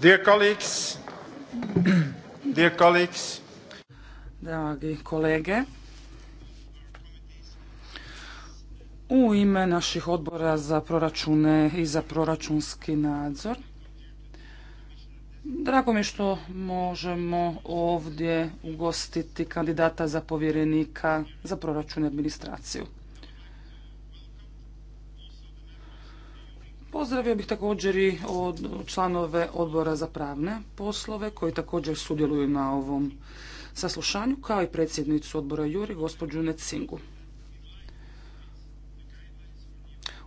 Dear colleagues, dear Dragi kolege, u ime naših odbora za proračune i za proračunski nadzor, drago mi je što možemo ovdje ugostiti kandidata za povjerenika za proračun i administraciju. Pozdravio bih također i od članove odbora za pravne poslove koji također sudjeluju na ovom saslušanju kao i predsjednicu odbora Juri, gospođu Necingu.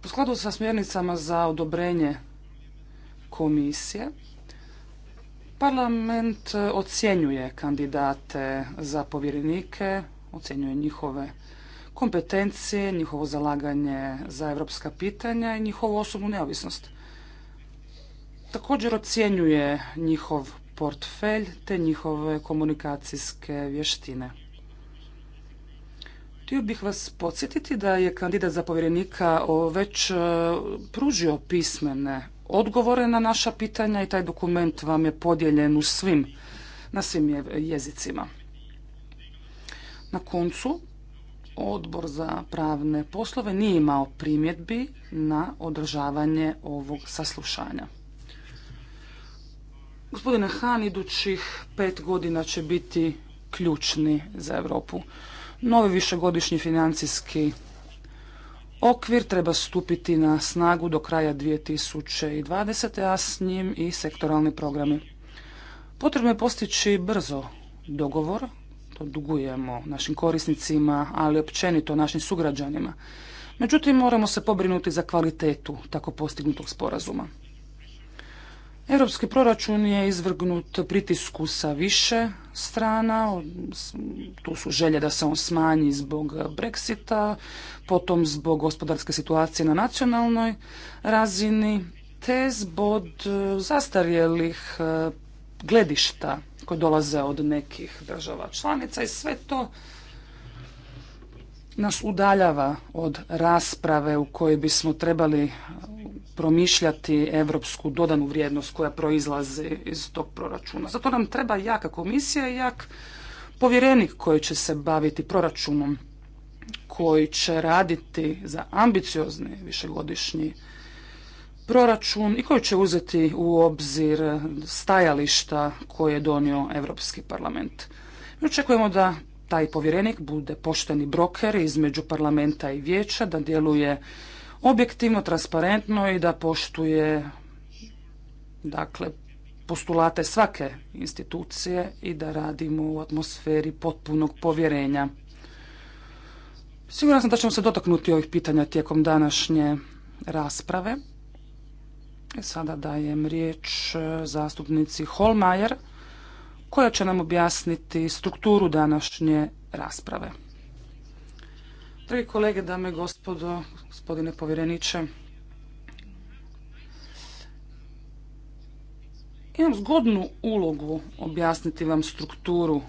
U skladu sa smjernicama za odobrenje komisije, parlament ocjenjuje kandidate za povjerenike, ocjenjuje njihove kompetencije, njihovo zalaganje za evropska pitanja i njihovu osobnu neovisnost. Također ocjenjuje njihov portfelj te njihove komunikacijske vještine. Htio bih vas podsjetiti da je kandidat za povjerenika već e, pružio pismene odgovore na naša pitanja i taj dokument vam je podijeljen u svim, na svim jezicima. Na koncu Odbor za pravne poslove nije imao primjedbi na održavanje ovog saslušanja. Gospodine Han, idućih pet godina će biti ključni za Europu. Novi višegodišnji financijski okvir treba stupiti na snagu do kraja 2020. a s njim i sektoralni programi. Potrebno je postići brzo dogovor dugujemo našim korisnicima, ali općenito našim sugrađanima. Međutim, moramo se pobrinuti za kvalitetu tako postignutog sporazuma. Europski proračun je izvrgnut pritisku sa više strana. Tu su želje da se on smanji zbog Brexita, potom zbog gospodarske situacije na nacionalnoj razini, te zbog e, zastarjelih e, gledišta koji dolaze od nekih država članica i sve to nas udaljava od rasprave u kojoj bismo trebali promišljati evropsku dodanu vrijednost koja proizlazi iz tog proračuna. Zato nam treba jaka komisija i jak povjerenik koji će se baviti proračunom, koji će raditi za ambiciozni višegodišnji proračun i koji će uzeti u obzir stajališta koje je donio Europski parlament. Mi očekujemo da taj povjerenik bude pošteni broker između parlamenta i vijeća, da djeluje objektivno, transparentno i da poštuje dakle, postulate svake institucije i da radimo u atmosferi potpunog povjerenja. Siguran sam da ćemo se dotaknuti ovih pitanja tijekom današnje rasprave. Sada dajem riječ e, zastupnici Holmajer koja će nam objasniti strukturu današnje rasprave. Dragi kolege, dame i gospodo, gospodine povjereniče, imam zgodnu ulogu objasniti vam strukturu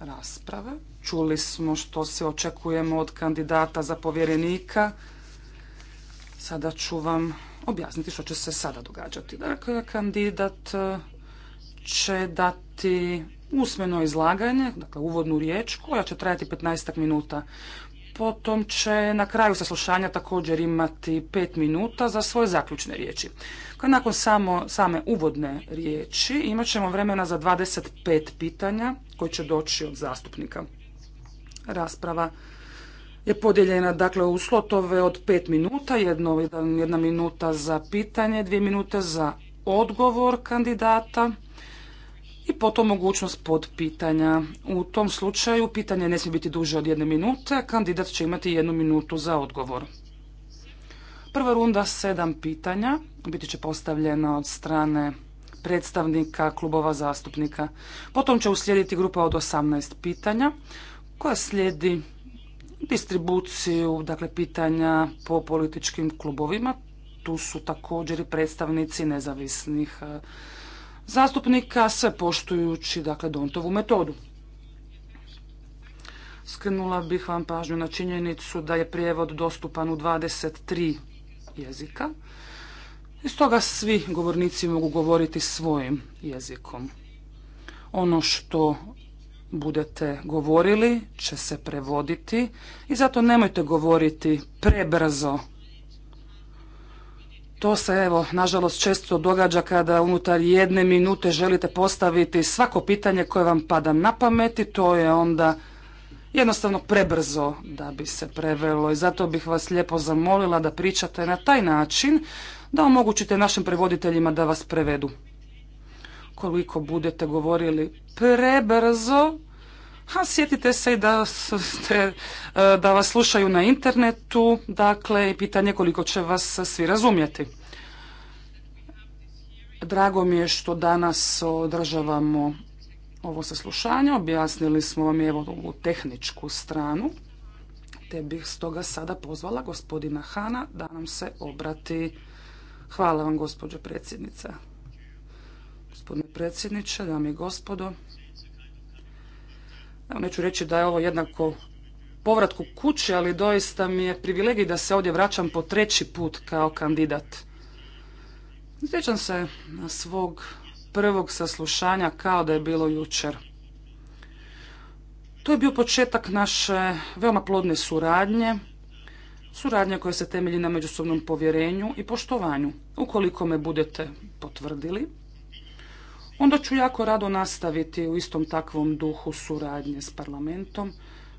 rasprave. Čuli smo što se očekujemo od kandidata za povjerenika. Sada ću vam objasniti što će se sada događati. Dakle, kandidat e, će dati usmeno izlaganje, dakle uvodnu riječ, koja će trajati 15 minuta. Potom će na kraju saslušanja također imati 5 minuta za svoje zaključne riječi. Dakle, nakon samo, same uvodne riječi imat ćemo vremena za 25 pitanja koji će doći od zastupnika. Rasprava je podijeljena dakle u slotove od pet minuta, jedno, jedna minuta za pitanje, dvije minute za odgovor kandidata i potom mogućnost podpitanja. U tom slučaju pitanje ne smije biti duže od jedne minute, a kandidat će imati jednu minutu za odgovor. Prva runda sedam pitanja biti će postavljena od strane predstavnika klubova zastupnika. Potom će uslijediti grupa od 18 pitanja koja slijedi distribuciju, dakle pitanja po političkim klubovima. Tu su također i predstavnici nezavisnih e, zastupnika, sve poštujući dakle Dontovu metodu. Skrenula bih vam pažnju na činjenicu da je prijevod dostupan u 23 jezika. I stoga svi govornici mogu govoriti svojim jezikom. Ono što budete govorili će se prevoditi i zato nemojte govoriti prebrzo. To se evo, nažalost, često događa kada unutar jedne minute želite postaviti svako pitanje koje vam pada na pamet i to je onda jednostavno prebrzo da bi se prevelo i zato bih vas lijepo zamolila da pričate na taj način da omogućite našim prevoditeljima da vas prevedu koliko budete govorili prebrzo, a sjetite se i da, e, da vas slušaju na internetu, dakle, i pitanje koliko će vas svi razumjeti. Drago mi je što danas održavamo ovo saslušanje, objasnili smo vam evo ovu tehničku stranu, te bih stoga sada pozvala gospodina Hana da nam se obrati. Hvala vam, gospođo predsjednica gospodine predsjedniče, dame i gospodo. Evo, neću reći da je ovo jednako povratku kući, ali doista mi je privilegij da se ovdje vraćam po treći put kao kandidat. Sjećam se na svog prvog saslušanja kao da je bilo jučer. To je bio početak naše veoma plodne suradnje, suradnje koja se temelji na međusobnom povjerenju i poštovanju. Ukoliko me budete potvrdili, onda ću jako rado nastaviti u istom takvom duhu suradnje s parlamentom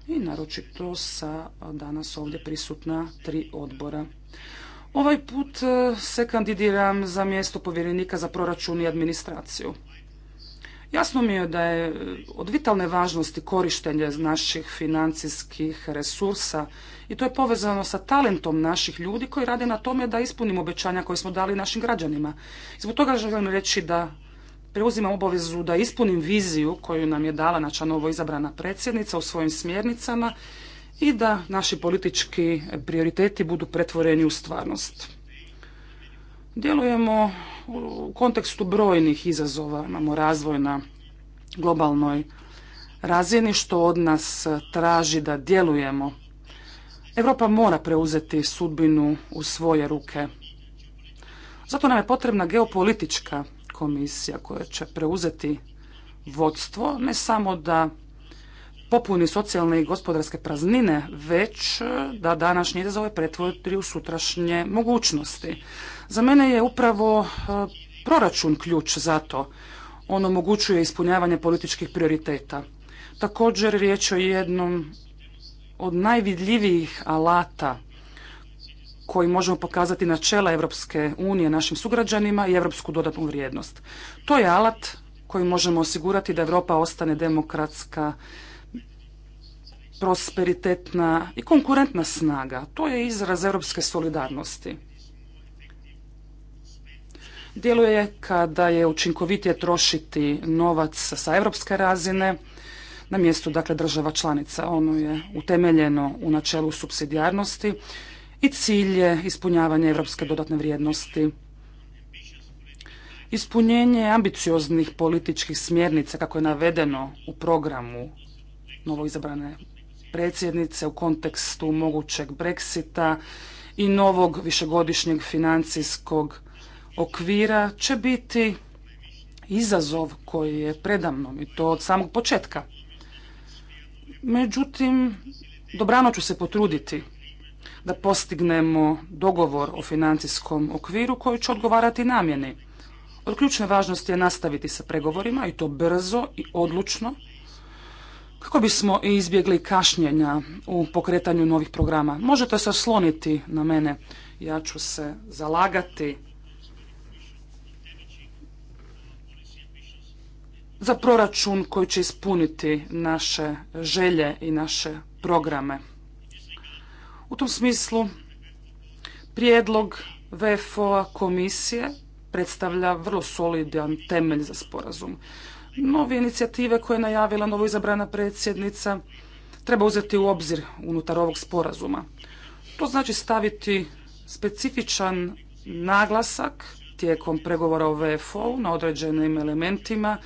i naročito sa danas ovdje prisutna tri odbora. Ovaj put e, se kandidiram za mjesto povjerenika za proračun i administraciju. Jasno mi je da je e, od vitalne važnosti korištenje naših financijskih resursa i to je povezano sa talentom naših ljudi koji rade na tome da ispunimo obećanja koje smo dali našim građanima. Zbog toga želim reći da preuzimam obavezu da ispunim viziju koju nam je dala naša novo izabrana predsjednica u svojim smjernicama i da naši politički prioriteti budu pretvoreni u stvarnost. Djelujemo u kontekstu brojnih izazova, imamo razvoj na globalnoj razini što od nas traži da djelujemo. Europa mora preuzeti sudbinu u svoje ruke. Zato nam je potrebna geopolitička komisija koja će preuzeti vodstvo, ne samo da popuni socijalne i gospodarske praznine, već e, da današnje izazove pretvori u sutrašnje mogućnosti. Za mene je upravo e, proračun ključ za to. On omogućuje ispunjavanje političkih prioriteta. Također riječ je o jednom od najvidljivijih alata koji možemo pokazati načela Europske unije našim sugrađanima i europsku dodatnu vrijednost. To je alat koji možemo osigurati da Europa ostane demokratska, prosperitetna i konkurentna snaga. To je izraz europske solidarnosti. Djeluje kada je učinkovitije trošiti novac sa europske razine, na mjestu dakle država članica. Ono je utemeljeno u načelu supsidijarnosti i cilj je ispunjavanje europske dodatne vrijednosti. Ispunjenje ambicioznih političkih smjernica kako je navedeno u programu novoizabrane predsjednice u kontekstu mogućeg Brexita i novog višegodišnjeg financijskog okvira će biti izazov koji je predamnom i to od samog početka. Međutim, dobrano ću se potruditi da postignemo dogovor o financijskom okviru koji će odgovarati namjeni. Od ključne važnosti je nastaviti sa pregovorima i to brzo i odlučno kako bismo izbjegli kašnjenja u pokretanju novih programa. Možete se osloniti na mene. Ja ću se zalagati za proračun koji će ispuniti naše želje i naše programe. U tom smislu prijedlog VFO-a komisije predstavlja vrlo solidan temelj za sporazum. Nove inicijative koje je najavila novo izabrana predsjednica treba uzeti u obzir unutar ovog sporazuma. To znači staviti specifičan naglasak tijekom pregovora o VFO-u na određenim elementima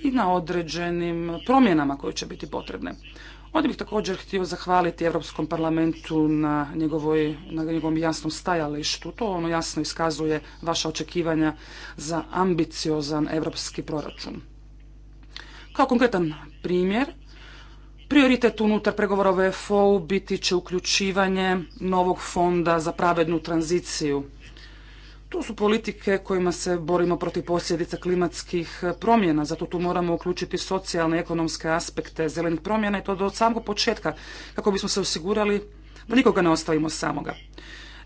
i na određenim promjenama koje će biti potrebne. Ovdje bih također htio zahvaliti Europskom parlamentu na, njegovoj, na njegovom jasnom stajalištu. To ono jasno iskazuje vaša očekivanja za ambiciozan europski proračun. Kao konkretan primjer, prioritet unutar pregovora o VFO-u biti će uključivanje novog fonda za pravednu tranziciju to su politike kojima se borimo protiv posljedica klimatskih eh, promjena, zato tu moramo uključiti socijalne i ekonomske aspekte zelenih promjena i to do samog početka kako bismo se osigurali da nikoga ne ostavimo samoga.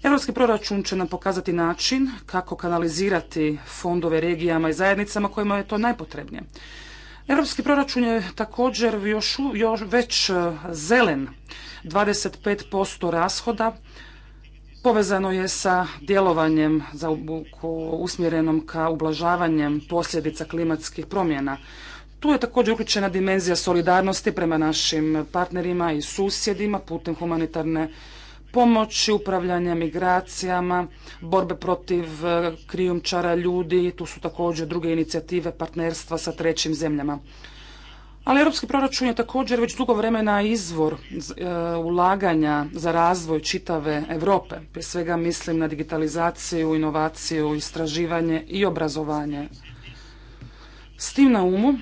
Europski proračun će nam pokazati način kako kanalizirati fondove regijama i zajednicama kojima je to najpotrebnije. Europski proračun je također još, još već eh, zelen. 25% rashoda Povezano je sa djelovanjem za usmjerenom ka ublažavanjem posljedica klimatskih promjena. Tu je također uključena dimenzija solidarnosti prema našim partnerima i susjedima putem humanitarne pomoći, upravljanja migracijama, borbe protiv e, krijumčara ljudi, tu su također druge inicijative partnerstva sa trećim zemljama. Ali europski proračun je također već dugo vremena izvor e, ulaganja za razvoj čitave Europe. Prije svega mislim na digitalizaciju, inovaciju, istraživanje i obrazovanje. S tim na umu,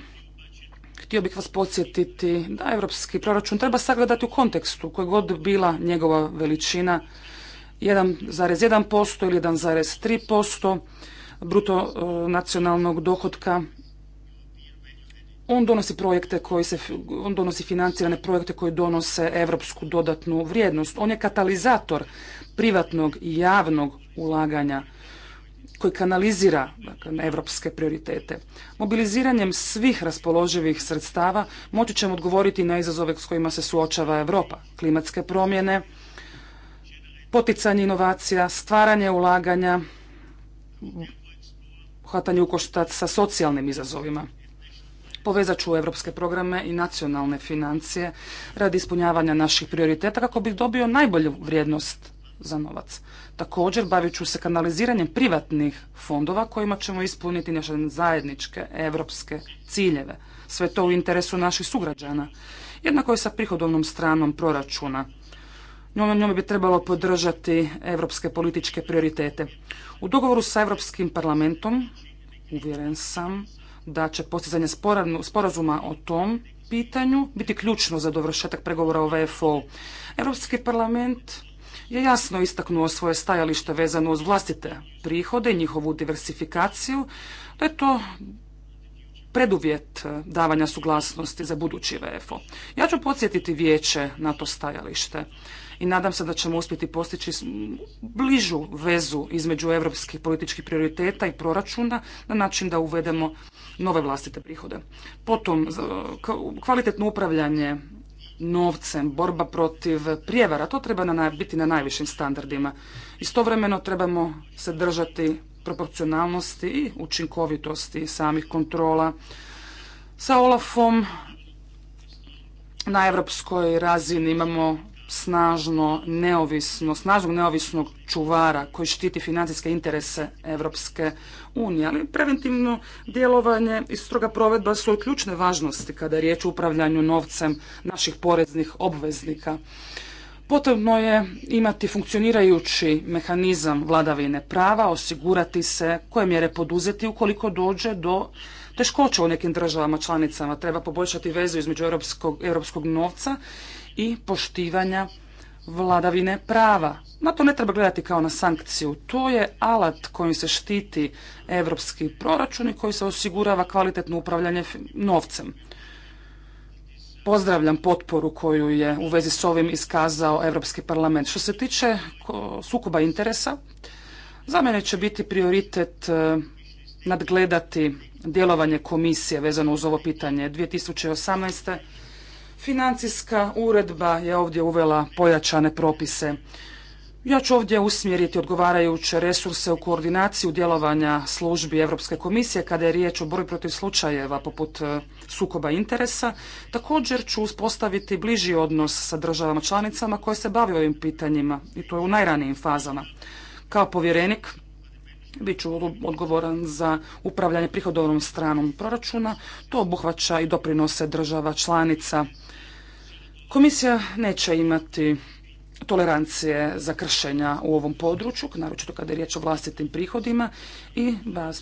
htio bih vas podsjetiti da europski proračun treba sagledati u kontekstu Koje god bila njegova veličina 1,1% ili 1,3% bruto e, nacionalnog dohotka on donosi projekte koji se, on donosi financirane projekte koji donose evropsku dodatnu vrijednost. On je katalizator privatnog i javnog ulaganja koji kanalizira dakle, evropske prioritete. Mobiliziranjem svih raspoloživih sredstava moći ćemo odgovoriti na izazove s kojima se suočava Europa. Klimatske promjene, poticanje inovacija, stvaranje ulaganja, hvatanje ukoštac sa socijalnim izazovima. Povezat ću evropske programe i nacionalne financije radi ispunjavanja naših prioriteta kako bih dobio najbolju vrijednost za novac. Također bavit ću se kanaliziranjem privatnih fondova kojima ćemo ispuniti naše zajedničke evropske ciljeve. Sve to u interesu naših sugrađana. Jednako je sa prihodovnom stranom proračuna. Njome, bi trebalo podržati evropske političke prioritete. U dogovoru sa Europskim parlamentom uvjeren sam da će postizanje sporazuma o tom pitanju biti ključno za dovršetak pregovora o VFO. Europski parlament je jasno istaknuo svoje stajalište vezano uz vlastite prihode i njihovu diversifikaciju, da je to preduvjet davanja suglasnosti za budući VFO. Ja ću podsjetiti vijeće na to stajalište i nadam se da ćemo uspjeti postići bližu vezu između europskih političkih prioriteta i proračuna na način da uvedemo nove vlastite prihode. Potom, kvalitetno upravljanje novcem, borba protiv prijevara, to treba biti na najvišim standardima. Istovremeno trebamo se držati proporcionalnosti i učinkovitosti samih kontrola sa Olafom. Na europskoj razini imamo snažno neovisno, snažnog neovisnog čuvara koji štiti financijske interese Europske unije. Ali preventivno djelovanje i stroga provedba su od ključne važnosti kada je riječ o upravljanju novcem naših poreznih obveznika. Potrebno je imati funkcionirajući mehanizam vladavine prava, osigurati se koje mjere poduzeti ukoliko dođe do teškoća u nekim državama članicama. Treba poboljšati vezu između europskog, europskog novca i poštivanja vladavine prava. Na to ne treba gledati kao na sankciju. To je alat kojim se štiti evropski proračun i koji se osigurava kvalitetno upravljanje novcem. Pozdravljam potporu koju je u vezi s ovim iskazao Europski parlament. Što se tiče sukoba interesa, za mene će biti prioritet e, nadgledati djelovanje komisije vezano uz ovo pitanje 2018. Financijska uredba je ovdje uvela pojačane propise. Ja ću ovdje usmjeriti odgovarajuće resurse u koordinaciju djelovanja službi Europske komisije kada je riječ o borbi protiv slučajeva poput e, sukoba interesa. Također ću uspostaviti bliži odnos sa državama članicama koje se bave ovim pitanjima i to je u najranijim fazama. Kao povjerenik bit ću odgovoran za upravljanje prihodovnom stranom proračuna. To obuhvaća i doprinose država članica Komisija neće imati tolerancije za kršenja u ovom području, naročito kada je riječ o vlastitim prihodima i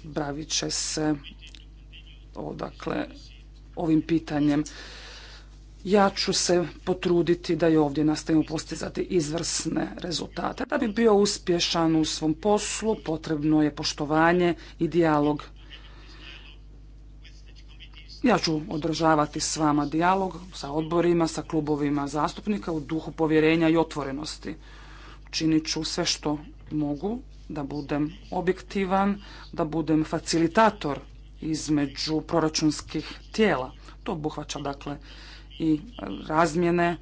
bavit će se odakle ovim pitanjem. Ja ću se potruditi da i ovdje nastavimo postizati izvrsne rezultate. Da bi bio uspješan u svom poslu, potrebno je poštovanje i dijalog ja ću održavati s vama dijalog, sa odborima, sa klubovima zastupnika u duhu povjerenja i otvorenosti. Činit ću sve što mogu da budem objektivan, da budem facilitator između proračunskih tijela. To obuhvaća dakle i razmjene,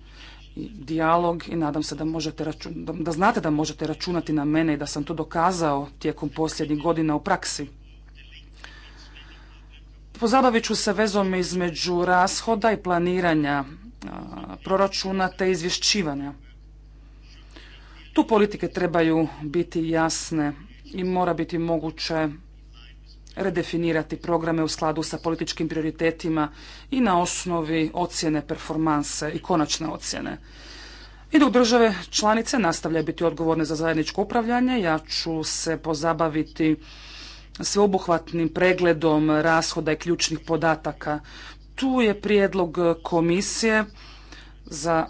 i dijalog i nadam se da možete da, da znate da možete računati na mene i da sam to dokazao tijekom posljednjih godina u praksi. Pozabavit ću se vezom između rashoda i planiranja proračuna te izvješćivanja. Tu politike trebaju biti jasne i mora biti moguće redefinirati programe u skladu sa političkim prioritetima i na osnovi ocjene performanse i konačne ocjene. I dok države članice nastavljaju biti odgovorne za zajedničko upravljanje, ja ću se pozabaviti sveobuhvatnim pregledom rashoda i ključnih podataka. Tu je prijedlog komisije za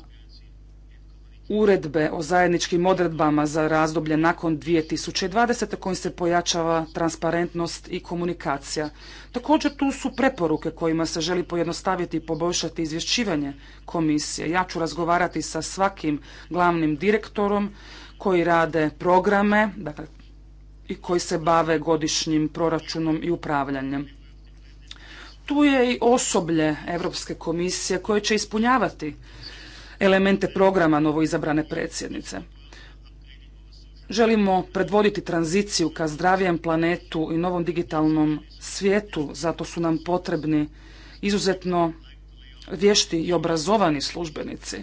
uredbe o zajedničkim odredbama za razdoblje nakon 2020. kojim se pojačava transparentnost i komunikacija. Također tu su preporuke kojima se želi pojednostaviti i poboljšati izvješćivanje komisije. Ja ću razgovarati sa svakim glavnim direktorom koji rade programe, dakle koji se bave godišnjim proračunom i upravljanjem. Tu je i osoblje Europske komisije koje će ispunjavati elemente programa novoizabrane predsjednice. Želimo predvoditi tranziciju ka zdravijem planetu i novom digitalnom svijetu, zato su nam potrebni izuzetno vješti i obrazovani službenici.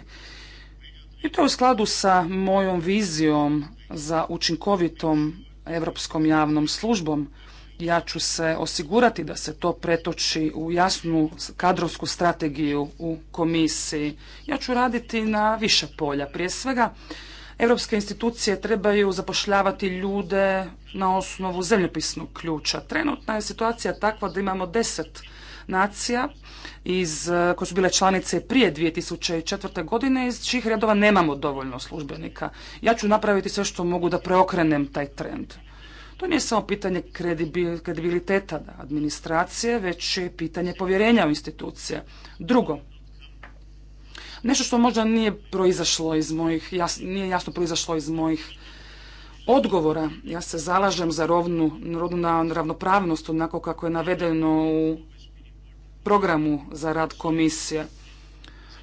I to je u skladu sa mojom vizijom za učinkovitom Europskom javnom službom. Ja ću se osigurati da se to pretoči u jasnu kadrovsku strategiju u komisiji. Ja ću raditi na više polja. Prije svega, Europske institucije trebaju zapošljavati ljude na osnovu zemljopisnog ključa. Trenutna je situacija takva da imamo deset nacija iz, eh, koje su bile članice prije 2004. godine iz čih redova nemamo dovoljno službenika. Ja ću napraviti sve što mogu da preokrenem taj trend. To nije samo pitanje kredibiliteta administracije, već je pitanje povjerenja u institucije. Drugo, nešto što možda nije proizašlo iz mojih, nije jasno proizašlo iz mojih odgovora. Ja se zalažem za rovnu, ravnopravnost onako kako je navedeno u programu za rad komisije.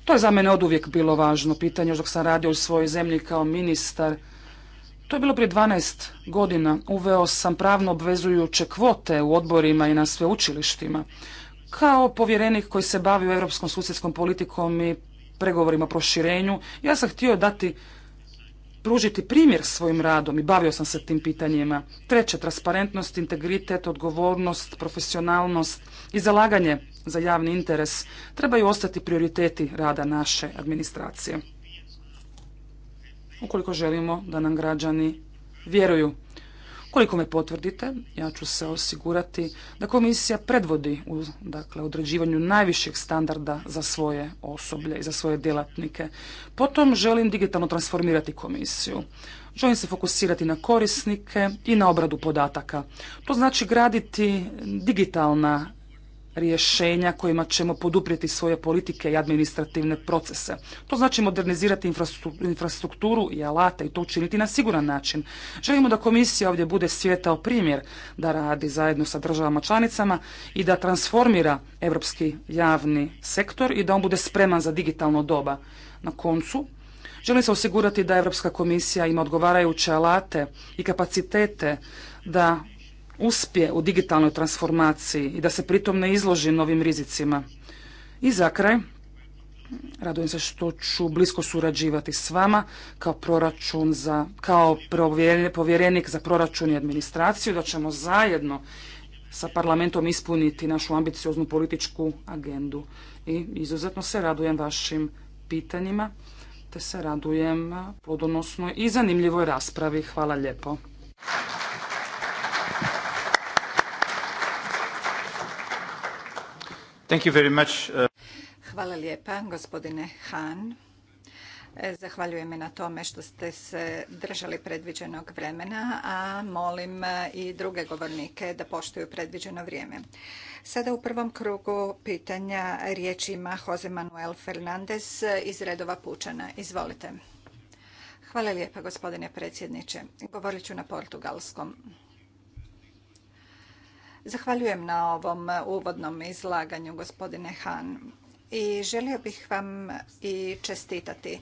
To je za mene oduvijek bilo važno pitanje, još dok sam radio u svojoj zemlji kao ministar. To je bilo prije 12 godina. Uveo sam pravno obvezujuće kvote u odborima i na sveučilištima. Kao povjerenik koji se bavi europskom susjedskom politikom i pregovorima o proširenju, ja sam htio dati pružiti primjer svojim radom i bavio sam se tim pitanjima. Treće, transparentnost, integritet, odgovornost, profesionalnost i zalaganje za javni interes trebaju ostati prioriteti rada naše administracije. Ukoliko želimo da nam građani vjeruju. Koliko me potvrdite, ja ću se osigurati da komisija predvodi u dakle, određivanju najvišeg standarda za svoje osoblje i za svoje djelatnike. Potom želim digitalno transformirati komisiju. Želim se fokusirati na korisnike i na obradu podataka. To znači graditi digitalna rješenja kojima ćemo poduprijeti svoje politike i administrativne procese. To znači modernizirati infrastrukturu i alate i to učiniti na siguran način. Želimo da komisija ovdje bude svijetao primjer da radi zajedno sa državama članicama i da transformira europski javni sektor i da on bude spreman za digitalno doba. Na koncu, Želim se osigurati da Europska komisija ima odgovarajuće alate i kapacitete da uspije u digitalnoj transformaciji i da se pritom ne izloži novim rizicima. I za kraj, radujem se što ću blisko surađivati s vama kao proračun za, kao povjerenik za proračun i administraciju, da ćemo zajedno sa parlamentom ispuniti našu ambicioznu političku agendu. I izuzetno se radujem vašim pitanjima, te se radujem plodonosnoj i zanimljivoj raspravi. Hvala lijepo. Uh, Hvala lijepa, gospodine Han. E, zahvaljujem na tome što ste se držali predviđenog vremena, a molim e, i druge govornike da poštuju predviđeno vrijeme. Sada u prvom krugu pitanja riječ ima Jose Manuel Fernandez iz redova Pučana. Izvolite. Hvala lijepa, gospodine predsjedniče. Govorit ću na portugalskom. Zahvaljujem na ovom uvodnom izlaganju, gospodine Han. I želio bih vam i čestitati. E,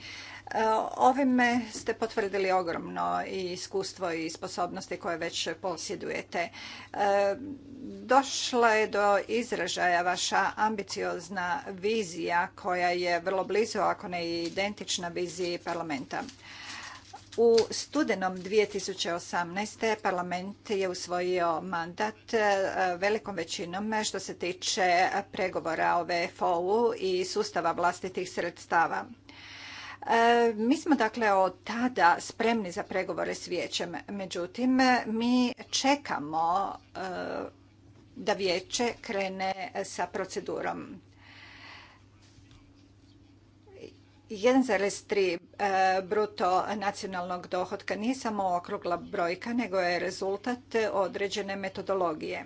ovime ste potvrdili ogromno i iskustvo i sposobnosti koje već posjedujete. E, došla je do izražaja vaša ambiciozna vizija koja je vrlo blizu, ako ne identična viziji parlamenta. U studenom 2018. parlament je usvojio mandat e, velikom većinom što se tiče pregovora o VFO-u i sustava vlastitih sredstava. E, mi smo dakle od tada spremni za pregovore s vijećem. Međutim, mi čekamo e, da vijeće krene sa procedurom 1,3 e, bruto nacionalnog dohotka nije samo okrugla brojka, nego je rezultat određene metodologije.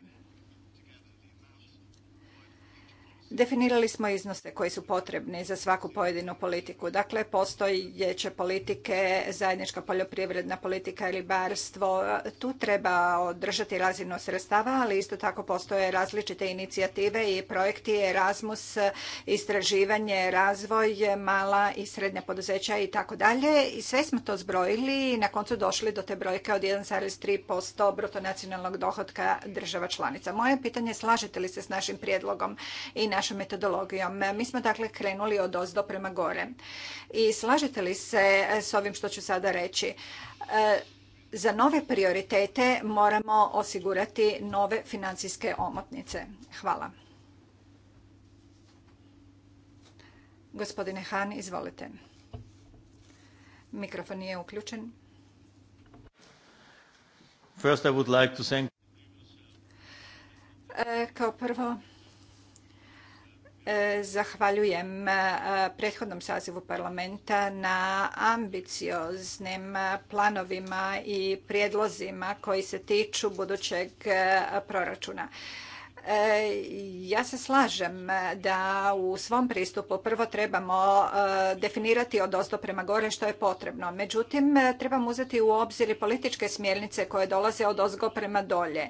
Definirali smo iznose koji su potrebni za svaku pojedinu politiku. Dakle, postoji politike, zajednička poljoprivredna politika ili ribarstvo. Tu treba održati razinu sredstava, ali isto tako postoje različite inicijative i projekti Erasmus, istraživanje, razvoj, mala i srednja poduzeća i tako dalje. I sve smo to zbrojili i na koncu došli do te brojke od 1,3% bruto nacionalnog dohotka država članica. Moje pitanje je slažete li se s našim prijedlogom i na našom metodologijom. Mi smo dakle krenuli od ozdo prema gore. I slažete li se e, s ovim što ću sada reći? E, za nove prioritete moramo osigurati nove financijske omotnice. Hvala. Gospodine Han, izvolite. Mikrofon nije uključen. E, kao prvo, E, zahvaljujem e, prethodnom sazivu parlamenta na ambicioznim e, planovima i prijedlozima koji se tiču budućeg proračuna. Ja se slažem da u svom pristupu prvo trebamo definirati od osto prema gore što je potrebno. Međutim, trebamo uzeti u obzir i političke smjernice koje dolaze od ozgo prema dolje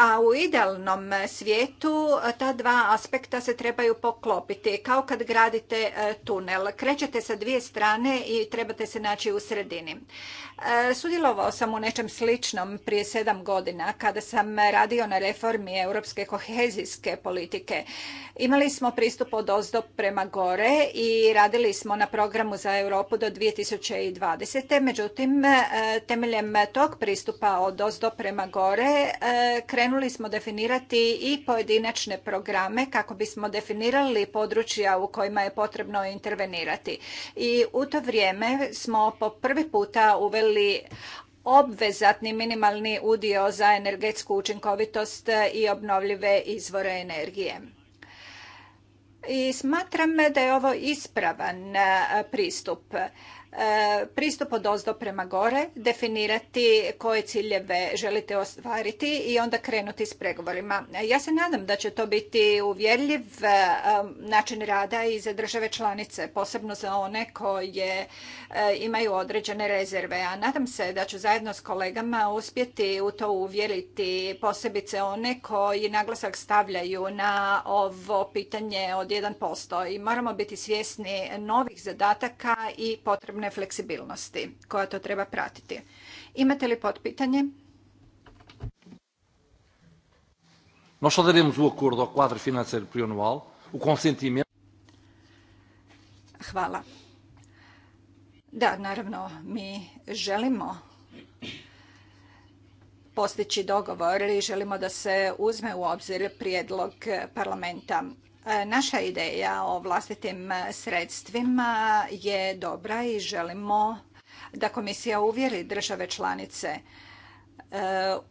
a u idealnom svijetu ta dva aspekta se trebaju poklopiti. Kao kad gradite e, tunel, krećete sa dvije strane i trebate se naći u sredini. E, sudjelovao sam u nečem sličnom prije sedam godina kada sam radio na reformi europske kohezijske politike. Imali smo pristup od ozdo prema gore i radili smo na programu za Europu do 2020. Međutim, e, temeljem tog pristupa od ozdo prema gore krenuli krenuli smo definirati i pojedinačne programe kako bismo definirali područja u kojima je potrebno intervenirati. I u to vrijeme smo po prvi puta uveli obvezatni minimalni udio za energetsku učinkovitost i obnovljive izvore energije. I smatram da je ovo ispravan pristup E, pristup od prema gore, definirati koje ciljeve želite ostvariti i onda krenuti s pregovorima. Ja se nadam da će to biti uvjerljiv e, način rada i za države članice, posebno za one koje e, imaju određene rezerve. A nadam se da ću zajedno s kolegama uspjeti u to uvjeriti posebice one koji naglasak stavljaju na ovo pitanje od 1% i moramo biti svjesni novih zadataka i potrebno potrebne fleksibilnosti koja to treba pratiti. Imate li potpitanje? Nós só daremos o acordo ao quadro financeiro plurianual, o consentimento. Hvala. Da, naravno, mi želimo postići dogovor i želimo da se uzme u obzir prijedlog parlamenta E, naša ideja o vlastitim sredstvima je dobra i želimo da komisija uvjeri države članice e,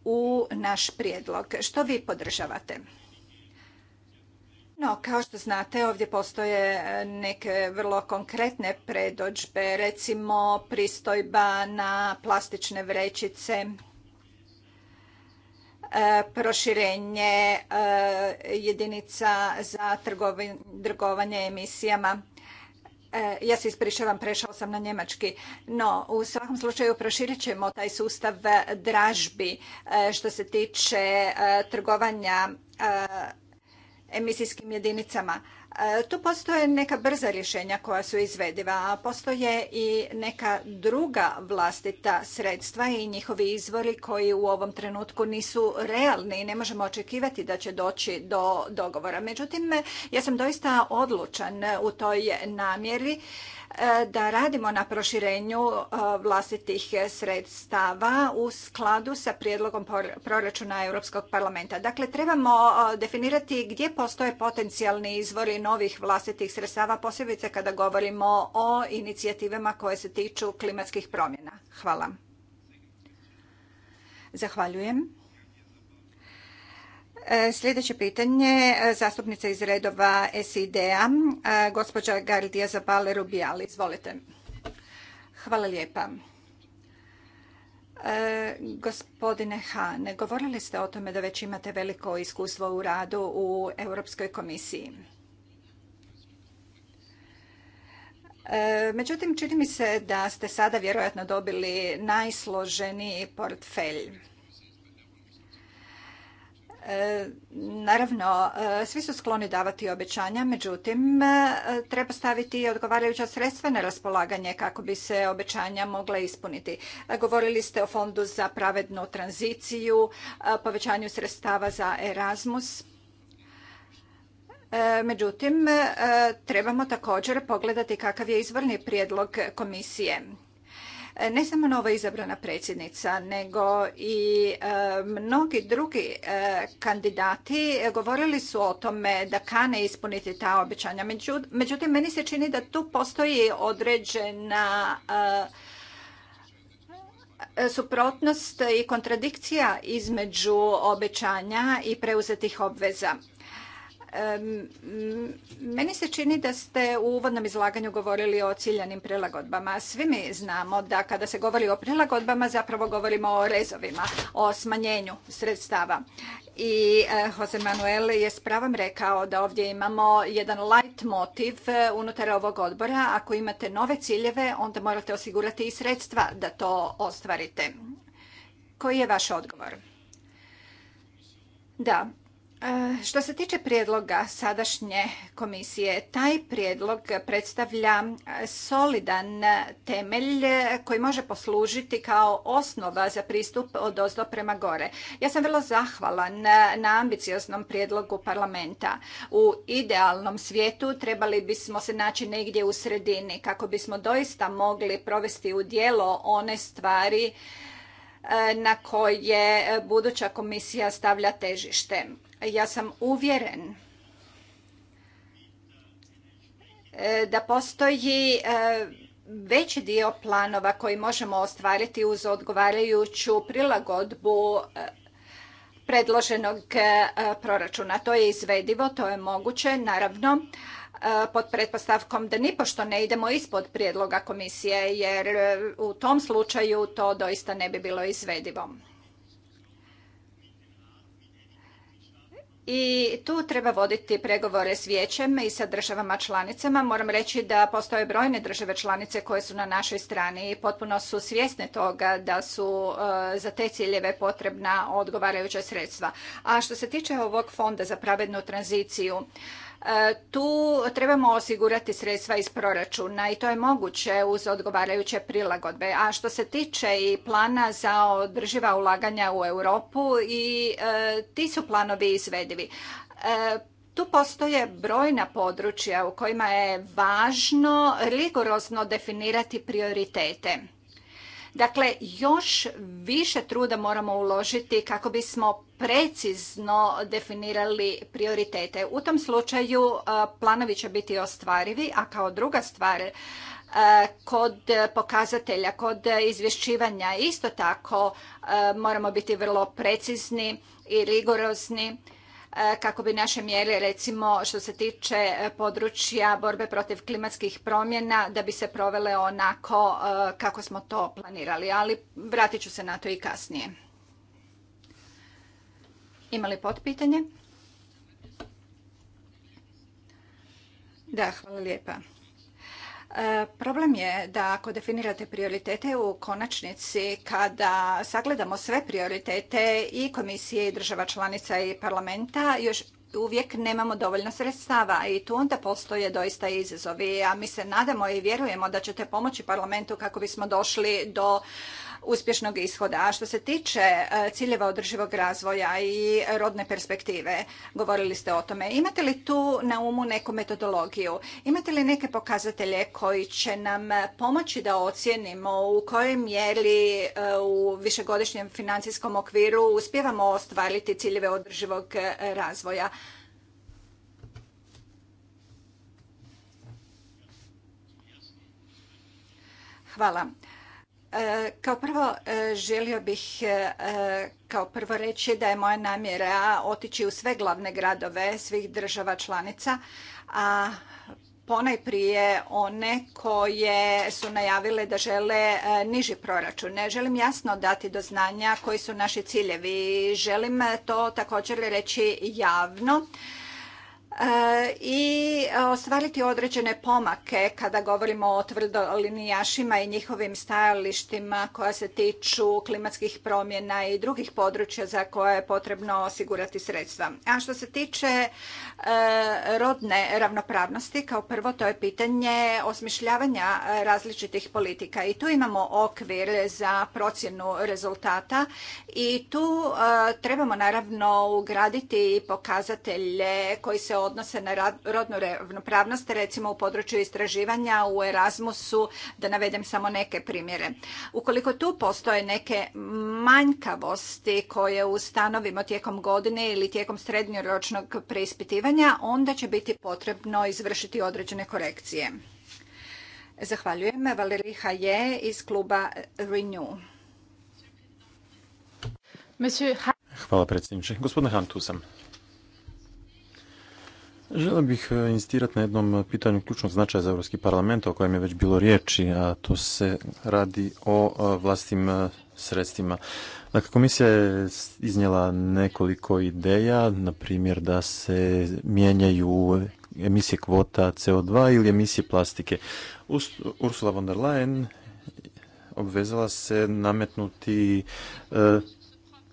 u naš prijedlog. Što vi podržavate? No, kao što znate, ovdje postoje neke vrlo konkretne predođbe, recimo pristojba na plastične vrećice, E, proširenje e, jedinica za trgovanje emisijama. E, ja se ispričavam, prešao sam na njemački. No, u svakom slučaju proširit ćemo taj sustav dražbi što se tiče trgovanja emisijskim jedinicama. E, tu postoje neka brza rješenja koja su izvediva, a postoje i neka druga vlastita sredstva i njihovi izvori koji u ovom trenutku nisu realni i ne možemo očekivati da će doći do dogovora. Međutim, ja sam doista odlučan u toj namjeri E, da radimo na proširenju e, vlastitih sredstava u skladu sa prijedlogom proračuna Europskog parlamenta. Dakle, trebamo e, definirati gdje postoje potencijalni izvori novih vlastitih sredstava, posebice kada govorimo o inicijativama koje se tiču klimatskih promjena. Hvala. Zahvaljujem. Sljedeće pitanje, e, zastupnica iz redova SID-a, e, gospođa Gardija Zabale Rubijali. Izvolite. Hvala lijepa. E, gospodine Han, govorili ste o tome da već imate veliko iskustvo u radu u Europskoj komisiji. E, međutim, čini mi se da ste sada vjerojatno dobili najsloženiji portfelj. E, naravno, e, svi su skloni davati obećanja, međutim, e, treba staviti odgovarajuća sredstva na raspolaganje kako bi se obećanja mogla ispuniti. Govorili ste o fondu za pravednu tranziciju, povećanju sredstava za Erasmus. Međutim, trebamo također pogledati kakav je izvorni prijedlog komisije E, ne samo nova izabrana predsjednica, nego i e, mnogi drugi e, kandidati govorili su o tome da kane ispuniti ta obećanja. Međutim, meni se čini da tu postoji određena suprotnost i kontradikcija između obećanja i preuzetih obveza. Meni se čini da ste u uvodnom izlaganju govorili o ciljanim prilagodbama. Svi mi znamo da kada se govori o prilagodbama zapravo govorimo o rezovima, o smanjenju sredstava. I e, Jose Manuel je s pravom rekao da ovdje imamo jedan light motiv e, unutar ovog odbora. Ako imate nove ciljeve, onda morate osigurati i sredstva da to ostvarite. Koji je vaš odgovor? Da, E, što se tiče prijedloga sadašnje komisije, taj prijedlog predstavlja e, solidan temelj koji može poslužiti kao osnova za pristup od ozdo prema gore. Ja sam vrlo zahvalan na ambicioznom prijedlogu parlamenta. U idealnom svijetu trebali bismo se naći negdje u sredini kako bismo doista mogli provesti u djelo one stvari e, na koje buduća komisija stavlja težište ja sam uvjeren e, da postoji e, veći dio planova koji možemo ostvariti uz odgovarajuću prilagodbu e, predloženog proračuna. To je izvedivo, to je moguće, naravno, pod pretpostavkom da nipošto ne idemo ispod prijedloga komisije, jer u tom slučaju to doista ne bi bilo izvedivo. i tu treba voditi pregovore s vijećem i sa državama članicama. Moram reći da postoje brojne države članice koje su na našoj strani i potpuno su svjesne toga da su e, za te ciljeve potrebna odgovarajuća sredstva. A što se tiče ovog fonda za pravednu tranziciju, E, tu trebamo osigurati sredstva iz proračuna i to je moguće uz odgovarajuće prilagodbe. A što se tiče i plana za održiva ulaganja u Europu i e, ti su planovi izvedivi. E, tu postoje brojna područja u kojima je važno rigorozno definirati prioritete. Dakle, još više truda moramo uložiti kako bismo precizno definirali prioritete. U tom slučaju e, planovi će biti ostvarivi, a kao druga stvar, e, kod pokazatelja, kod izvješćivanja isto tako e, moramo biti vrlo precizni i rigorozni E, kako bi naše mjere recimo što se tiče e, područja borbe protiv klimatskih promjena da bi se provele onako e, kako smo to planirali, ali vratit ću se na to i kasnije. Ima li potpitanje? Da, hvala lijepa. E, problem je da ako definirate prioritete u konačnici, kada sagledamo sve prioritete i komisije i država članica i parlamenta, još uvijek nemamo dovoljno sredstava i tu onda postoje doista izazovi, a mi se nadamo i vjerujemo da ćete pomoći parlamentu kako bismo došli do uspješnog ishoda. A što se tiče e, ciljeva održivog razvoja i rodne perspektive, govorili ste o tome, imate li tu na umu neku metodologiju? Imate li neke pokazatelje koji će nam pomoći da ocijenimo u kojoj mjeri e, u višegodišnjem financijskom okviru uspjevamo ostvariti ciljeve održivog razvoja? Hvala. E, kao prvo e, želio bih e, kao prvo reći da je moja namjera otići u sve glavne gradove svih država članica, a ponajprije one koje su najavile da žele niži proračun. Ne želim jasno dati do znanja koji su naši ciljevi. Želim to također reći javno E, i ostvariti određene pomake kada govorimo o tvrdolinijašima i njihovim stajalištima koja se tiču klimatskih promjena i drugih područja za koje je potrebno osigurati sredstva. A što se tiče E, rodne ravnopravnosti. Kao prvo to je pitanje osmišljavanja e, različitih politika i tu imamo okvir za procjenu rezultata i tu e, trebamo naravno ugraditi pokazatelje koji se odnose na rodnu ravnopravnost, recimo u području istraživanja u Erasmusu, da navedem samo neke primjere. Ukoliko tu postoje neke manjkavosti koje ustanovimo tijekom godine ili tijekom srednjoročnog preispitivanja, onda će biti potrebno izvršiti određene korekcije. Zahvaljujem. Valerie Haye iz kluba Renew. Hvala predsjedniče. Gospodine tu sam. bih e, insistirati na jednom pitanju ključnog značaja za Europski parlament o kojem je već bilo riječi, a to se radi o e, vlastim e, sredstvima. Dakle, komisija je iznijela nekoliko ideja, na primjer da se mijenjaju emisije kvota CO2 ili emisije plastike. Ursula von der Leyen obvezala se nametnuti e,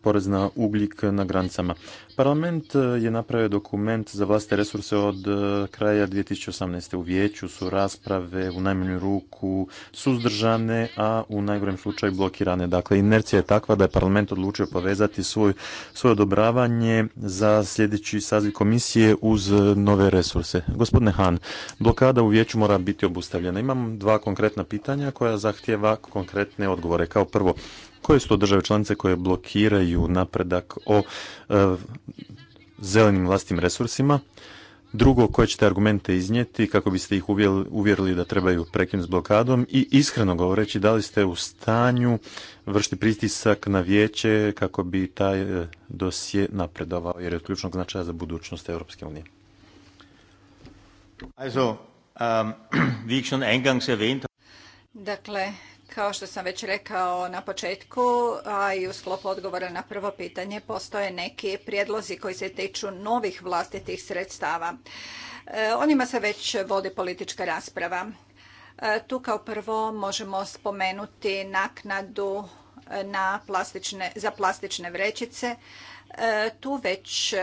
porez na ugljik na granicama. Parlament e, je napravio dokument za vlastite resurse od e, kraja 2018. U vijeću su rasprave u najmanju ruku suzdržane, a u najgorem slučaju blokirane. Dakle, inercija je takva da je parlament odlučio povezati svoj, svoje odobravanje za sljedeći saziv komisije uz e, nove resurse. Gospodine Han, blokada u vijeću mora biti obustavljena. Imam dva konkretna pitanja koja zahtjeva konkretne odgovore. Kao prvo, koje su to države članice koje blokiraju napredak o e, zelenim vlastim resursima. Drugo, koje ćete argumente iznijeti kako biste ih uvjerili da trebaju prekinuti s blokadom i iskreno govoreći da li ste u stanju vršiti pritisak na vijeće kako bi taj e, dosje napredovao jer je od ključnog značaja za budućnost Europske unije. Also, ähm, wie ich schon eingangs erwähnt Dakle, kao što sam već rekao na početku, a i u sklopu odgovora na prvo pitanje, postoje neki prijedlozi koji se tiču novih vlastitih sredstava. E, o njima se već vodi politička rasprava. E, tu kao prvo možemo spomenuti naknadu e, na plastične, za plastične vrećice. Tu već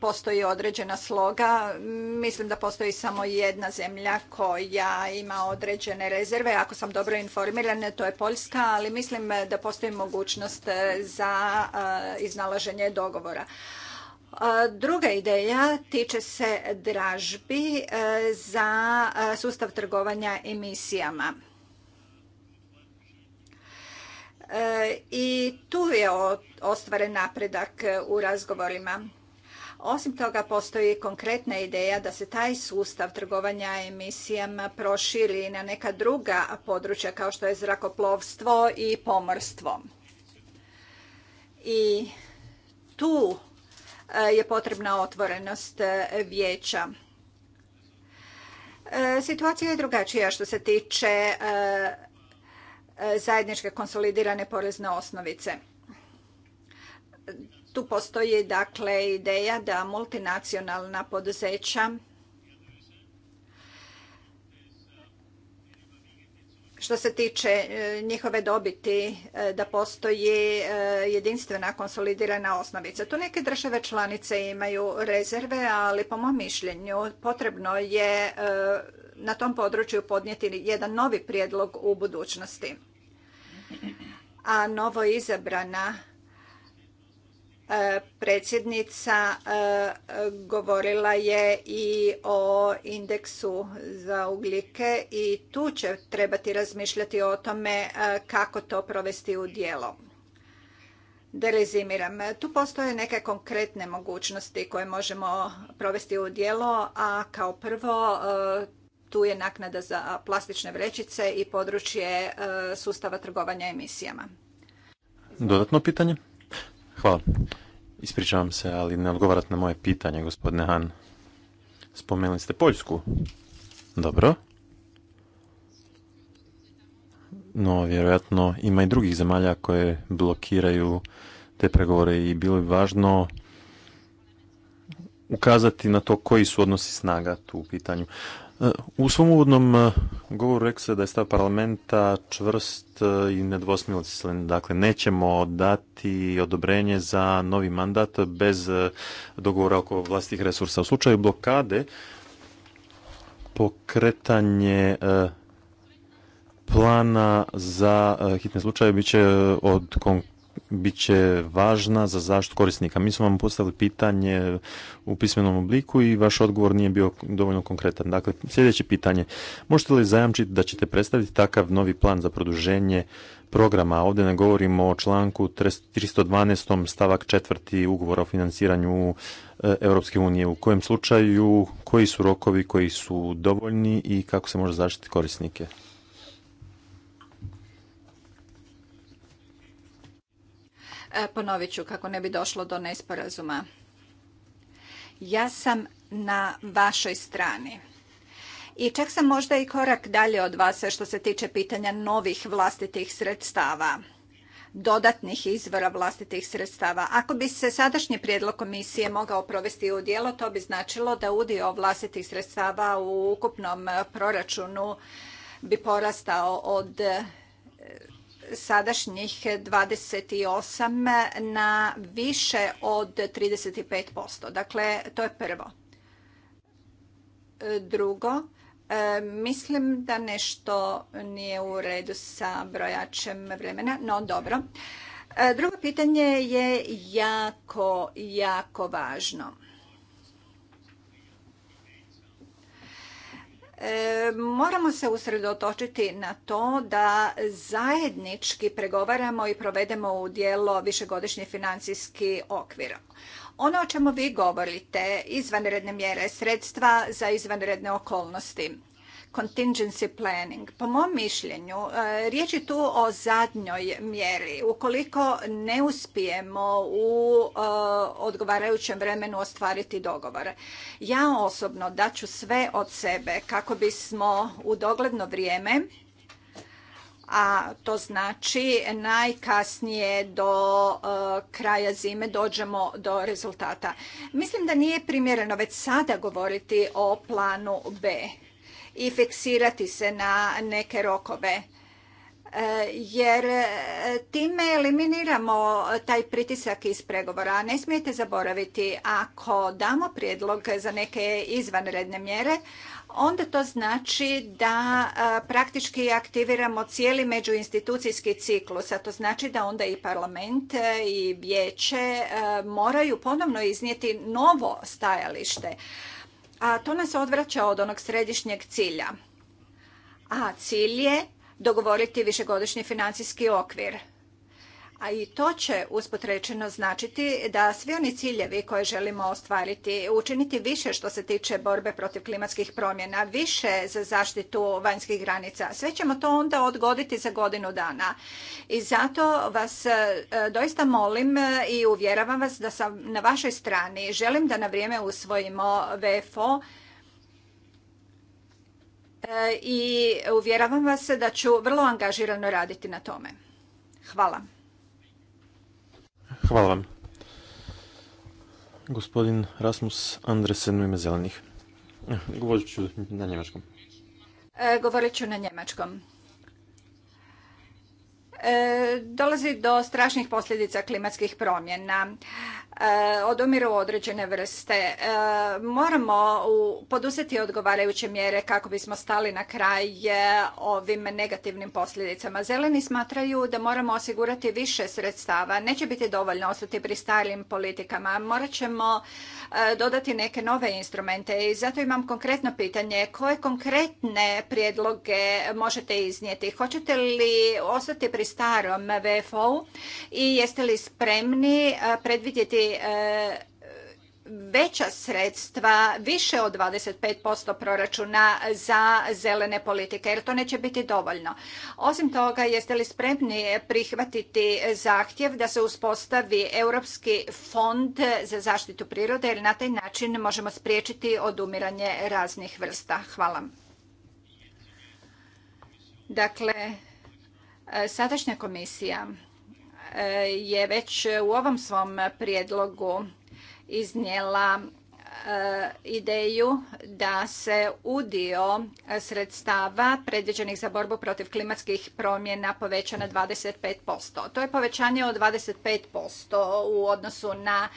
postoji određena sloga. Mislim da postoji samo jedna zemlja koja ima određene rezerve. Ako sam dobro informirana, to je Poljska, ali mislim da postoji mogućnost za e, iznalaženje dogovora. E, druga ideja tiče se dražbi e, za sustav trgovanja emisijama. I tu je ostvaren napredak u razgovorima. Osim toga, postoji konkretna ideja da se taj sustav trgovanja emisijama proširi na neka druga područja kao što je zrakoplovstvo i pomorstvo. I tu e, je potrebna otvorenost e, vijeća. E, situacija je drugačija što se tiče zajedničke konsolidirane porezne osnovice tu postoji dakle ideja da multinacionalna poduzeća što se tiče e, njihove dobiti e, da postoji e, jedinstvena konsolidirana osnovica. Tu neke države članice imaju rezerve, ali po mom mišljenju potrebno je na tom području podnijeti jedan novi prijedlog u budućnosti. A novo izabrana E, predsjednica e, govorila je i o indeksu za ugljike i tu će trebati razmišljati o tome e, kako to provesti u djelo. Da rezimiram, tu postoje neke konkretne mogućnosti koje možemo provesti u djelo, a kao prvo tu je naknada za plastične vrećice i područje sustava trgovanja emisijama. Dodatno pitanje? Hvala. Ispričavam se, ali ne odgovarate na moje pitanje, gospodine Han. Spomenuli ste Poljsku. Dobro. No, vjerojatno ima i drugih zemalja koje blokiraju te pregovore i bilo je važno ukazati na to koji su odnosi snaga tu u pitanju. U svom uvodnom e, govoru rekli se da je stav parlamenta čvrst e, i nedvosmislen. Dakle, nećemo dati odobrenje za novi mandat bez e, dogovora oko vlastitih resursa. U slučaju blokade, pokretanje plana za hitne slučaje biće će od bit će važna za zaštitu korisnika. Mi smo vam postavili pitanje u pismenom obliku i vaš odgovor nije bio dovoljno konkretan. Dakle, sljedeće pitanje. Možete li zajamčiti da ćete predstaviti takav novi plan za produženje programa? Ovdje ne govorimo o članku 312. stavak 4. ugovora o financiranju e, Europske unije. U kojem slučaju, koji su rokovi koji su dovoljni i kako se može zaštiti korisnike? E, ponovit ću kako ne bi došlo do nesporazuma. Ja sam na vašoj strani. I čak sam možda i korak dalje od vas što se tiče pitanja novih vlastitih sredstava dodatnih izvora vlastitih sredstava. Ako bi se sadašnji prijedlog komisije mogao provesti u djelo, to bi značilo da udio vlastitih sredstava u ukupnom proračunu bi porastao od sadašnjih 28 na više od 35%. Dakle, to je prvo. Drugo, e, mislim da nešto nije u redu sa brojačem vremena, no dobro. E, drugo pitanje je jako, jako važno. E, moramo se usredotočiti na to da zajednički pregovaramo i provedemo u dijelo višegodišnji financijski okvir. Ono o čemu vi govorite, izvanredne mjere, sredstva za izvanredne okolnosti, contingency planning. Po mom mišljenju, e, riječ je tu o zadnjoj mjeri. Ukoliko ne uspijemo u e, odgovarajućem vremenu ostvariti dogovor. Ja osobno daću sve od sebe kako bismo u dogledno vrijeme a to znači najkasnije do e, kraja zime dođemo do rezultata. Mislim da nije primjereno već sada govoriti o planu B i fiksirati se na neke rokove e, jer e, time eliminiramo taj pritisak iz pregovora. Ne smijete zaboraviti, ako damo prijedlog za neke izvanredne mjere, onda to znači da e, praktički aktiviramo cijeli međuinstitucijski ciklus, a to znači da onda i parlament i vijeće moraju ponovno iznijeti novo stajalište a to nas odvraća od onog središnjeg cilja. A cilj je dogovoriti višegodišnji financijski okvir a i to će uspotrečeno značiti da svi oni ciljevi koje želimo ostvariti, učiniti više što se tiče borbe protiv klimatskih promjena, više za zaštitu vanjskih granica, sve ćemo to onda odgoditi za godinu dana. I zato vas e, doista molim e, i uvjeravam vas da sam na vašoj strani. Želim da na vrijeme usvojimo VFO e, i uvjeravam vas da ću vrlo angažirano raditi na tome. Hvala. Hvala vam. Gospodin Rasmus Andresen u ime zelenih. Eh, govorit ću na njemačkom. E, govorit ću na njemačkom. E, dolazi do strašnih posljedica klimatskih promjena. E, odumiru određene vrste. E, moramo poduzeti odgovarajuće mjere kako bismo stali na kraj e, ovim negativnim posljedicama. Zeleni smatraju da moramo osigurati više sredstava. Neće biti dovoljno ostati pri starim politikama. Morat ćemo dodati neke nove instrumente i zato imam konkretno pitanje. Koje konkretne prijedloge možete iznijeti? Hoćete li ostati pri starom VFO-u i jeste li spremni predvidjeti E, veća sredstva, više od 25% proračuna za zelene politike, jer to neće biti dovoljno. Osim toga, jeste li spremni prihvatiti zahtjev da se uspostavi Europski fond za zaštitu prirode, jer na taj način možemo spriječiti odumiranje raznih vrsta? Hvala. Dakle, e, sadašnja komisija Eh, je već u ovom svom prijedlogu iznijela eh, ideju da se udio sredstava predviđenih za borbu protiv klimatskih promjena poveća na 25%. To je povećanje od 25% u odnosu na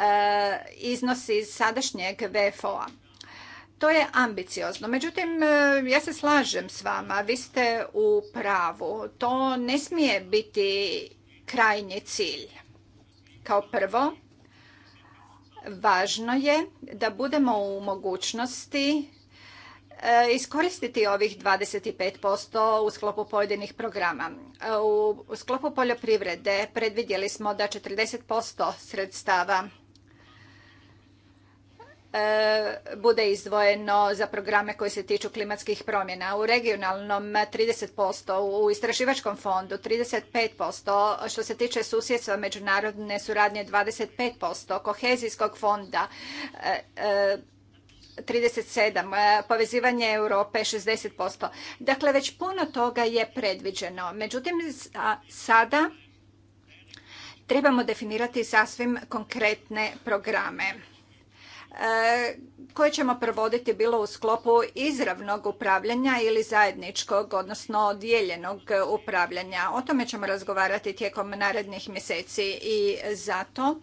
eh, iznos iz sadašnjeg VFO-a. To je ambiciozno. Međutim, ja se slažem s vama, vi ste u pravu. To ne smije biti krajnji cilj. Kao prvo, važno je da budemo u mogućnosti e, iskoristiti ovih 25% u sklopu pojedinih programa. E, u sklopu poljoprivrede predvidjeli smo da 40% sredstava E, bude izdvojeno za programe koji se tiču klimatskih promjena. U regionalnom 30%, u istraživačkom fondu 35%, što se tiče susjedstva međunarodne suradnje 25%, kohezijskog fonda 37, e, e, povezivanje Europe 60%. Dakle, već puno toga je predviđeno. Međutim, sada trebamo definirati sasvim konkretne programe E, koje ćemo provoditi bilo u sklopu izravnog upravljanja ili zajedničkog, odnosno dijeljenog upravljanja. O tome ćemo razgovarati tijekom narednih mjeseci i zato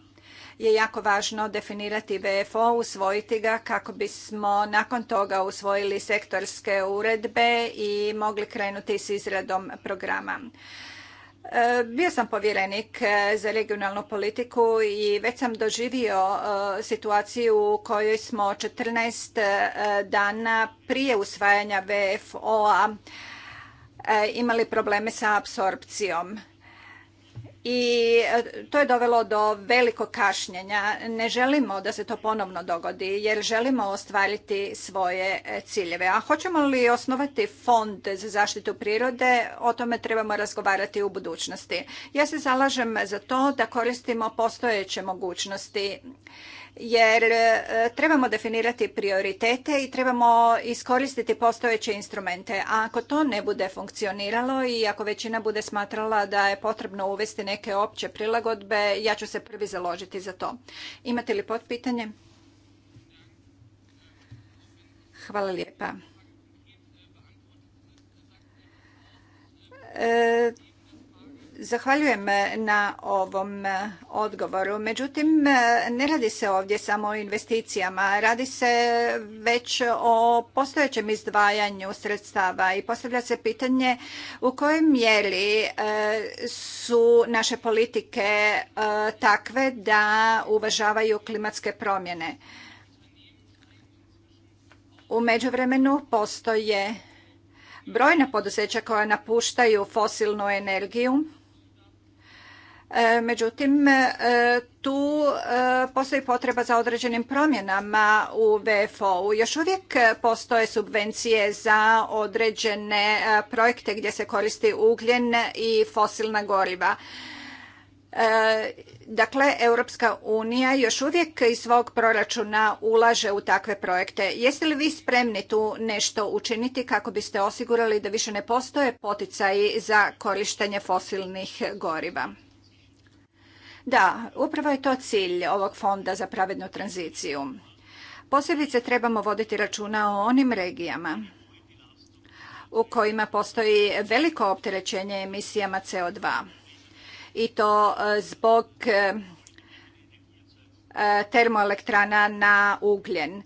je jako važno definirati VFO, usvojiti ga kako bismo nakon toga usvojili sektorske uredbe i mogli krenuti s izradom programa. E, bio sam povjerenik e, za regionalnu politiku i već sam doživio e, situaciju u kojoj smo 14 dana prije usvajanja VFO-a imali probleme sa apsorpcijom i e, to je dovelo do velikog kašnjenja. Ne želimo da se to ponovno dogodi jer želimo ostvariti svoje e, ciljeve. A hoćemo li osnovati fond za zaštitu prirode, o tome trebamo razgovarati u budućnosti. Ja se zalažem za to da koristimo postojeće mogućnosti jer e, trebamo definirati prioritete i trebamo iskoristiti postojeće instrumente. A ako to ne bude funkcioniralo i ako većina bude smatrala da je potrebno uvesti neke neke opće prilagodbe, ja ću se prvi založiti za to. Imate li potpitanje? Hvala lijepa. E, Zahvaljujem e, na ovom e, odgovoru. Međutim, e, ne radi se ovdje samo o investicijama, radi se već o postojećem izdvajanju sredstava i postavlja se pitanje u kojoj mjeri su naše politike takve da uvažavaju klimatske promjene. U međuvremenu postoje brojna poduzeća koja napuštaju fosilnu energiju E, međutim, e, tu e, postoji potreba za određenim promjenama u VFO-u. Još uvijek postoje subvencije za određene projekte gdje se koristi ugljen i fosilna goriva. Dakle, Europska unija još uvijek iz svog proračuna ulaže u takve projekte. Jeste li vi spremni tu nešto učiniti kako biste osigurali da više ne postoje poticaji za korištenje fosilnih goriva? Da, upravo je to cilj ovog fonda za pravednu tranziciju. Posebice trebamo voditi računa o onim regijama u kojima postoji veliko opterećenje emisijama CO2 i to e, zbog e, e, termoelektrana na ugljen.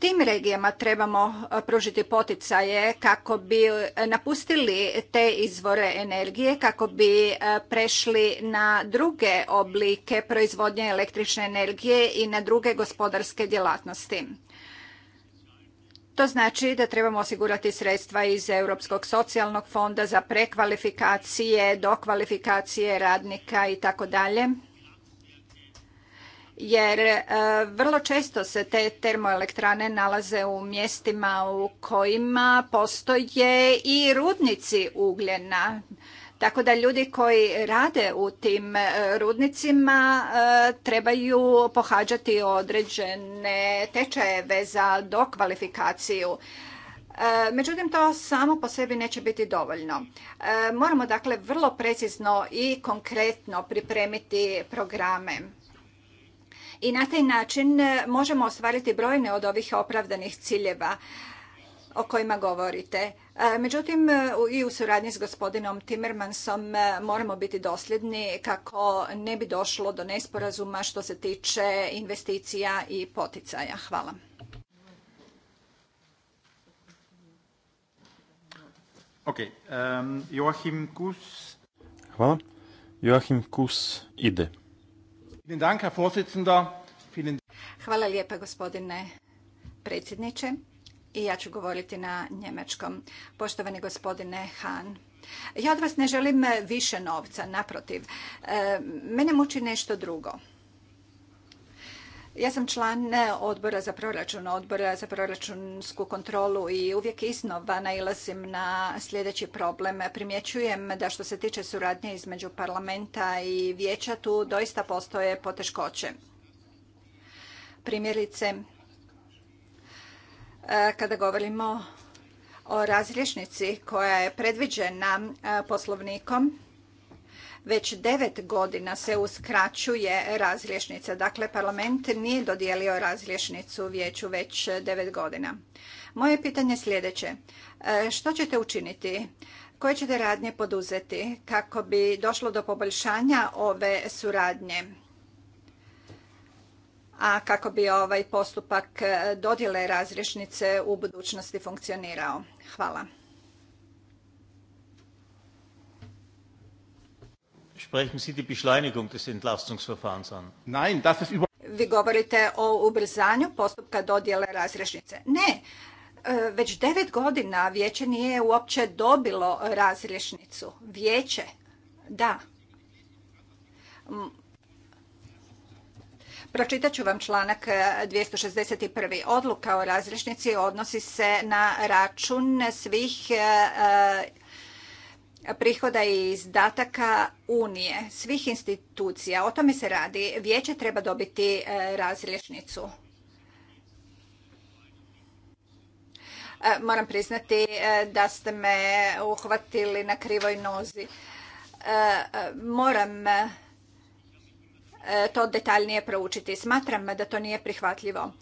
Tim regijama trebamo e, pružiti poticaje kako bi e, napustili te izvore energije, kako bi e, prešli na druge oblike proizvodnje električne energije i na druge gospodarske djelatnosti. To znači da trebamo osigurati sredstva iz Europskog socijalnog fonda za prekvalifikacije, dokvalifikacije radnika i tako dalje jer e, vrlo često se te termoelektrane nalaze u mjestima u kojima postoje i rudnici ugljena. Tako da ljudi koji rade u tim e, rudnicima e, trebaju pohađati određene tečajeve za dokvalifikaciju. Međutim, to samo po sebi neće biti dovoljno. Moramo dakle vrlo precizno i konkretno pripremiti programe i na taj način e, možemo ostvariti brojne od ovih opravdanih ciljeva o kojima govorite. E, međutim, e, i u suradnji s gospodinom Timmermansom moramo biti dosljedni kako ne bi došlo do nesporazuma što se tiče investicija i poticaja. Hvala. Okay, Joachim Hvala. Joachim Kus ide. Hvala lijepa gospodine predsjedniče i ja ću govoriti na njemačkom. Poštovani gospodine Han, ja od vas ne želim više novca, naprotiv. E, mene muči nešto drugo. Ja sam član odbora za proračun, odbora za proračunsku kontrolu i uvijek iznova nailazim na sljedeći problem. Primjećujem da što se tiče suradnje između parlamenta i vijeća tu doista postoje poteškoće. Primjerice, e, kada govorimo o razrješnici koja je predviđena e, poslovnikom, već devet godina se uskraćuje razrješnica. Dakle, parlament nije dodijelio razrješnicu vijeću već devet godina. Moje pitanje je sljedeće. E, što ćete učiniti? Koje ćete radnje poduzeti kako bi došlo do poboljšanja ove suradnje? a kako bi ovaj postupak dodjele razrješnice u budućnosti funkcionirao. Hvala. die Beschleunigung des Entlastungsverfahrens an. Nein, das ist über... Vi govorite o ubrzanju postupka dodjele razrešnice. Ne, e, već devet godina vijeće nije uopće dobilo razrješnicu. Vijeće, da. Pročitat ću vam članak 261. E, Odluka o razrješnici odnosi se na račun svih e, prihoda i izdataka Unije, svih institucija. O tome se radi. Vijeće treba dobiti e, razrješnicu. E, moram priznati e, da ste me uhvatili na krivoj nozi. Moram to detaljnije proučiti. Smatram da to nije prihvatljivo.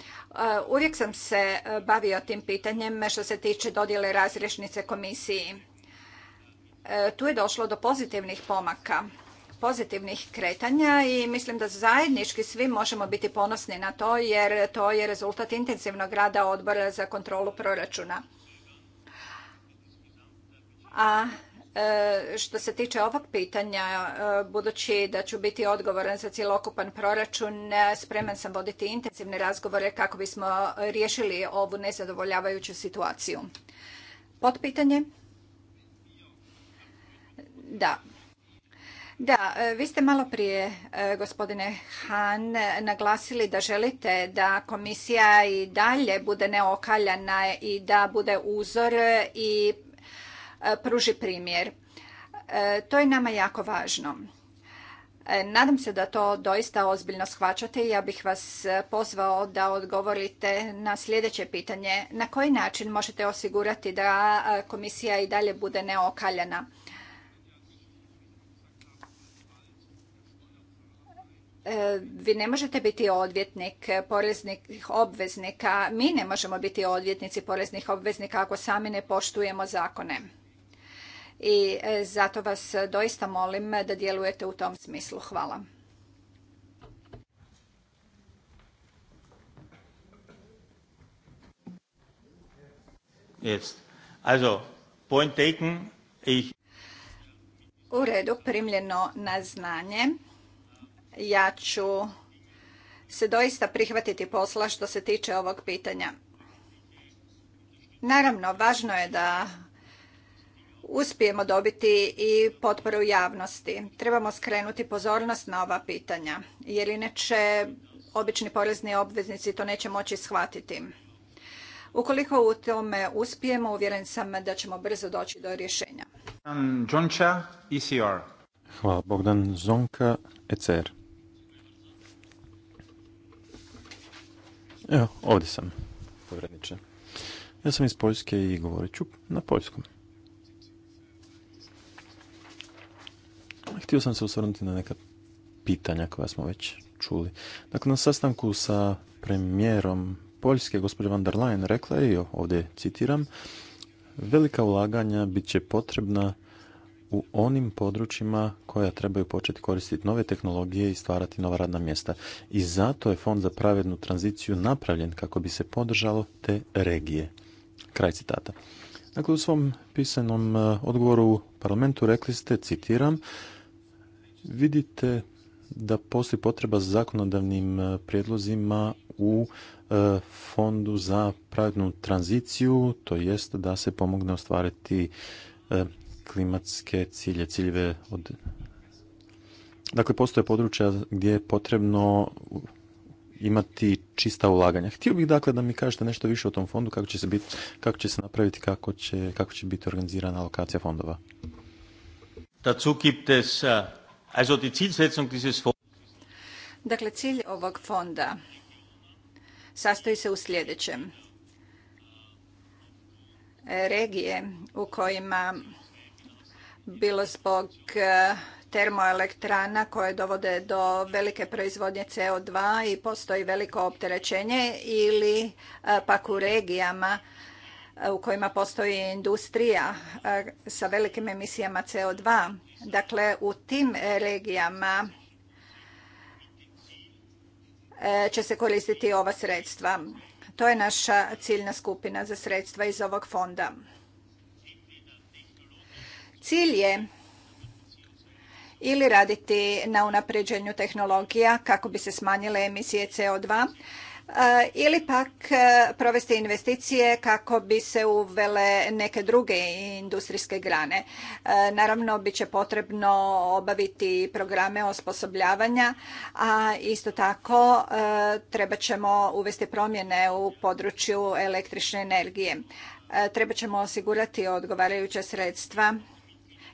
Uvijek sam se bavio tim pitanjem što se tiče dodjele razrješnice komisiji E, tu je došlo do pozitivnih pomaka pozitivnih kretanja i mislim da zajednički svi možemo biti ponosni na to jer to je rezultat intenzivnog rada odbora za kontrolu proračuna. A e, što se tiče ovog pitanja, e, budući da ću biti odgovoran za cjelokupan proračun, spreman sam voditi intenzivne razgovore kako bismo riješili ovu nezadovoljavajuću situaciju. Pod pitanje? Da. Da, e, vi ste malo prije, e, gospodine Han, naglasili da želite da komisija i dalje bude neokaljana i da bude uzor i e, pruži primjer. To je nama jako važno. Nadam se da to doista ozbiljno shvaćate i ja bih vas pozvao da odgovorite na sljedeće pitanje. Na koji način možete osigurati da komisija i dalje bude neokaljana? E, vi ne možete biti odvjetnik poreznih obveznika, mi ne možemo biti odvjetnici poreznih obveznika ako sami ne poštujemo zakone. I e, zato vas doista molim da djelujete u tom smislu. Hvala. U redu, primljeno na znanje ja ću se doista prihvatiti posla što se tiče ovog pitanja. Naravno, važno je da uspijemo dobiti i potporu javnosti. Trebamo skrenuti pozornost na ova pitanja, jer inače obični porezni obveznici to neće moći shvatiti. Ukoliko u tome uspijemo, uvjeren sam da ćemo brzo doći do rješenja. E Hvala Bogdan Zonka, ECR. Evo, ovdje sam, povredniče. Ja sam iz Poljske i govorit ću na poljskom. Htio sam se osvrnuti na neka pitanja koja smo već čuli. Dakle, na sastanku sa premijerom Poljske, gospođa van der Leyen, rekla je, ovdje citiram, velika ulaganja bit će potrebna u onim područjima koja trebaju početi koristiti nove tehnologije i stvarati nova radna mjesta. I zato je Fond za pravednu tranziciju napravljen kako bi se podržalo te regije. Kraj citata. Dakle, u svom pisanom e, odgovoru u parlamentu rekli ste, citiram, vidite da postoji potreba za zakonodavnim e, prijedlozima u e, fondu za pravednu tranziciju, to jest da se pomogne ostvariti klimatske cilje, ciljeve od... Dakle, postoje područja gdje je potrebno imati čista ulaganja. Htio bih dakle da mi kažete nešto više o tom fondu, kako će se, biti, kako će se napraviti, kako će, kako će biti organizirana alokacija fondova. Dazu gibt es, äh, also die Dakle, cilj ovog fonda sastoji se u sljedećem. Regije u kojima bilo zbog e, termoelektrana koje dovode do velike proizvodnje CO2 i postoji veliko opterećenje ili e, pak u regijama e, u kojima postoji industrija sa velikim emisijama CO2. Dakle, u tim regijama će se koristiti ova sredstva. To je naša ciljna skupina za sredstva iz ovog fonda. Cilj je ili raditi na unapređenju tehnologija kako bi se smanjile emisije CO2 e, ili pak e, provesti investicije kako bi se uvele neke druge industrijske grane. E, naravno, bit će potrebno obaviti programe osposobljavanja, a isto tako treba ćemo uvesti promjene u području električne energije. Treba ćemo osigurati odgovarajuće sredstva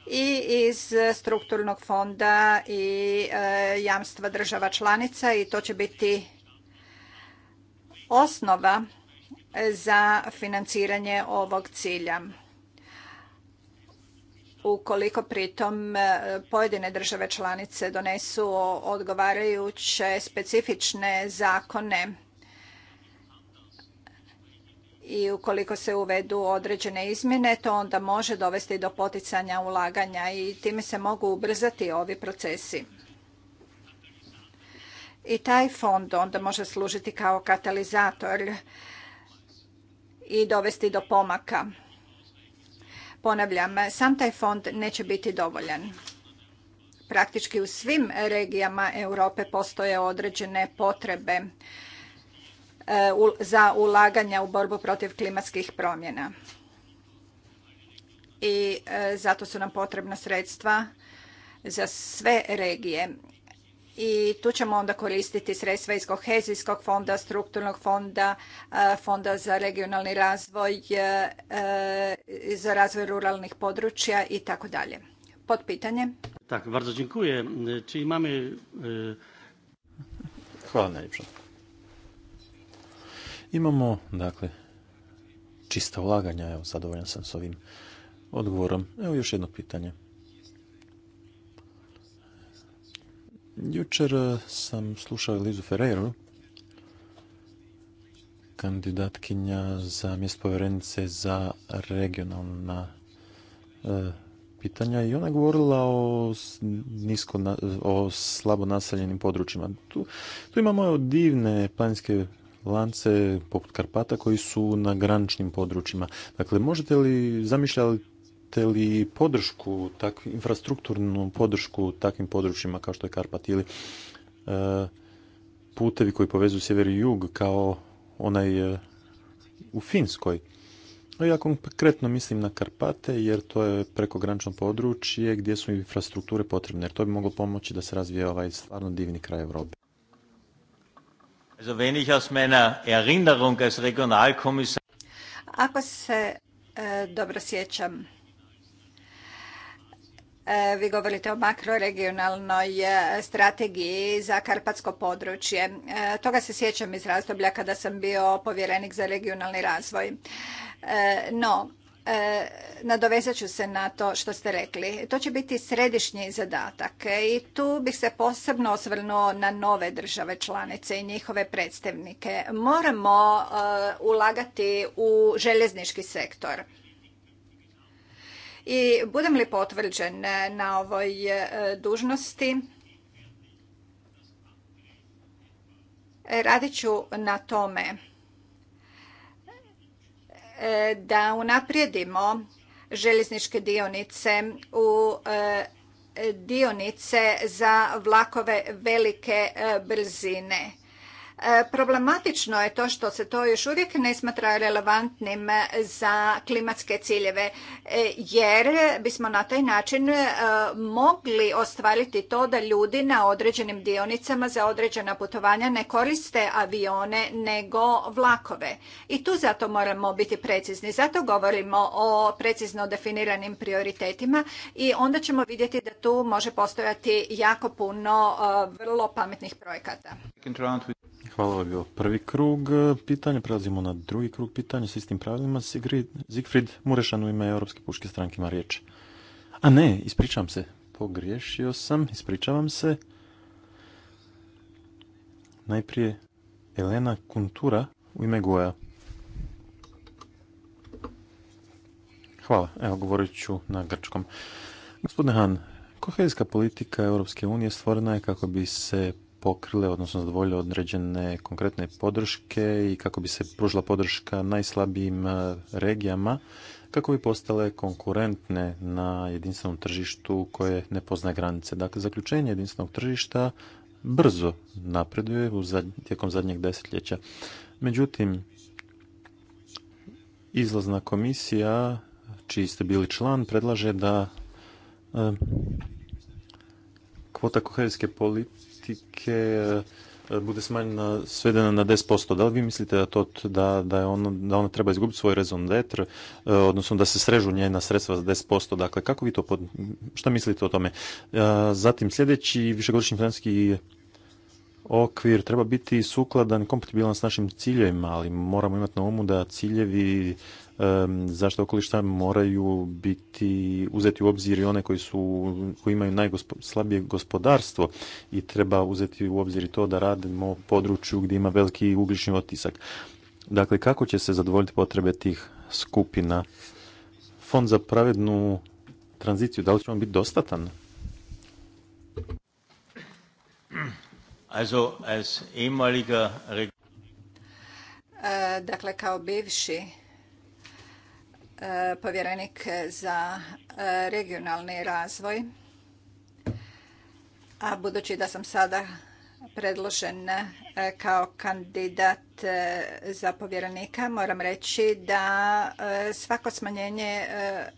i iz strukturnog fonda i e, jamstva država članica i to će biti osnova za financiranje ovog cilja ukoliko pritom e, pojedine države članice donesu odgovarajuće specifične zakone i ukoliko se uvedu određene izmjene to onda može dovesti do poticanja ulaganja i time se mogu ubrzati ovi procesi. I taj fond onda može služiti kao katalizator i dovesti do pomaka. Ponavljam, sam taj fond neće biti dovoljan. Praktički u svim regijama Europe postoje određene potrebe Eh, za ulaganja u borbu protiv klimatskih promjena. I eh, zato su nam potrebna sredstva za sve regije. I tu ćemo onda koristiti sredstva iz kohezijskog fonda, strukturnog fonda, eh, fonda za regionalni razvoj, za razvoj ruralnih područja i tako dalje. Pod pitanje. Tak, bardzo dziękuję. Czy mamy... E, Hvala najljepša. Imamo, dakle, čista ulaganja, evo, zadovoljan sam s ovim odgovorom. Evo još jedno pitanje. Jučer e, sam slušao Lizu Ferreiru, kandidatkinja za mjesto povjerenice za regionalna e, pitanja i ona je govorila o, nisko, o slabo naseljenim područjima. Tu, imamo divne planinske lance poput Karpata koji su na graničnim područjima. Dakle, možete li, zamišljate li podršku, tak, infrastrukturnu podršku takvim područjima kao što je Karpat ili e, putevi koji povezuju sjever i jug kao onaj e, u Finskoj? Ja konkretno mislim na Karpate jer to je prekogranično područje gdje su infrastrukture potrebne jer to bi moglo pomoći da se razvije ovaj stvarno divni kraj Europe. Also wenn ich aus meiner Erinnerung als Regionalkommissar Ako se e, dobro sjećam, e, vi govorite o makroregionalnoj e, strategiji za Karpatsko područje. toga se sjećam iz razdoblja kada sam bio povjerenik za regionalni razvoj. No, E, nadovezat ću se na to što ste rekli. To će biti središnji zadatak i tu bih se posebno osvrnuo na nove države članice i njihove predstavnike. Moramo e, ulagati u željeznički sektor. I budem li potvrđen na ovoj e, dužnosti, radit ću na tome E, da unaprijedimo željezničke dionice u e, dionice za vlakove velike e, brzine E, problematično je to što se to još uvijek ne smatra relevantnim za klimatske ciljeve, e, jer bismo na taj način e, mogli ostvariti to da ljudi na određenim dionicama za određena putovanja ne koriste avione nego vlakove. I tu zato moramo biti precizni. Zato govorimo o precizno definiranim prioritetima i onda ćemo vidjeti da tu može postojati jako puno vrlo pametnih projekata. Hvala, vam bio prvi krug e, pitanja. Prelazimo na drugi krug pitanja s istim pravilima. Sigrid, Zigfrid Murešan u ime Europske puške stranke ima riječ. A ne, ispričavam se. Pogriješio sam, ispričavam se. Najprije Elena Kuntura u ime Goja. Hvala, evo govorit ću na grčkom. Gospodine Han, kohezijska politika Europske unije stvorena je kako bi se pokrile, odnosno zadovoljile određene konkretne podrške i kako bi se pružila podrška najslabijim eh, regijama, kako bi postale konkurentne na jedinstvenom tržištu koje ne poznaje granice. Dakle, zaključenje jedinstvenog tržišta brzo napreduje u zadnj, tijekom zadnjeg desetljeća. Međutim, izlazna komisija, čiji ste bili član, predlaže da eh, kvota kohezijske politike politike e, bude smanjena, svedena na 10%. Da li vi mislite da, to, da, da, je ono, da ona treba izgubiti svoj rezon detr, e, odnosno da se srežu njena sredstva za 10%? Dakle, kako vi to, pod, šta mislite o tome? E, zatim, sljedeći višegodišnji financijski okvir treba biti sukladan, kompatibilan s našim ciljevima, ali moramo imati na umu da ciljevi zašto okolišta moraju biti uzeti u obzir i one koji, su, koji imaju najslabije gospodarstvo i treba uzeti u obzir i to da radimo u području gdje ima veliki ugljični otisak. Dakle, kako će se zadovoljiti potrebe tih skupina? Fond za pravednu tranziciju, da li će on biti dostatan? Also, als ehemaliger... E, dakle, kao bivši E, povjerenik za e, regionalni razvoj, a budući da sam sada predložen e, kao kandidat za povjerenika, moram reći da svako smanjenje,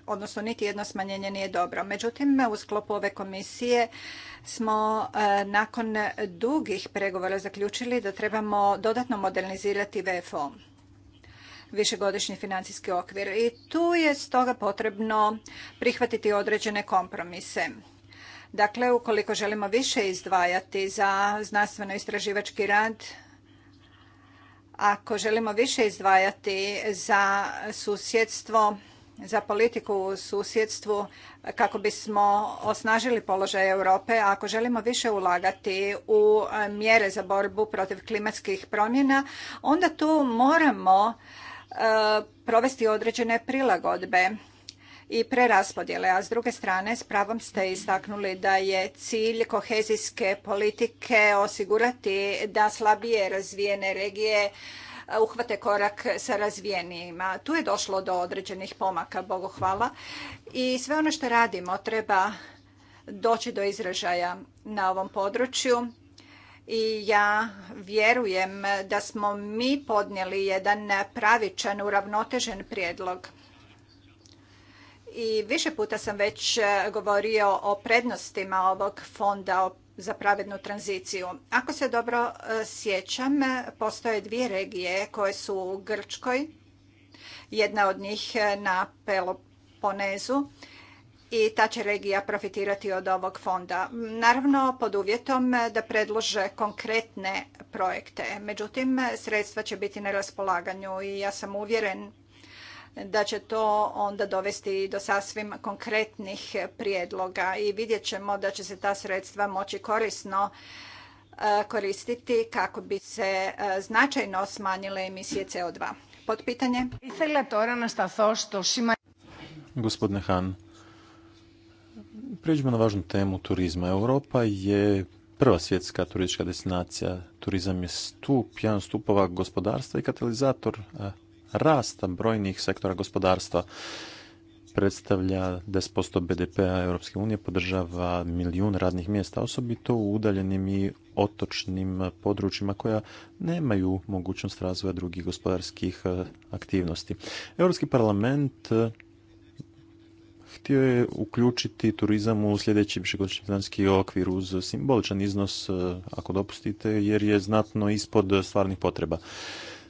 odnosno niti jedno smanjenje nije dobro. Međutim, u sklopu ove komisije smo nakon dugih pregovora zaključili da trebamo dodatno modernizirati VFO višegodišnji financijski okvir i tu je stoga potrebno prihvatiti određene kompromise. Dakle, ukoliko želimo više izdvajati za znanstveno-istraživački rad, ako želimo više izdvajati za susjedstvo, za politiku u susjedstvu kako bismo osnažili položaj Europe, ako želimo više ulagati u mjere za borbu protiv klimatskih promjena, onda tu moramo provesti određene prilagodbe i preraspodjele, a s druge strane s pravom ste istaknuli da je cilj kohezijske politike osigurati da slabije razvijene regije uh, uhvate korak sa razvijenijima. Tu je došlo do određenih pomaka, Bogu hvala. I sve ono što radimo treba doći do izražaja na ovom području i ja vjerujem da smo mi podnijeli jedan pravičan, uravnotežen prijedlog. I više puta sam već govorio o prednostima ovog fonda za pravednu tranziciju. Ako se dobro e, sjećam, postoje dvije regije koje su u Grčkoj, jedna od njih e, na Peloponezu i ta će regija profitirati od ovog fonda. Naravno, pod uvjetom da predlože konkretne projekte. Međutim, sredstva će biti na raspolaganju i ja sam uvjeren da će to onda dovesti do sasvim konkretnih prijedloga i vidjet ćemo da će se ta sredstva moći korisno e, koristiti kako bi se e, značajno smanjile emisije CO2. Pod pitanje? Gospodine Han, Prijeđimo na važnu temu turizma. Europa je prva svjetska turistička destinacija. Turizam je stup, jedan stupova gospodarstva i katalizator e, rasta brojnih sektora gospodarstva. Predstavlja 10% BDP-a Europske unije, podržava milijun radnih mjesta, osobito u udaljenim i otočnim područjima koja nemaju mogućnost razvoja drugih gospodarskih e, aktivnosti. Europski parlament htio je uključiti turizam u sljedeći višegodišnji financijski okvir uz simboličan iznos, e, ako dopustite, jer je znatno ispod stvarnih potreba.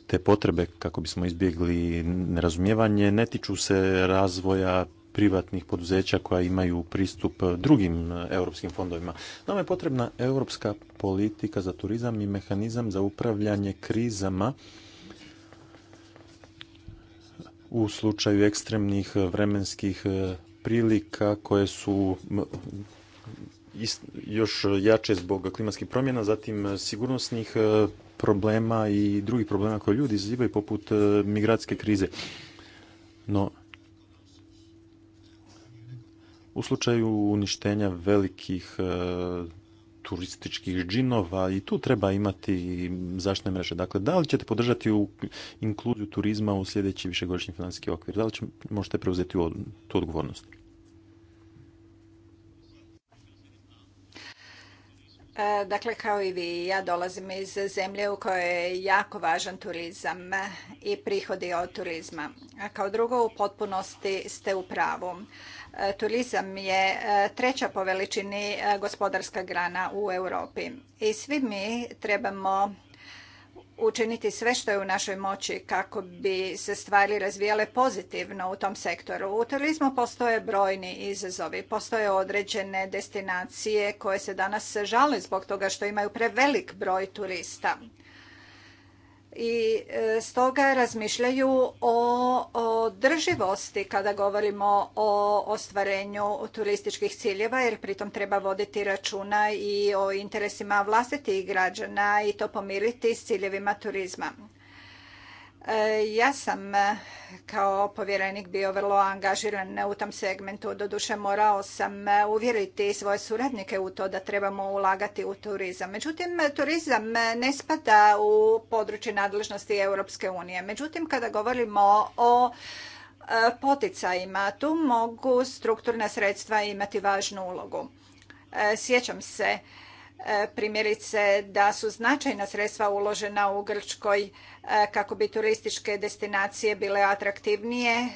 Te potrebe, kako bismo izbjegli nerazumijevanje, ne tiču se razvoja privatnih poduzeća koja imaju pristup drugim e, europskim fondovima. Nama je potrebna europska politika za turizam i mehanizam za upravljanje krizama u slučaju ekstremnih vremenskih e, prilika koje su još jače zbog klimatskih promjena, zatim e, sigurnosnih e, problema i drugih problema koje ljudi izazivaju poput e, migratske krize. No, u slučaju uništenja velikih turističkih džinova i tu treba imati zaštne mreže. Dakle, da li ćete podržati u inkluziju turizma u sljedeći višegodišnji financijski okvir? Da li možete preuzeti tu odgovornost? E, dakle, kao i vi, ja dolazim iz zemlje u kojoj je jako važan turizam i prihodi od turizma. Kao drugo, u potpunosti ste u pravu. E, turizam je e, treća po veličini e, gospodarska grana u Europi i svi mi trebamo učiniti sve što je u našoj moći kako bi se stvari razvijale pozitivno u tom sektoru. U turizmu postoje brojni izazovi, postoje određene destinacije koje se danas žale zbog toga što imaju prevelik broj turista i e, stoga razmišljaju o održivosti kada govorimo o ostvarenju turističkih ciljeva jer pritom treba voditi računa i o interesima vlastitih građana i to pomiriti s ciljevima turizma. Ja sam e, kao povjerenik bio vrlo angažiran u tom segmentu. Doduše morao sam e, uvjeriti svoje suradnike u to da trebamo ulagati u turizam. Međutim, turizam e, ne spada u područje nadležnosti Europske unije. Međutim, kada govorimo o poticajima, tu mogu strukturna sredstva imati važnu ulogu. Sjećam se E, primjerice da su značajna sredstva uložena u Grčkoj e, kako bi turističke destinacije bile atraktivnije, e,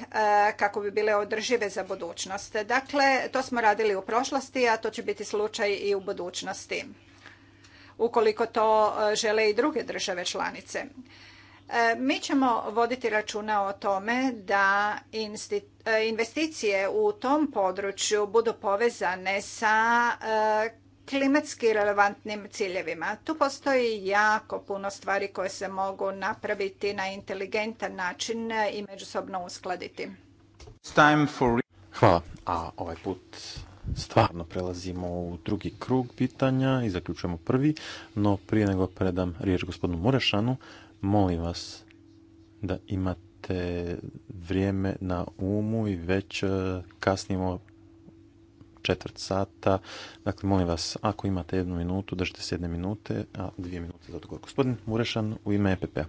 kako bi bile održive za budućnost. Dakle, to smo radili u prošlosti, a to će biti slučaj i u budućnosti, ukoliko to žele i druge države članice. Mi ćemo voditi računa o tome da investicije u tom području budu povezane sa klimatski relevantnim ciljevima. Tu postoji jako puno stvari koje se mogu napraviti na inteligentan način i međusobno uskladiti. Hvala. A ovaj put stvarno prelazimo u drugi krug pitanja i zaključujemo prvi, no prije nego predam riječ gospodinu Murešanu, molim vas da imate vrijeme na umu i već eh, kasnimo četvrt sata. Dakle, molim vas, ako imate jednu minutu, držite se jedne minute, a dvije minute za odgovor. Gospodin Murešan u ime epp p-a.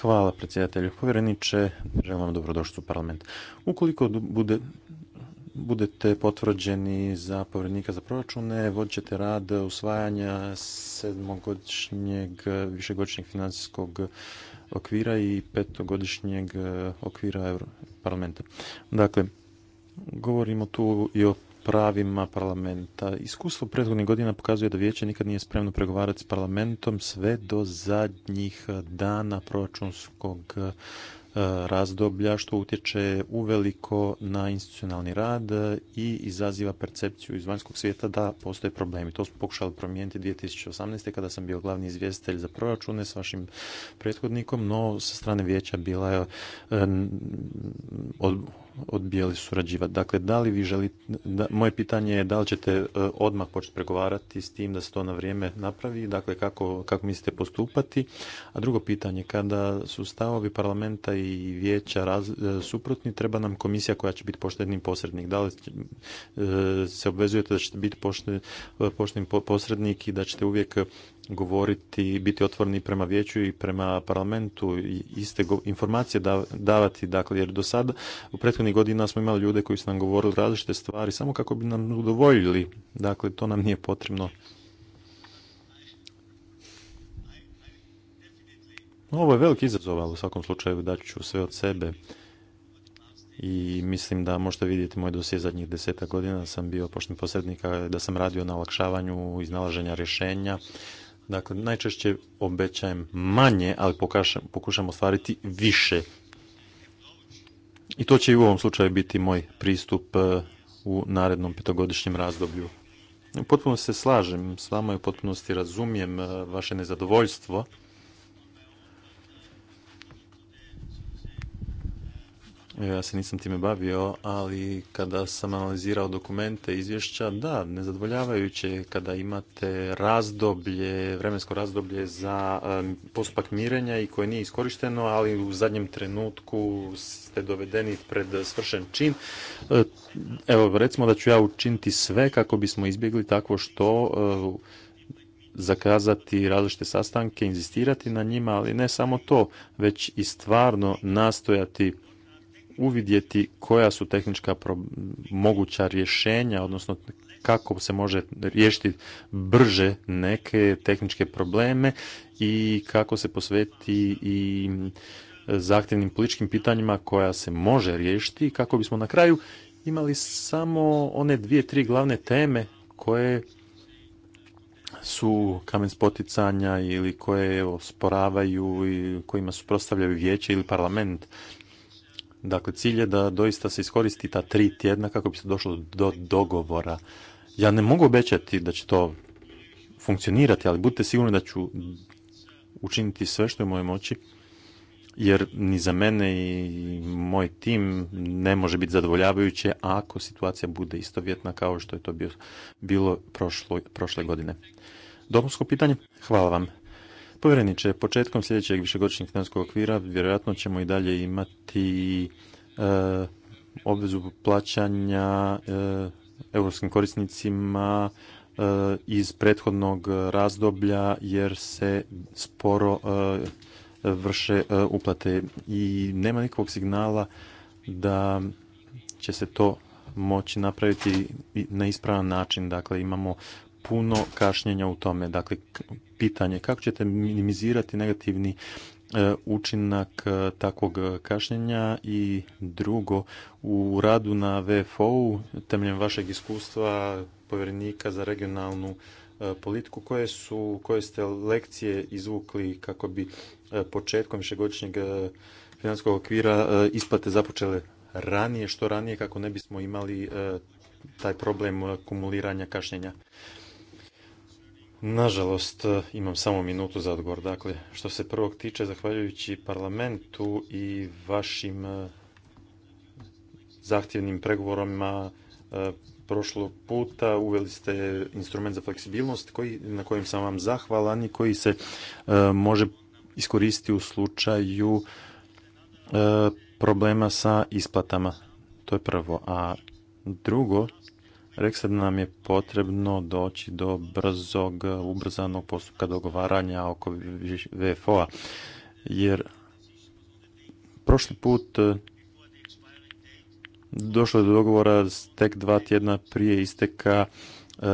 Hvala predsjedatelju. Povjereniče, želim vam dobrodošću u parlament. Ukoliko budete potvrđeni za povjerenika za proračune, vodit ćete rad usvajanja sedmogodišnjeg višegodišnjeg financijskog okvira i petogodišnjeg eh, okvira parlamenta. Dakle, govorimo tu i o pravima parlamenta. Iskustvo prethodnih godina pokazuje da vijeće nikad nije spremno pregovarati s parlamentom sve do zadnjih dana proračunskog eh, razdoblja što utječe uveliko na institucionalni rad eh, i izaziva percepciju iz vanjskog svijeta da postoje problemi. To smo pokušali promijeniti 2018. kada sam bio glavni izvjestitelj za proračune s vašim prethodnikom, no sa strane vijeća bila je eh, odbijali surađivati. Dakle, da li vi želite, da, moje pitanje je da li ćete e, odmah početi pregovarati s tim da se to na vrijeme napravi, dakle kako, kako mislite postupati. A drugo pitanje, kada su stavovi parlamenta i vijeća e, suprotni, treba nam komisija koja će biti pošteni posrednik. Da li e, se obvezujete da ćete biti pošteni posrednik i da ćete uvijek govoriti, biti otvoreni prema vijeću i prema parlamentu i iste informacije davati. Dakle, jer do sada u prethodnih godina smo imali ljude koji su nam govorili različite stvari samo kako bi nam udovoljili. Dakle, to nam nije potrebno. Ovo je veliki izazov, ali u svakom slučaju daću ću sve od sebe. I mislim da možete vidjeti moj dosje zadnjih deseta godina sam bio pošten posrednika, da sam radio na olakšavanju iznalaženja rješenja Dakle, najčešće obećajem manje, ali pokušam ostvariti više. I to će i u ovom slučaju biti moj pristup e, u narednom petogodišnjem razdoblju. Potpuno se slažem s vama i u potpunosti razumijem e, vaše nezadovoljstvo Ja se nisam time bavio, ali kada sam analizirao dokumente izvješća, da, nezadovoljavajuće je kada imate razdoblje, vremensko razdoblje za postupak mirenja i koje nije iskorišteno, ali u zadnjem trenutku ste dovedeni pred svršen čin. E, evo, recimo da ću ja učiniti sve kako bismo izbjegli tako što e, zakazati različite sastanke, inzistirati na njima, ali ne samo to, već i stvarno nastojati uvidjeti koja su tehnička moguća rješenja, odnosno kako se može riješiti brže neke tehničke probleme i kako se posveti i zahtjevnim političkim pitanjima koja se može riješiti kako bismo na kraju imali samo one dvije, tri glavne teme koje su kamen spoticanja ili koje evo, sporavaju i kojima suprotstavljaju vijeće ili parlament. Dakle, cilj je da doista se iskoristi ta tri tjedna kako bi se došlo do dogovora. Ja ne mogu obećati da će to funkcionirati, ali budite sigurni da ću učiniti sve što je u mojoj moći, jer ni za mene i moj tim ne može biti zadovoljavajuće ako situacija bude istovjetna kao što je to bilo prošle godine. Dopunsko pitanje? Hvala vam. Povjereniče, početkom sljedećeg višegodišnjeg financijskog okvira vjerojatno ćemo i dalje imati e, obvezu plaćanja e, europskim korisnicima e, iz prethodnog razdoblja jer se sporo vrše uplate i nema nikakvog signala da će se to moći napraviti na ispravan način. Dakle, imamo puno kašnjenja u tome. Dakle, pitanje kako ćete minimizirati negativni e, učinak e, takvog kašnjenja i drugo, u radu na VFO-u, temeljem vašeg iskustva povjerenika za regionalnu e, politiku, koje, su, koje ste lekcije izvukli kako bi početkom višegodišnjeg financijskog okvira isplate započele ranije, što ranije kako ne bismo imali taj problem kumuliranja kašnjenja. Nažalost, e, imam samo minutu za odgovor. Dakle, što se prvog tiče, zahvaljujući parlamentu i vašim e, zahtjevnim pregovorima e, prošlog puta uveli ste instrument za fleksibilnost na kojem sam vam zahvalan i koji se može iskoristiti u slučaju problema sa isplatama. To je prvo. A drugo, Reksa nam je potrebno doći do brzog, ubrzanog postupka dogovaranja oko VFO-a, jer prošli put e, došlo je do dogovora tek dva tjedna prije isteka e,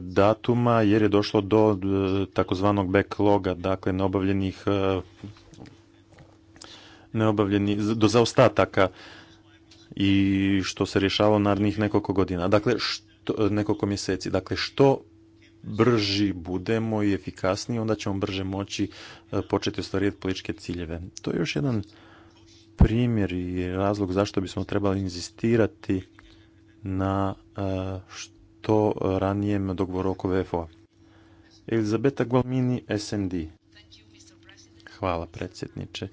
datuma jer je došlo do e, takozvanog backloga, dakle neobavljenih neobavljeni, do zaostataka i što se rješavalo narednih nekoliko godina. Dakle, što nekoliko mjeseci. Dakle, što brži budemo i efikasniji, onda ćemo brže moći e, početi ostvarivati političke ciljeve. To je još jedan primjer i razlog zašto bismo trebali inzistirati na e, što ranijem dogovoru oko VFO-a. Elizabeta Gualmini, SND. Hvala predsjedniče.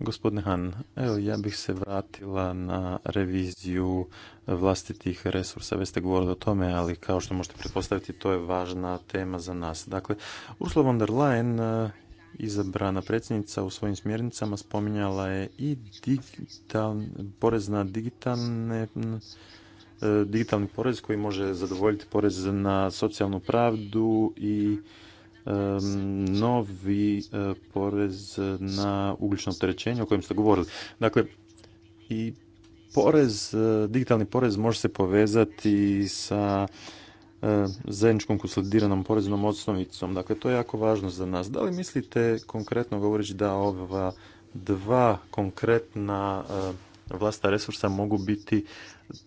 Gospodine Han, evo ja bih se vratila na reviziju vlastitih resursa. Već ste govorili o tome, ali kao što možete pretpostaviti, to je važna tema za nas. Dakle, Ursula von der Leyen, e, izabrana predsjednica u svojim smjernicama, spominjala je i digital, porez na digitalne e, digitalni porez koji može zadovoljiti porez na socijalnu pravdu i novi e, porez na ugljično opterećenje o kojem ste govorili. Dakle, i porez, e, digitalni porez može se povezati sa e, zajedničkom konsolidiranom poreznom osnovicom. Dakle, to je jako važno za nas. Da li mislite konkretno govoreći da ova dva konkretna vlasta resursa mogu biti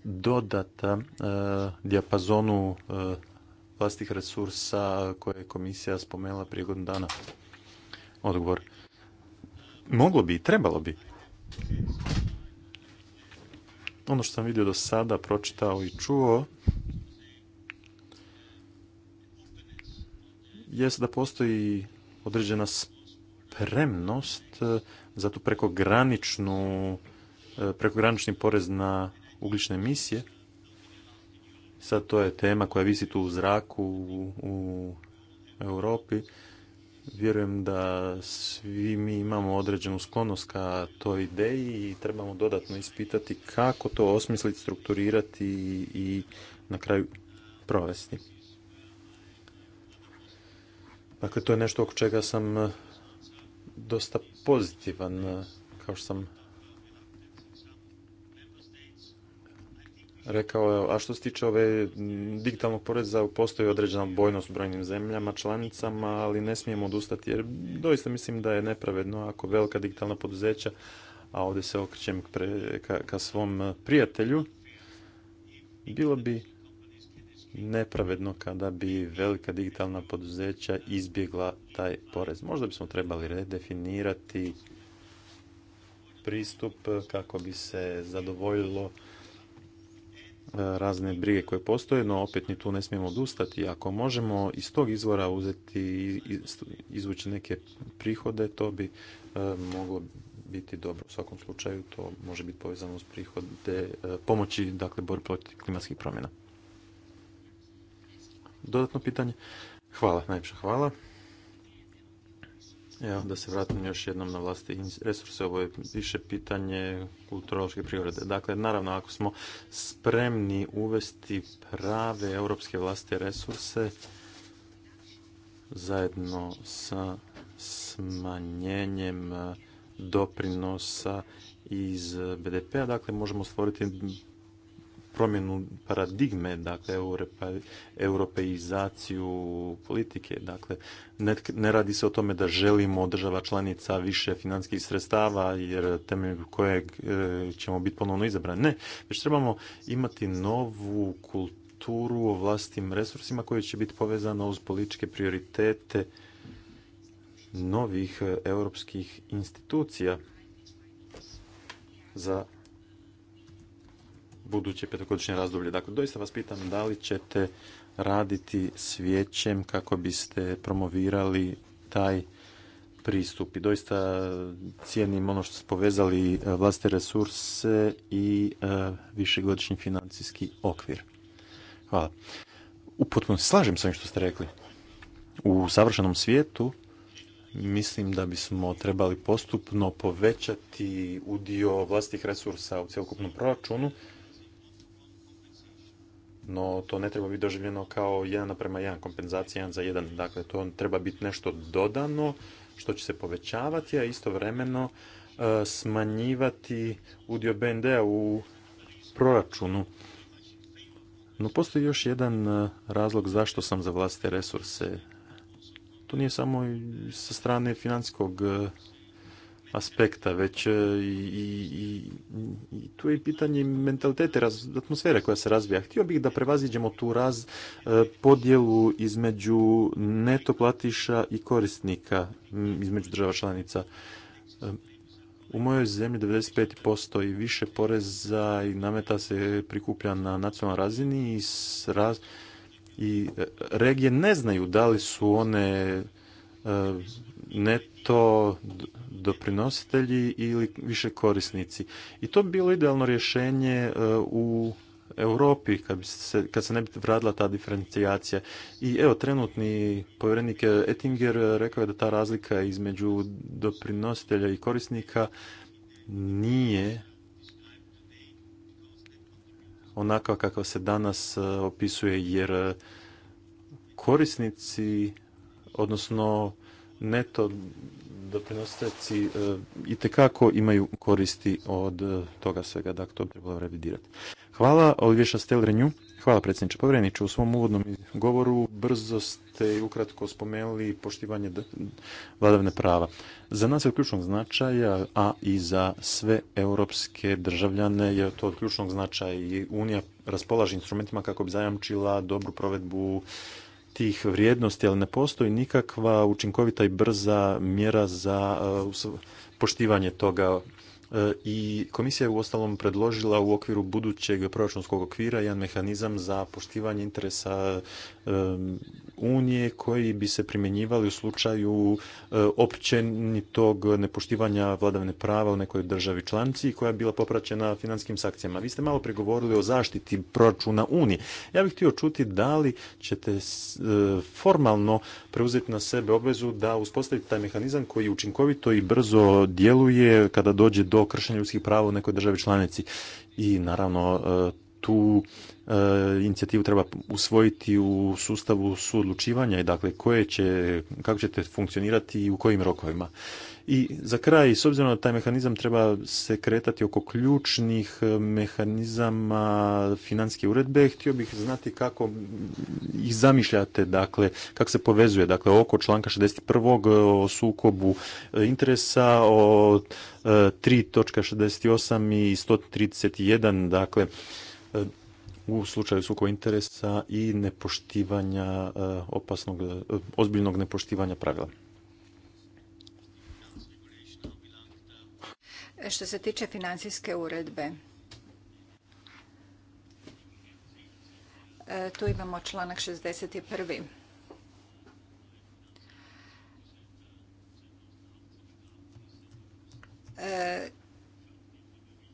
dodata dijapazonu vlastitih resursa koje je komisija spomenula prije godinu dana? Odgovor. Moglo bi i trebalo bi. Ono što sam vidio do sada, pročitao i čuo, jest da postoji određena spremnost za tu prekograničnu, prekogranični porez na ugljične emisije, Sad to je tema koja visi tu u zraku u, u Europi. Vjerujem da svi mi imamo određenu sklonost ka toj ideji i trebamo dodatno ispitati kako to osmisliti, strukturirati i na kraju provesti. Dakle, to je nešto oko čega sam eh, dosta pozitivan, eh, kao što sam rekao, a što se tiče ove digitalnog poreza, postoji određena bojnost u brojnim zemljama, članicama, ali ne smijemo odustati, jer doista mislim da je nepravedno ako velika digitalna poduzeća, a ovdje se okrećem ka, ka svom e, prijatelju, bilo bi nepravedno kada bi velika digitalna poduzeća izbjegla taj porez. Možda bismo trebali redefinirati pristup kako bi se zadovoljilo E, razne brige koje postoje, no opet ni tu ne smijemo odustati. Ako možemo iz tog izvora uzeti, izvući neke prihode, to bi e, moglo biti dobro. U svakom slučaju to može biti povezano s prihode e, pomoći, dakle, borbi protiv klimatskih promjena. Dodatno pitanje? Hvala, najviše hvala. Evo, da se vratim još jednom na vlasti resurse, ovo je više pitanje kulturološke prirode. Dakle, naravno, ako smo spremni uvesti prave europske vlasti resurse zajedno sa smanjenjem doprinosa iz BDP-a, dakle, možemo stvoriti promjenu paradigme, dakle europeizaciju politike. Dakle, ne, radi se o tome da želimo država članica više financijskih sredstava jer temeljem kojeg e, ćemo biti ponovno izabrani. Ne, već trebamo imati novu kulturu o vlastim resursima koje će biti povezano uz političke prioritete novih e, europskih institucija za buduće petogodišnje razdoblje. Dakle, doista vas pitam da li ćete raditi s vijećem kako biste promovirali taj pristup i doista cijenim ono što ste povezali e, vlastite resurse i e, višegodišnji financijski okvir. Hvala. U potpunosti slažem s ovim što ste rekli. U savršenom svijetu mislim da bismo trebali postupno povećati udio vlastitih resursa u cjelokupnom proračunu no to ne treba biti doživljeno kao jedan naprema jedan kompenzacija jedan za jedan. Dakle, to treba biti nešto dodano što će se povećavati, a istovremeno e, smanjivati udio BND-a u proračunu. No postoji još jedan e, razlog zašto sam za vlastite resurse. To nije samo sa strane financijskog e, aspekta, već e, i, i, i tu je i pitanje mentalitete, raz, atmosfere koja se razvija. Htio bih da prevaziđemo tu raz e, podjelu između netoplatiša i korisnika između država članica. E, u mojoj zemlji 95% i više poreza i nameta se prikuplja na nacionalnoj razini i, raz, i regije ne znaju da li su one neto doprinositelji ili više korisnici. I to bi bilo idealno rješenje e, u Europi kad se, kad se ne bi vradila ta diferencijacija. I evo, trenutni povjerenik Ettinger rekao je da ta razlika između doprinositelja i korisnika nije onakva kakva se danas e, opisuje, jer korisnici, odnosno neto doprinosioci e, i tekako imaju koristi od e, toga svega, dakle to bi trebalo revidirati. Hvala, Olivješa Stelrenju. Hvala predsjedniče Povjereniče. U svom uvodnom govoru brzo ste ukratko spomenuli poštivanje vladavne prava. Za nas je od ključnog značaja, a i za sve europske državljane je to od ključnog značaja i Unija raspolaže instrumentima kako bi zajamčila dobru provedbu tih vrijednosti, ali ne postoji nikakva učinkovita i brza mjera za uh, poštivanje toga E, i komisija je uostalom predložila u okviru budućeg proračunskog okvira jedan mehanizam za poštivanje interesa e, Unije koji bi se primjenjivali u slučaju e, općenitog nepoštivanja vladavne prava u nekoj državi članci koja je bila popraćena finanskim sankcijama. Vi ste malo pregovorili o zaštiti proračuna Unije. Ja bih htio čuti da li ćete formalno preuzeti na sebe obvezu da uspostavite taj mehanizam koji učinkovito i brzo djeluje kada dođe do do kršenja ljudskih prava u nekoj državi članici. I naravno e, tu e, inicijativu treba usvojiti u sustavu suodlučivanja i dakle koje će, kako ćete funkcionirati i u kojim rokovima. I za kraj, s obzirom da taj mehanizam treba se kretati oko ključnih e, mehanizama financijske uredbe, htio bih znati kako ih zamišljate, dakle, kako se povezuje, dakle, oko članka 61. E, o sukobu e, interesa, o 3.68 i 131, dakle, u slučaju sukoba interesa i nepoštivanja opasnog, ozbiljnog nepoštivanja pravila. Što se tiče financijske uredbe, e, tu imamo članak 61. E,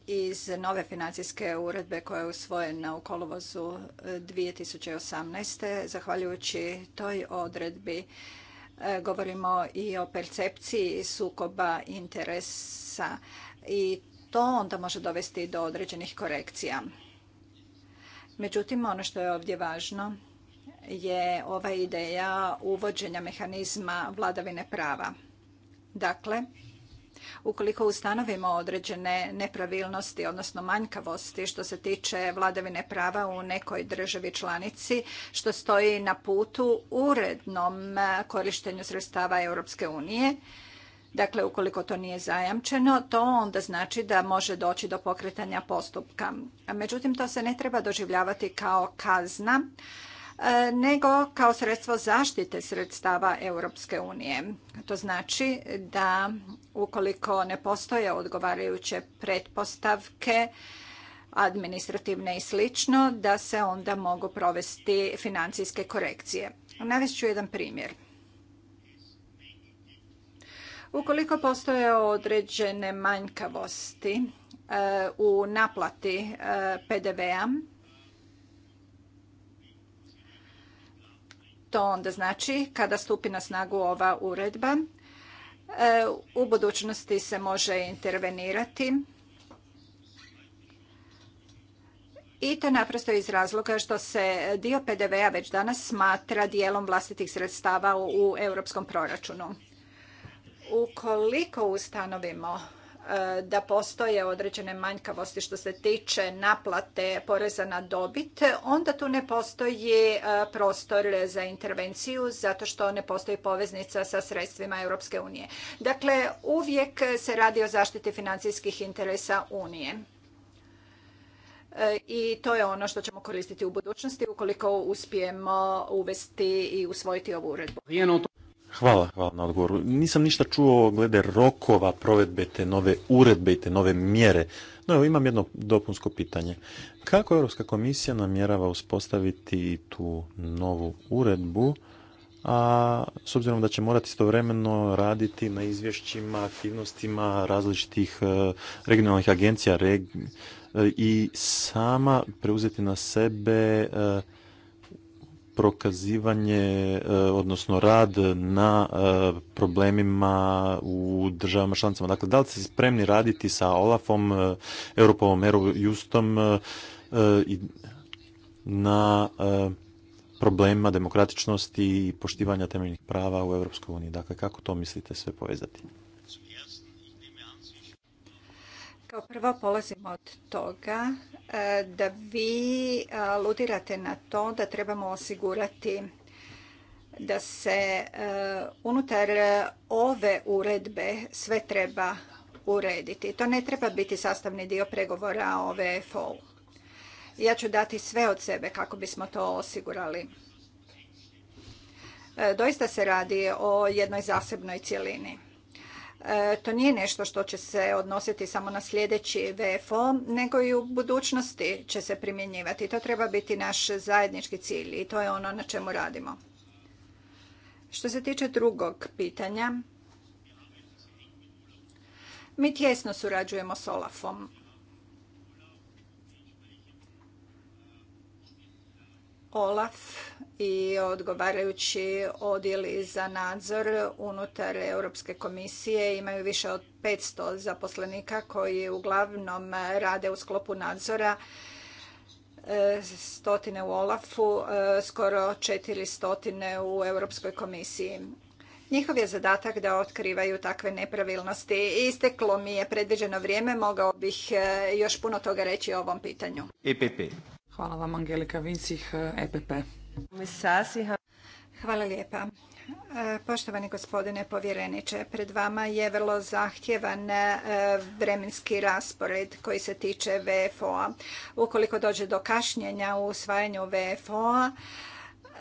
iz nove financijske uredbe koja je usvojena u kolovozu 2018. E, zahvaljujući toj odredbi govorimo i o percepciji sukoba interesa i to onda može dovesti do određenih korekcija. Međutim, ono što je ovdje važno je ova ideja uvođenja mehanizma vladavine prava. Dakle, ukoliko ustanovimo određene nepravilnosti, odnosno manjkavosti što se tiče vladavine prava u nekoj državi članici, što stoji na putu urednom korištenju sredstava Europske unije, Dakle, ukoliko to nije zajamčeno, to onda znači da može doći do pokretanja postupka. Međutim, to se ne treba doživljavati kao kazna, e, nego kao sredstvo zaštite sredstava Europske unije. To znači da ukoliko ne postoje odgovarajuće pretpostavke, administrativne i slično, da se onda mogu provesti financijske korekcije. Navest ću jedan primjer. Ukoliko postoje određene manjkavosti e, u naplati e, PDV-a, to onda znači kada stupi na snagu ova uredba, e, u budućnosti se može intervenirati i to naprosto iz razloga što se dio PDV-a već danas smatra dijelom vlastitih sredstava u europskom proračunu. Ukoliko ustanovimo e, da postoje određene manjkavosti što se tiče naplate poreza na dobit, onda tu ne postoji e, prostor za intervenciju zato što ne postoji poveznica sa sredstvima Europske unije. Dakle, uvijek se radi o zaštiti financijskih interesa Unije. E, I to je ono što ćemo koristiti u budućnosti ukoliko uspijemo uvesti i usvojiti ovu uredbu. Hvala, hvala na odgovoru. Nisam ništa čuo glede rokova provedbe te nove uredbe i te nove mjere. No evo imam jedno dopunsko pitanje. Kako Europska komisija namjerava uspostaviti tu novu uredbu, a s obzirom da će morati istovremeno raditi na izvješćima, aktivnostima različitih e, regionalnih agencija reg, e, i sama preuzeti na sebe e, prokazivanje, e, odnosno rad na e, problemima u državama članicama. Dakle, da li ste spremni raditi sa Olafom, e, Europovom, Eurojustom i na problema demokratičnosti i poštivanja temeljnih prava u EU. Dakle, kako to mislite sve povezati? Kao prvo polazimo od toga e, da vi e, ludirate na to da trebamo osigurati da se e, unutar ove uredbe sve treba urediti. To ne treba biti sastavni dio pregovora o VFO-u. Ja ću dati sve od sebe kako bismo to osigurali. Doista se radi o jednoj zasebnoj cjelini. E, to nije nešto što će se odnositi samo na sljedeći VFO, nego i u budućnosti će se primjenjivati. To treba biti naš zajednički cilj i to je ono na čemu radimo. Što se tiče drugog pitanja, mi tjesno surađujemo s Olafom. OLAF i odgovarajući odjeli za nadzor unutar Europske komisije imaju više od 500 zaposlenika koji uglavnom rade u sklopu nadzora e, stotine u Olafu, e, skoro četiri stotine u Europskoj komisiji. Njihov je zadatak da otkrivaju takve nepravilnosti. Isteklo mi je predviđeno vrijeme, mogao bih e, još puno toga reći o ovom pitanju. EPP. Hvala vam, Angelika Vincih, EPP. Hvala lijepa. E, poštovani gospodine povjereniče, pred vama je vrlo zahtjevan e, vremenski raspored koji se tiče VFO-a. Ukoliko dođe do kašnjenja u usvajanju VFO-a,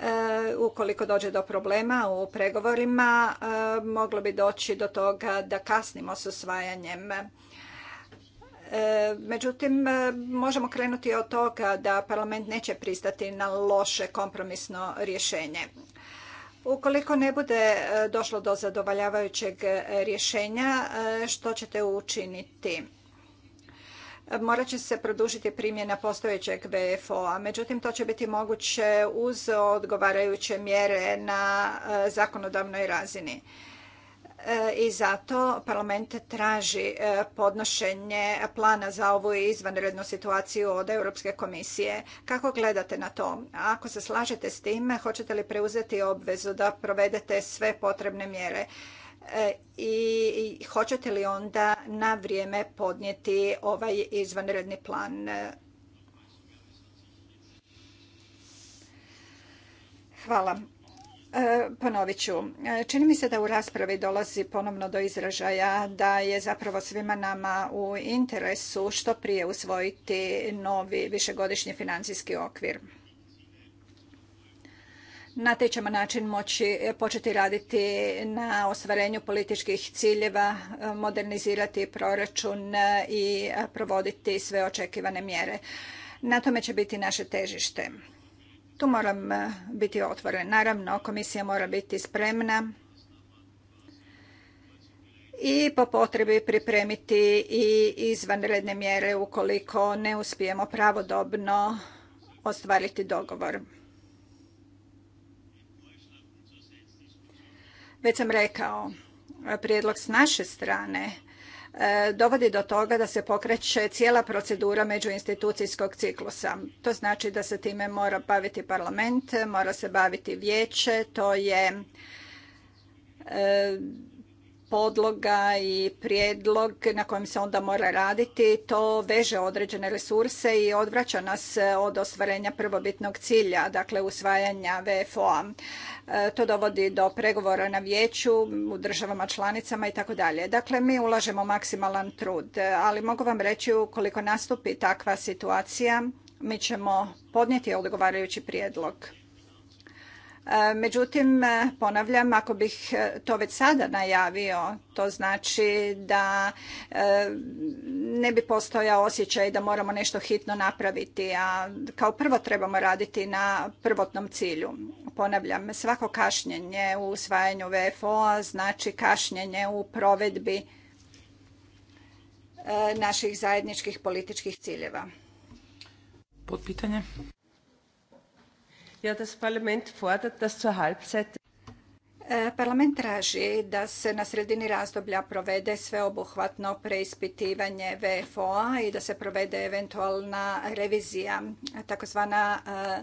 e, ukoliko dođe do problema u pregovorima, moglo bi doći do toga da kasnimo s usvajanjem E, međutim, e, možemo krenuti od toga da parlament neće pristati na loše kompromisno rješenje. Ukoliko ne bude e, došlo do zadovoljavajućeg rješenja, što ćete učiniti? Morat će se produžiti primjena postojećeg VFO-a, međutim to će biti moguće uz odgovarajuće mjere na zakonodavnoj razini. E, i zato parlament traži e, podnošenje plana za ovu izvanrednu situaciju od Europske komisije. Kako gledate na to? Ako se slažete s tim, hoćete li preuzeti obvezu da provedete sve potrebne mjere? E, I hoćete li onda na vrijeme podnijeti ovaj izvanredni plan? Hvala. Ponovit ću, čini mi se da u raspravi dolazi ponovno do izražaja da je zapravo svima nama u interesu što prije usvojiti novi višegodišnji financijski okvir. Na taj ćemo način moći početi raditi na ostvarenju političkih ciljeva, modernizirati proračun i provoditi sve očekivane mjere. Na tome će biti naše težište. Tu moram e, biti otvoren. Naravno, komisija mora biti spremna i po potrebi pripremiti i izvanredne mjere ukoliko ne uspijemo pravodobno ostvariti dogovor. Već sam rekao, prijedlog s naše strane E, dovodi do toga da se pokreće cijela procedura međuinstitucijskog ciklusa. To znači da se time mora baviti parlament, mora se baviti vijeće, to je e, podloga i prijedlog na kojem se onda mora raditi, to veže određene resurse i odvraća nas od ostvarenja prvobitnog cilja, dakle usvajanja VFO-a. E, to dovodi do pregovora na vijeću u državama članicama i tako dalje. Dakle, mi ulažemo maksimalan trud, ali mogu vam reći ukoliko nastupi takva situacija, mi ćemo podnijeti odgovarajući prijedlog. E, međutim, e, ponavljam, ako bih e, to već sada najavio, to znači da ne bi postojao osjećaj da moramo nešto hitno napraviti, a kao prvo trebamo raditi na prvotnom cilju. Ponavljam, svako kašnjenje u usvajanju VFO-a znači kašnjenje u provedbi naših zajedničkih političkih ciljeva. Pod ja, e, Parlament traži da se na sredini razdoblja provede sveobuhvatno preispitivanje VFO-a i da se provede eventualna revizija, takozvana e,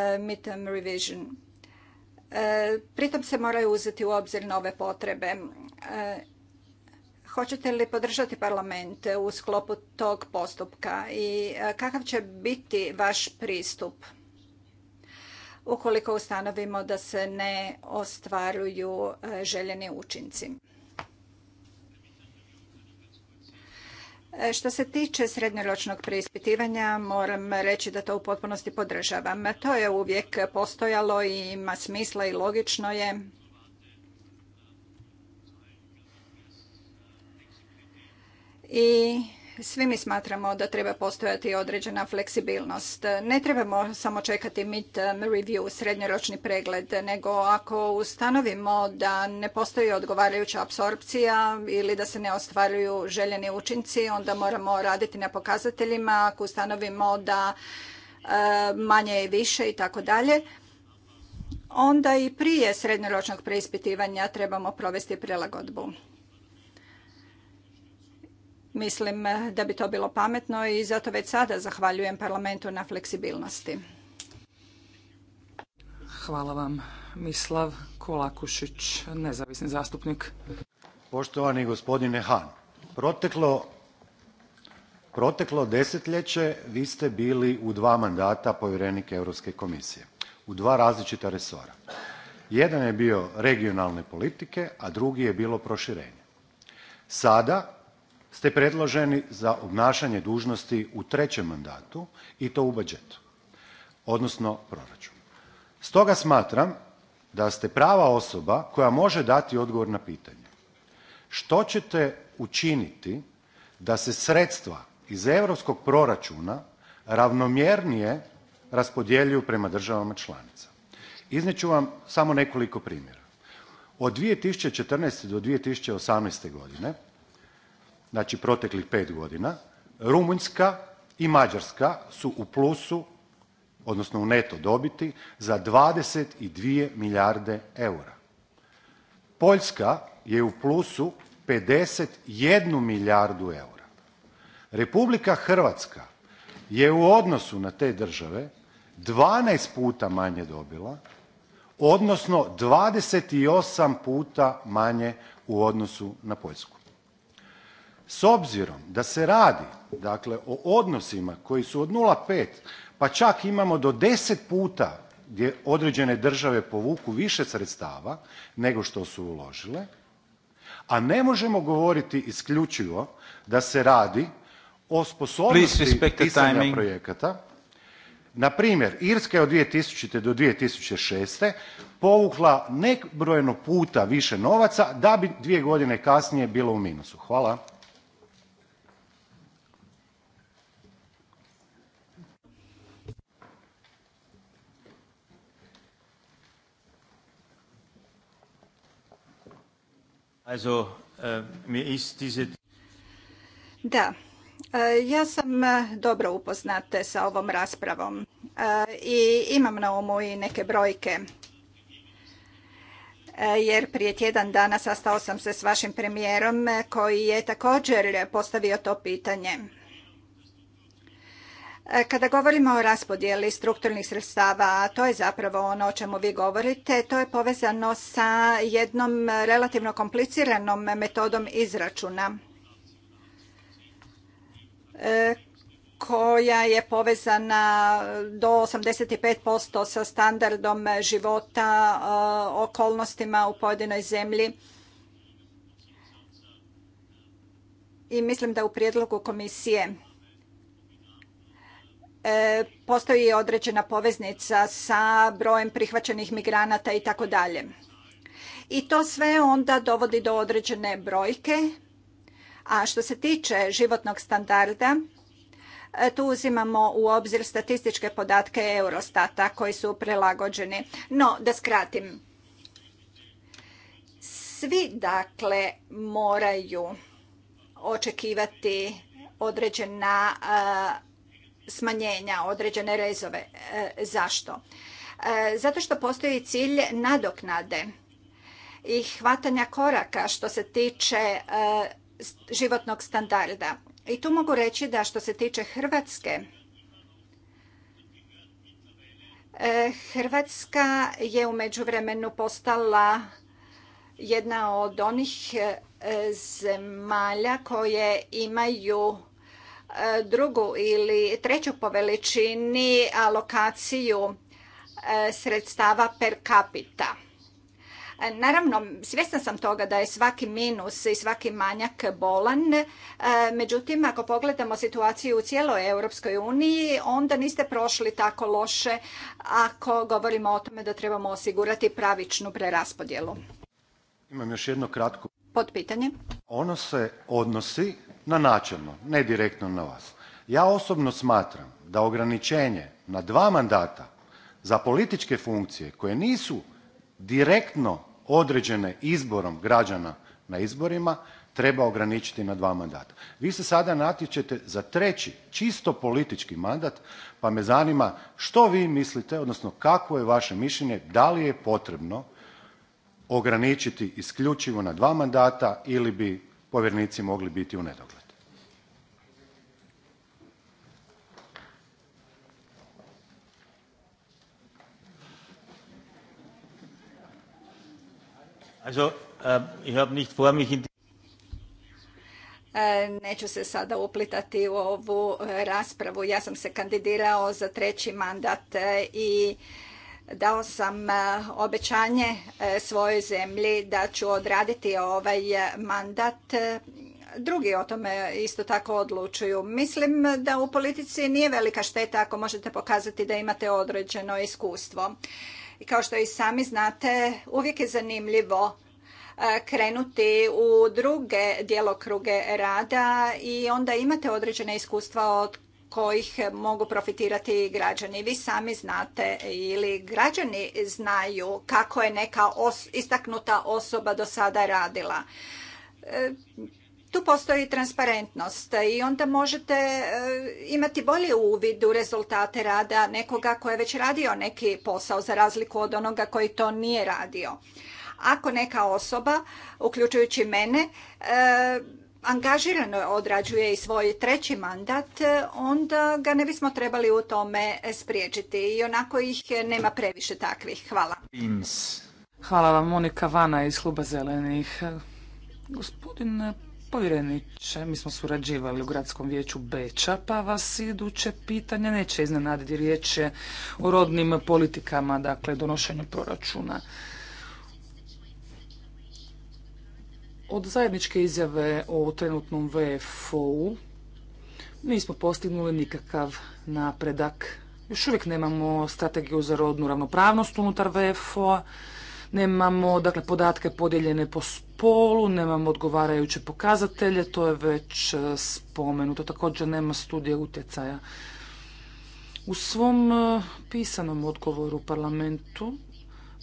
e, midterm revision. Pritom se moraju uzeti u obzir nove potrebe Hoćete li podržati parlament u sklopu tog postupka i e, kakav će biti vaš pristup ukoliko ustanovimo da se ne ostvaruju e, željeni učinci? E, što se tiče srednjoročnog preispitivanja, moram reći da to u potpunosti podržavam. To je uvijek postojalo i ima smisla i logično je i svi mi smatramo da treba postojati određena fleksibilnost. Ne trebamo samo čekati mid review, srednjoročni pregled, nego ako ustanovimo da ne postoji odgovarajuća apsorpcija ili da se ne ostvaruju željeni učinci, onda moramo raditi na pokazateljima. Ako ustanovimo da e, manje je više i tako dalje, onda i prije srednjoročnog preispitivanja trebamo provesti prilagodbu. Mislim eh, da bi to bilo pametno i zato već sada zahvaljujem parlamentu na fleksibilnosti. Hvala vam. Mislav Kolakušić, nezavisni zastupnik. Poštovani gospodine Han, proteklo, proteklo desetljeće vi ste bili u dva mandata povjerenike Europske komisije, u dva različita resora. Jedan je bio regionalne politike, a drugi je bilo proširenje. Sada ste predloženi za obnašanje dužnosti u trećem mandatu i to u budžetu, odnosno proračun Stoga smatram da ste prava osoba koja može dati odgovor na pitanje što ćete učiniti da se sredstva iz europskog proračuna ravnomjernije raspodjeljuju prema državama članica. Iznijet vam samo nekoliko primjera. Od 2014. do 2018. godine znači proteklih pet godina, Rumunjska i Mađarska su u plusu, odnosno u neto dobiti za 22 milijarde eura. Poljska je u plusu 51 milijardu eura. Republika Hrvatska je u odnosu na te države 12 puta manje dobila, odnosno 28 puta manje u odnosu na Poljsku. S obzirom da se radi dakle o odnosima koji su od 0,5 pa čak imamo do 10 puta gdje određene države povuku više sredstava nego što su uložile, a ne možemo govoriti isključivo da se radi o sposobnosti pisanja projekata. Na primjer, Irska je od 2000. do 2006. povukla nebrojeno puta više novaca da bi dvije godine kasnije bilo u minusu. Hvala. Äh, da, e, ja sam e, dobro upoznate sa ovom raspravom e, i imam na umu i neke brojke jer prije tjedan dana sastao sam se s vašim premijerom koji je također postavio to pitanje. E, kada govorimo o raspodjeli strukturnih sredstava, a to je zapravo ono o čemu vi govorite, to je povezano sa jednom relativno kompliciranom metodom izračuna e, koja je povezana do 85% sa standardom života, e, okolnostima u pojedinoj zemlji. I mislim da u prijedlogu komisije E, postoji određena poveznica sa brojem prihvaćenih migranata i tako dalje. I to sve onda dovodi do određene brojke. A što se tiče životnog standarda, e, tu uzimamo u obzir statističke podatke Eurostata koji su prelagođeni. No, da skratim. Svi dakle moraju očekivati određena e, smanjenja, određene rezove. E, zašto? E, zato što postoji cilj nadoknade i hvatanja koraka što se tiče e, životnog standarda. I tu mogu reći da što se tiče Hrvatske, Hrvatska je u međuvremenu postala jedna od onih zemalja koje imaju E, drugu ili treću po veličini alokaciju e, sredstava per capita. E, naravno, svjesna sam toga da je svaki minus i svaki manjak bolan, međutim, ako pogledamo situaciju u cijeloj Europskoj uniji, onda niste prošli tako loše ako govorimo o tome da trebamo osigurati pravičnu preraspodjelu. Imam još jedno kratko. Pod pitanje. Ono se odnosi na načelno, ne direktno na vas. Ja osobno smatram da ograničenje na dva mandata za političke funkcije koje nisu direktno određene izborom građana na izborima treba ograničiti na dva mandata. Vi se sada natječete za treći čisto politički mandat pa me zanima što vi mislite, odnosno kako je vaše mišljenje da li je potrebno ograničiti isključivo na dva mandata ili bi povjernici mogli biti u nedogled? Also, ähm, ich e, Neću se sada uplitati u ovu e, raspravu. Ja sam se kandidirao za treći mandat e, i dao sam obećanje svojoj zemlji da ću odraditi ovaj mandat. Drugi o tome isto tako odlučuju. Mislim da u politici nije velika šteta ako možete pokazati da imate određeno iskustvo. I kao što i sami znate, uvijek je zanimljivo e, krenuti u druge djelokruge rada i onda imate određena iskustva od kojih mogu profitirati građani. Vi sami znate ili građani znaju kako je neka istaknuta osoba do sada radila. E, tu postoji transparentnost i onda možete e, imati bolji uvid u rezultate rada nekoga koji je već radio neki posao za razliku od onoga koji to nije radio. Ako neka osoba, uključujući mene, e, angažirano odrađuje i svoj treći mandat, e, onda ga ne bismo trebali u tome spriječiti. I onako ih nema previše takvih. Hvala. Hvala vam, Monika Vana iz Kluba Zelenih. Gospodine Povjereniče, mi smo surađivali u gradskom vijeću Beča, pa vas iduće pitanje neće iznenaditi. Riječ je o rodnim politikama, dakle donošenju proračuna. Od zajedničke izjave o trenutnom VFO-u nismo postignuli nikakav napredak. Još uvijek nemamo strategiju za rodnu ravnopravnost unutar VFO-a. Nemamo dakle, podatke podijeljene po spolu, nemamo odgovarajuće pokazatelje, to je već e, spomenuto. Također nema studije utjecaja. U svom e, pisanom odgovoru u parlamentu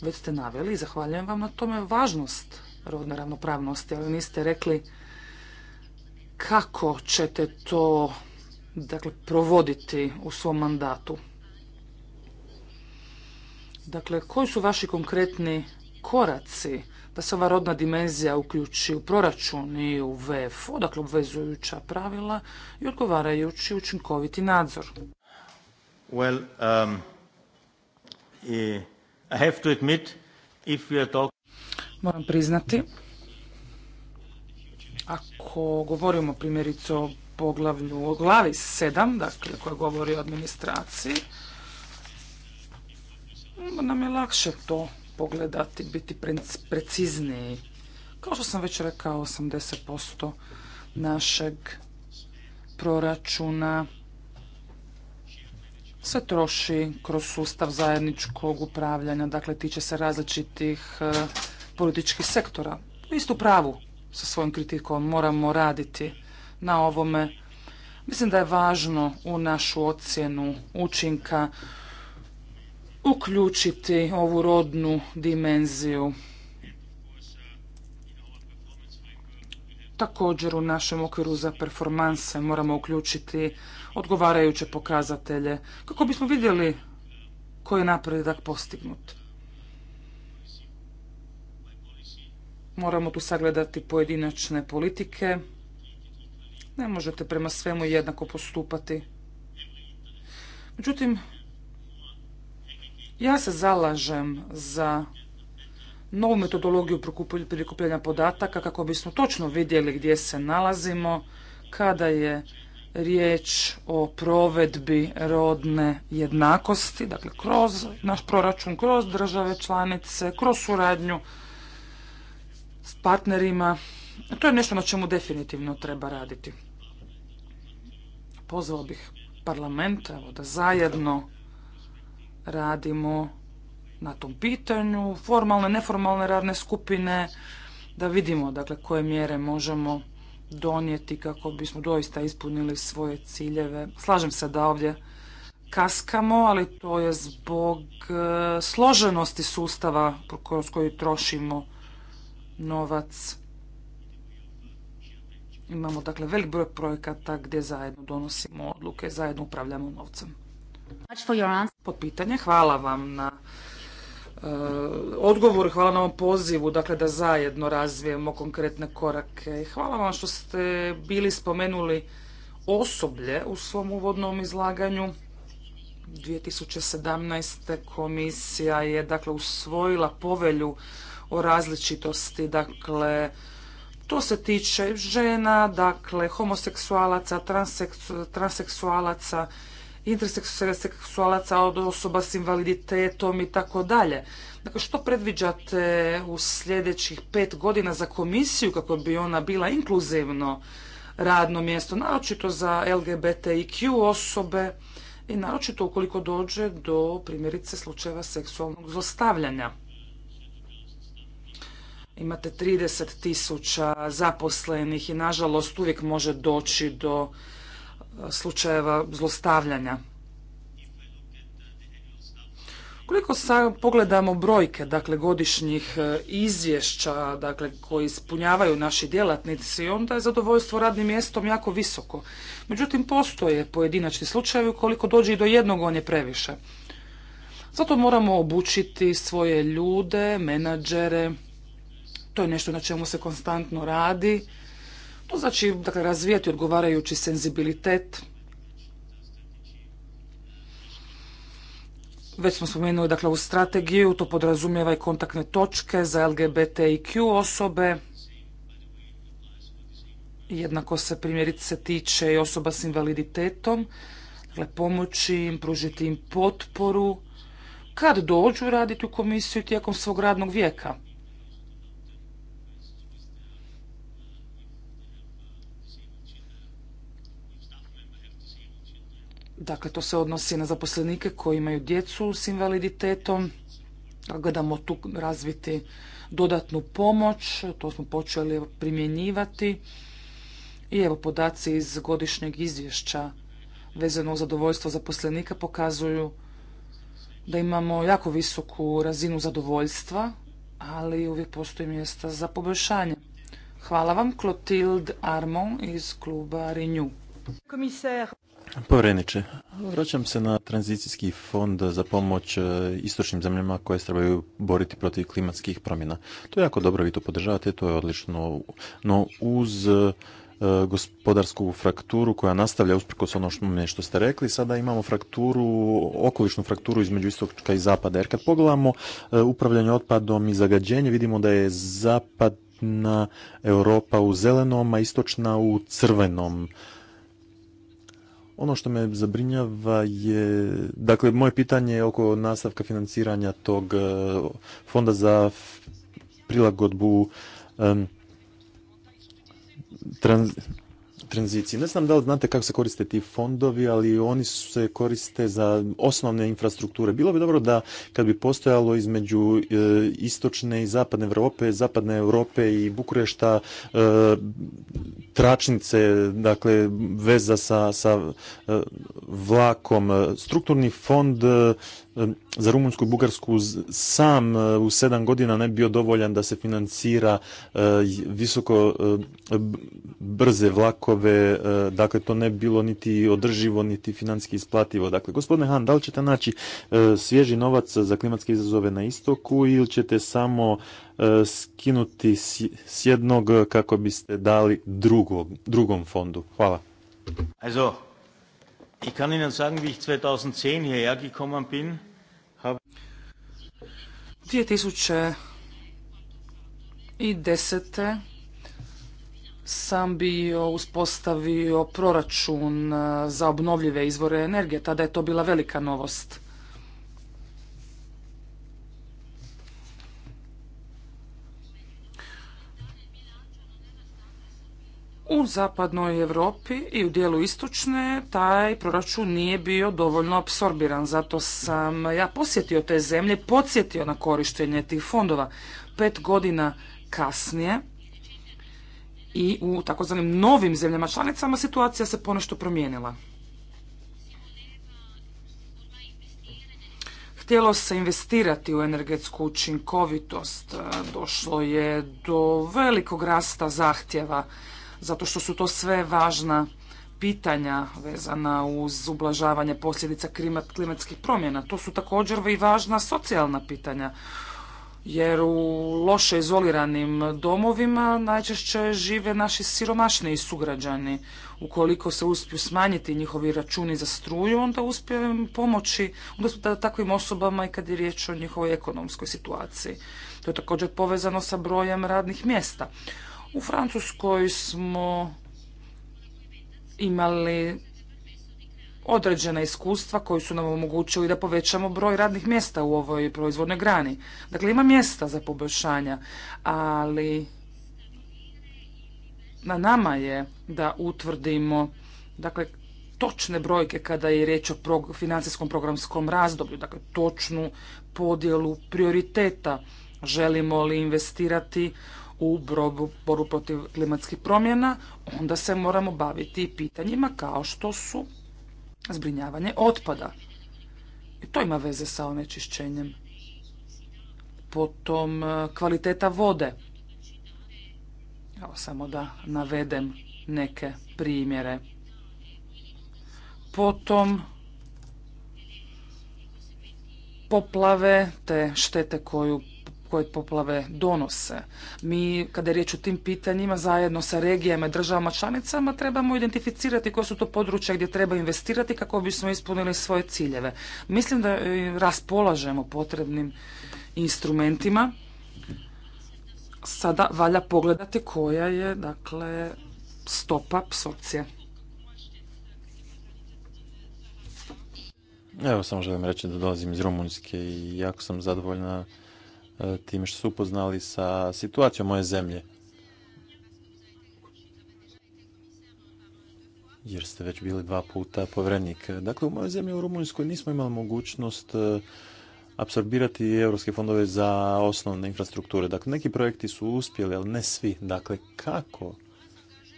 već ste naveli i zahvaljujem vam na tome važnost rodne ravnopravnosti, ali niste rekli kako ćete to dakle, provoditi u svom mandatu. Dakle, koji su vaši konkretni koraci da se ova rodna dimenzija uključi u proračun i u VFO, dakle obvezujuća pravila i odgovarajući učinkoviti nadzor. Well, um, eh, I have to Moram priznati, ako govorimo primjerice o poglavlju o glavi 7, dakle koja govori o administraciji, nam je lakše to pogledati, biti precizniji. Kao što sam već rekao, 80% našeg proračuna se troši kroz sustav zajedničkog upravljanja, dakle tiče se različitih e, političkih sektora. Istu pravu sa svojom kritikom moramo raditi na ovome. Mislim da je važno u našu ocjenu učinka uključiti ovu rodnu dimenziju. Također u našem okviru za performanse moramo uključiti odgovarajuće pokazatelje kako bismo vidjeli koji je napredak postignut. Moramo tu sagledati pojedinačne politike. Ne možete prema svemu jednako postupati. Međutim, ja se zalažem za novu metodologiju prikupljanja podataka kako bismo točno vidjeli gdje se nalazimo kada je riječ o provedbi rodne jednakosti, dakle kroz naš proračun, kroz države članice, kroz suradnju s partnerima. To je nešto na čemu definitivno treba raditi. Pozvao bih parlament da zajedno radimo na tom pitanju, formalne, neformalne radne skupine, da vidimo dakle koje mjere možemo donijeti kako bismo doista ispunili svoje ciljeve. Slažem se da ovdje kaskamo, ali to je zbog e, složenosti sustava kroz koji trošimo novac. Imamo dakle velik broj projekata gdje zajedno donosimo odluke, zajedno upravljamo novcem. Po pitanje, hvala vam na odgovor e, odgovoru, hvala na ovom pozivu, dakle da zajedno razvijemo konkretne korake. Hvala vam što ste bili spomenuli osoblje u svom uvodnom izlaganju. 2017. komisija je dakle usvojila povelju o različitosti, dakle to se tiče žena, dakle homoseksualaca, transeksualaca, transseksualaca interseksualaca, od osoba s invaliditetom i tako dalje. Dakle, što predviđate u sljedećih pet godina za komisiju kako bi ona bila inkluzivno radno mjesto, naročito za LGBTIQ osobe i naročito ukoliko dođe do primjerice slučajeva seksualnog zlostavljanja. Imate 30 tisuća zaposlenih i nažalost uvijek može doći do slučajeva zlostavljanja. Koliko sam pogledamo brojke, dakle godišnjih e, izvješća, dakle koji ispunjavaju naši djelatnici, onda je zadovoljstvo radnim mjestom jako visoko. Međutim, postoje pojedinačni slučajevi, koliko dođe i do jednog, on je previše. Zato moramo obučiti svoje ljude, menadžere, to je nešto na čemu se konstantno radi. To znači dakle, razvijati odgovarajući senzibilitet. Već smo spomenuli dakle, u strategiju, to podrazumijeva i kontaktne točke za LGBTIQ osobe. Jednako se primjerice tiče i osoba s invaliditetom. Dakle, pomoći im, pružiti im potporu kad dođu raditi u komisiju tijekom svog radnog vijeka. Dakle, to se odnosi na zaposlenike koji imaju djecu s invaliditetom. Gledamo tu razviti dodatnu pomoć, to smo počeli primjenjivati. I evo podaci iz godišnjeg izvješća vezano uz zadovoljstvo zaposlenika pokazuju da imamo jako visoku razinu zadovoljstva, ali uvijek postoji mjesta za poboljšanje. Hvala vam, Clotilde Armon iz kluba Renew. Komisar. Povredniče, vraćam se na tranzicijski fond za pomoć e, istočnim zemljama koje se trebaju boriti protiv klimatskih promjena. To je jako dobro, vi to podržavate, to je odlično. No uz e, gospodarsku frakturu koja nastavlja usprkos ono što ste rekli. Sada imamo frakturu, okolišnu frakturu između istočka i zapada. Jer kad pogledamo e, upravljanje otpadom i zagađenje, vidimo da je zapadna Europa u zelenom, a istočna u crvenom ono što me zabrinjava je, dakle, moje pitanje je oko nastavka financiranja tog e, fonda za prilagodbu tranziciji. Ne znam da li znate kako se koriste ti fondovi, ali oni se koriste za osnovne infrastrukture. Bilo bi dobro da kad bi postojalo između e, istočne i zapadne Europe, zapadne Europe i Bukurešta e, tračnice, dakle veza sa, sa e, vlakom. Strukturni fond za Rumunsku i Bugarsku sam e, u sedam godina ne bio dovoljan da se financira e, visoko e, brze vlakove, dakle to ne bilo niti održivo, niti financijski isplativo. Dakle, gospodine Han, da li ćete naći svježi novac za klimatske izazove na istoku ili ćete samo skinuti s jednog kako biste dali drugom fondu? Hvala. Also, ich kann Ihnen sagen, wie ich 2010 hierher gekommen bin. 2010. sam bio uspostavio proračun eh, za obnovljive izvore energije. Tada je to bila velika novost. U zapadnoj Europi i u dijelu istočne taj proračun nije bio dovoljno apsorbiran, zato sam ja posjetio te zemlje, podsjetio na korištenje tih fondova. Pet godina kasnije i u takozvanim novim zemljama članicama situacija se ponešto promijenila. Htjelo se investirati u energetsku učinkovitost, došlo je do velikog rasta zahtjeva zato što su to sve važna pitanja vezana uz ublažavanje posljedica klimatskih promjena. To su također i važna socijalna pitanja jer u loše izoliranim domovima najčešće žive naši siromašniji sugrađani. Ukoliko se uspiju smanjiti njihovi računi za struju, onda uspiju im pomoći takvim osobama i kad je riječ o njihovoj ekonomskoj situaciji. To je također povezano sa brojem radnih mjesta. U Francuskoj smo imali određena iskustva koji su nam omogućili da povećamo broj radnih mjesta u ovoj proizvodnoj grani. Dakle, ima mjesta za poboljšanja, ali na nama je da utvrdimo dakle, točne brojke kada je riječ o financijskom programskom razdoblju, dakle točnu podjelu prioriteta. Želimo li investirati u borbu protiv klimatskih promjena, onda se moramo baviti i pitanjima kao što su zbrinjavanje otpada. I to ima veze sa onečišćenjem. Potom e, kvaliteta vode. Evo samo da navedem neke primjere. Potom poplave te štete koju koje poplave donose. Mi, kada je riječ o tim pitanjima, zajedno sa regijama i državama članicama trebamo identificirati koje su to područja gdje treba investirati kako bismo ispunili svoje ciljeve. Mislim da e, raspolažemo potrebnim instrumentima. Sada valja pogledati koja je dakle, stopa psorpcije. Evo, samo želim reći da dolazim iz Rumunjske i jako sam zadovoljna time što su upoznali sa situacijom moje zemlje. jer ste već bili dva puta povjerenik. Dakle, u mojoj zemlji u Rumunjskoj nismo imali mogućnost e, apsorbirati europske fondove za osnovne infrastrukture. Dakle, neki projekti su uspjeli, ali ne svi. Dakle, kako?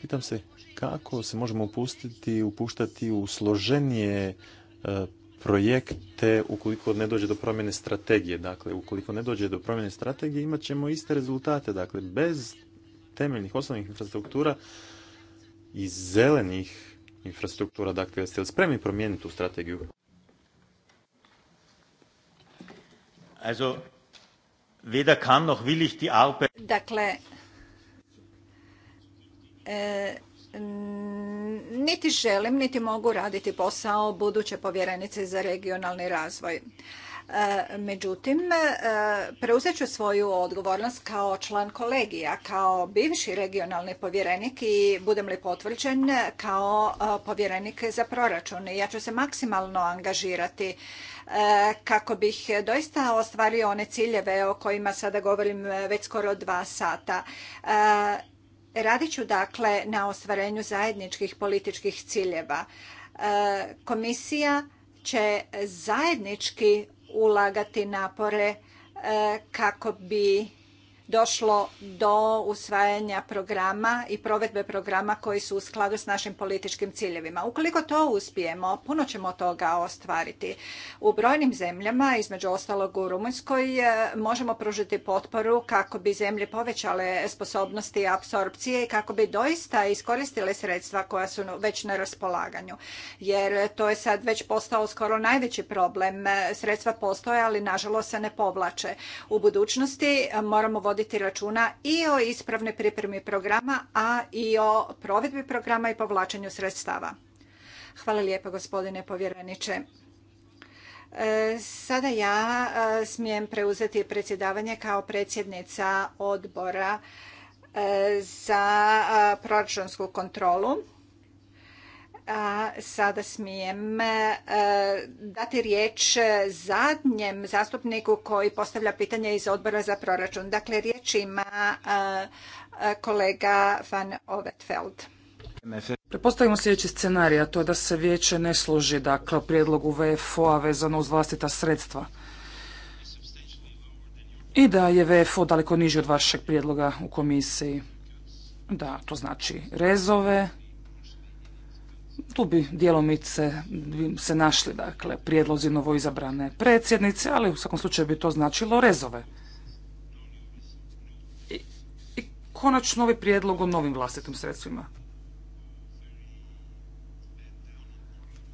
Pitam se kako se možemo upustiti, upuštati u složenije e, projekte ukoliko ne dođe do promjene strategije. Dakle, ukoliko ne dođe do promjene strategije imat ćemo iste rezultate. Dakle, bez temeljnih osnovnih infrastruktura i zelenih infrastruktura. Dakle, jeste li spremni promijeniti tu strategiju? Also, weder kann noch will ich die Dakle, e, niti želim, niti mogu raditi posao buduće povjerenice za regionalni razvoj. E, međutim, e, preuzet ću svoju odgovornost kao član kolegija, kao bivši regionalni povjerenik i budem li potvrđen kao e, povjerenik za proračun. Ja ću se maksimalno angažirati kako bih doista ostvario one ciljeve o kojima sada govorim već skoro dva sata Radit ću dakle na ostvarenju zajedničkih političkih ciljeva. E, komisija će zajednički ulagati napore e, kako bi došlo do usvajanja programa i provedbe programa koji su u skladu s našim političkim ciljevima. Ukoliko to uspijemo, puno ćemo toga ostvariti. U brojnim zemljama, između ostalog u Rumunjskoj, e, možemo pružiti potporu kako bi zemlje povećale sposobnosti apsorpcije i kako bi doista iskoristile sredstva koja su već na raspolaganju. Jer to je sad već postao skoro najveći problem. E, sredstva postoje, ali nažalost se ne povlače. U budućnosti moramo voditi voditi računa i o ispravnoj pripremi programa, a i o provedbi programa i povlačenju sredstava. Hvala lijepo, gospodine povjereniče. E, sada ja e, smijem preuzeti predsjedavanje kao predsjednica odbora e, za proračunsku kontrolu. A sada smijem e, dati riječ zadnjem zastupniku koji postavlja pitanje iz odbora za proračun. Dakle, riječ ima e, e, kolega Van Ovetfeld. Prepostavimo sljedeći scenarij, a to je da se vijeće ne služi dakle, prijedlogu VFO-a vezano uz vlastita sredstva. I da je VFO daleko niži od vašeg prijedloga u komisiji. Da, to znači rezove, tu bi djelomice se našli, dakle, prijedlozi novo izabrane predsjednice, ali u svakom slučaju bi to značilo rezove. I, i konačno ovaj prijedlog o novim vlastitim sredstvima.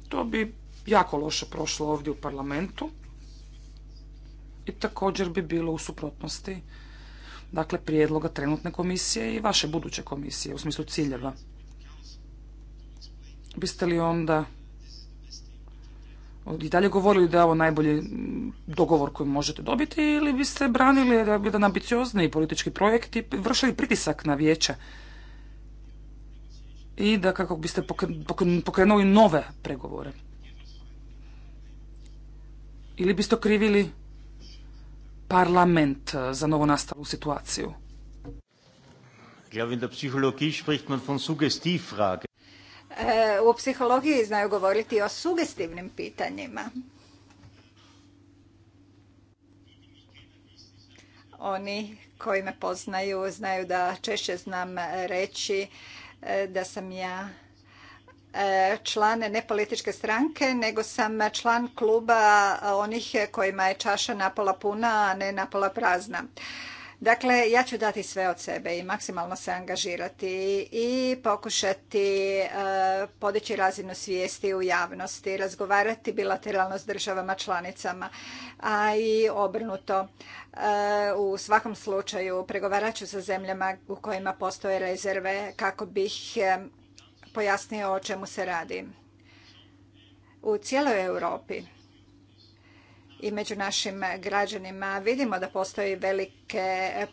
To bi jako loše prošlo ovdje u parlamentu i također bi bilo u suprotnosti dakle prijedloga trenutne komisije i vaše buduće komisije u smislu ciljeva biste li onda i dalje govorili da je ovo najbolji dogovor koji možete dobiti ili biste branili da bi jedan ambiciozni politički projekt i vršili pritisak na vijeće i da kako biste pokrenuli nove pregovore. Ili biste okrivili parlament e, za novonastalu situaciju. Ja, da in der spricht man von Suggestivfrage. E, u psihologiji znaju govoriti o sugestivnim pitanjima. Oni koji me poznaju znaju da češće znam reći e, da sam ja e, član ne političke stranke, nego sam član kluba onih kojima je čaša napola puna, a ne napola prazna. Dakle, ja ću dati sve od sebe i maksimalno se angažirati i pokušati e, podići razinu svijesti u javnosti, razgovarati bilateralno s državama članicama, a i obrnuto. E, u svakom slučaju ću sa zemljama u kojima postoje rezerve kako bih e, pojasnio o čemu se radi. U cijeloj Europi i među našim građanima. Vidimo da postoji velike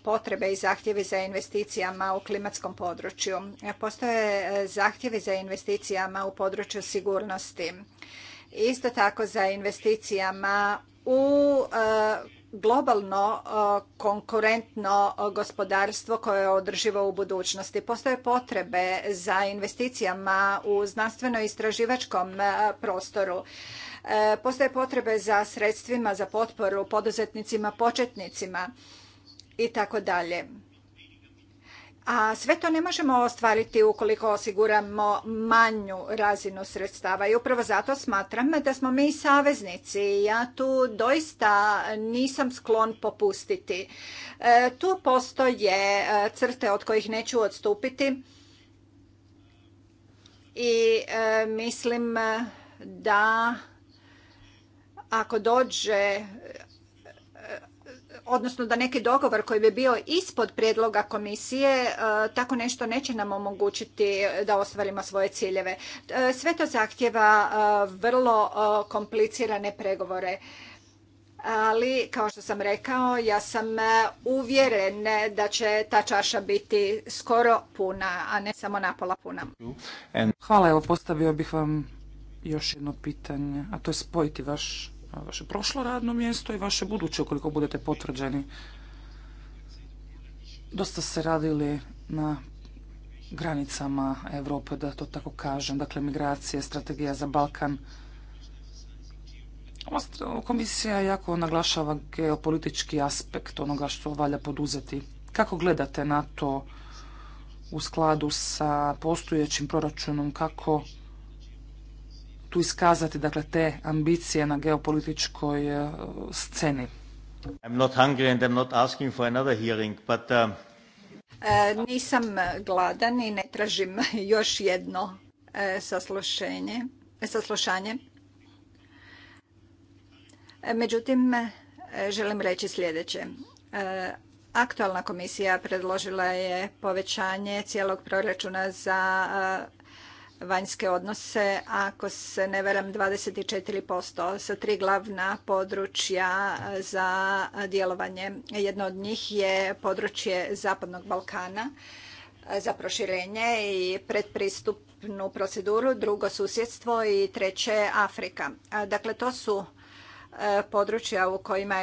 potrebe i zahtjevi za investicijama u klimatskom području. Postoje zahtjevi za investicijama u području sigurnosti. Isto tako za investicijama u e, globalno e, konkurentno gospodarstvo koje je održivo u budućnosti. Postoje potrebe za investicijama u znanstveno-istraživačkom e, prostoru E, postoje potrebe za sredstvima za potporu poduzetnicima, početnicima i tako dalje. A sve to ne možemo ostvariti ukoliko osiguramo manju razinu sredstava i upravo zato smatram da smo mi saveznici. Ja tu doista nisam sklon popustiti. E, tu postoje e, crte od kojih neću odstupiti i mislim da ako dođe e, odnosno da neki dogovor koji bi bio ispod prijedloga komisije, e, tako nešto neće nam omogućiti da ostvarimo svoje ciljeve. E, sve to zahtjeva vrlo komplicirane pregovore. Ali, kao što sam rekao, ja sam uvjeren da će ta čaša biti skoro puna, a ne samo napola puna. Hvala, evo postavio bih vam još jedno pitanje, a to je spojiti vaš vaše prošlo radno mjesto i vaše buduće ukoliko budete potvrđeni. Dosta se radili na granicama Europe, da to tako kažem, dakle migracije, strategija za Balkan. Komisija jako naglašava geopolitički aspekt onoga što valja poduzeti. Kako gledate na to u skladu sa postojećim proračunom, kako tu iskazati dakle, te ambicije na geopolitičkoj e, sceni. I'm not hungry and I'm not asking for another hearing, but... Uh... nisam gladan i ne tražim još jedno e, saslušanje. E, međutim, želim reći sljedeće. Aktualna komisija predložila je povećanje cijelog proračuna za vanjske odnose, ako se ne veram 24%, sa tri glavna područja e, za djelovanje. Jedno od njih je područje Zapadnog Balkana e, za proširenje i predpristupnu proceduru, drugo susjedstvo i treće Afrika. E, dakle, to su područja u kojima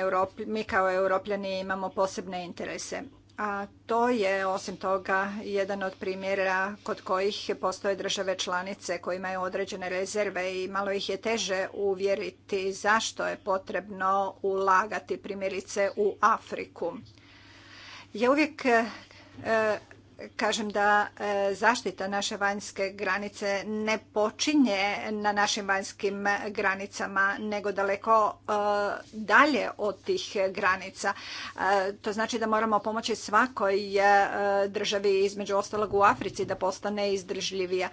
mi kao europljani imamo posebne interese a to je osim toga jedan od primjera kod kojih postoje države članice koje imaju određene rezerve i malo ih je teže uvjeriti zašto je potrebno ulagati primjerice u Afriku. Ja uvijek e, kažem da e, zaštita naše vanjske granice ne počinje na našim vanjskim granicama nego daleko e, dalje od tih granica. E, to znači da moramo pomoći svakoj državi između ostalog u Africi da postane izdržljivija.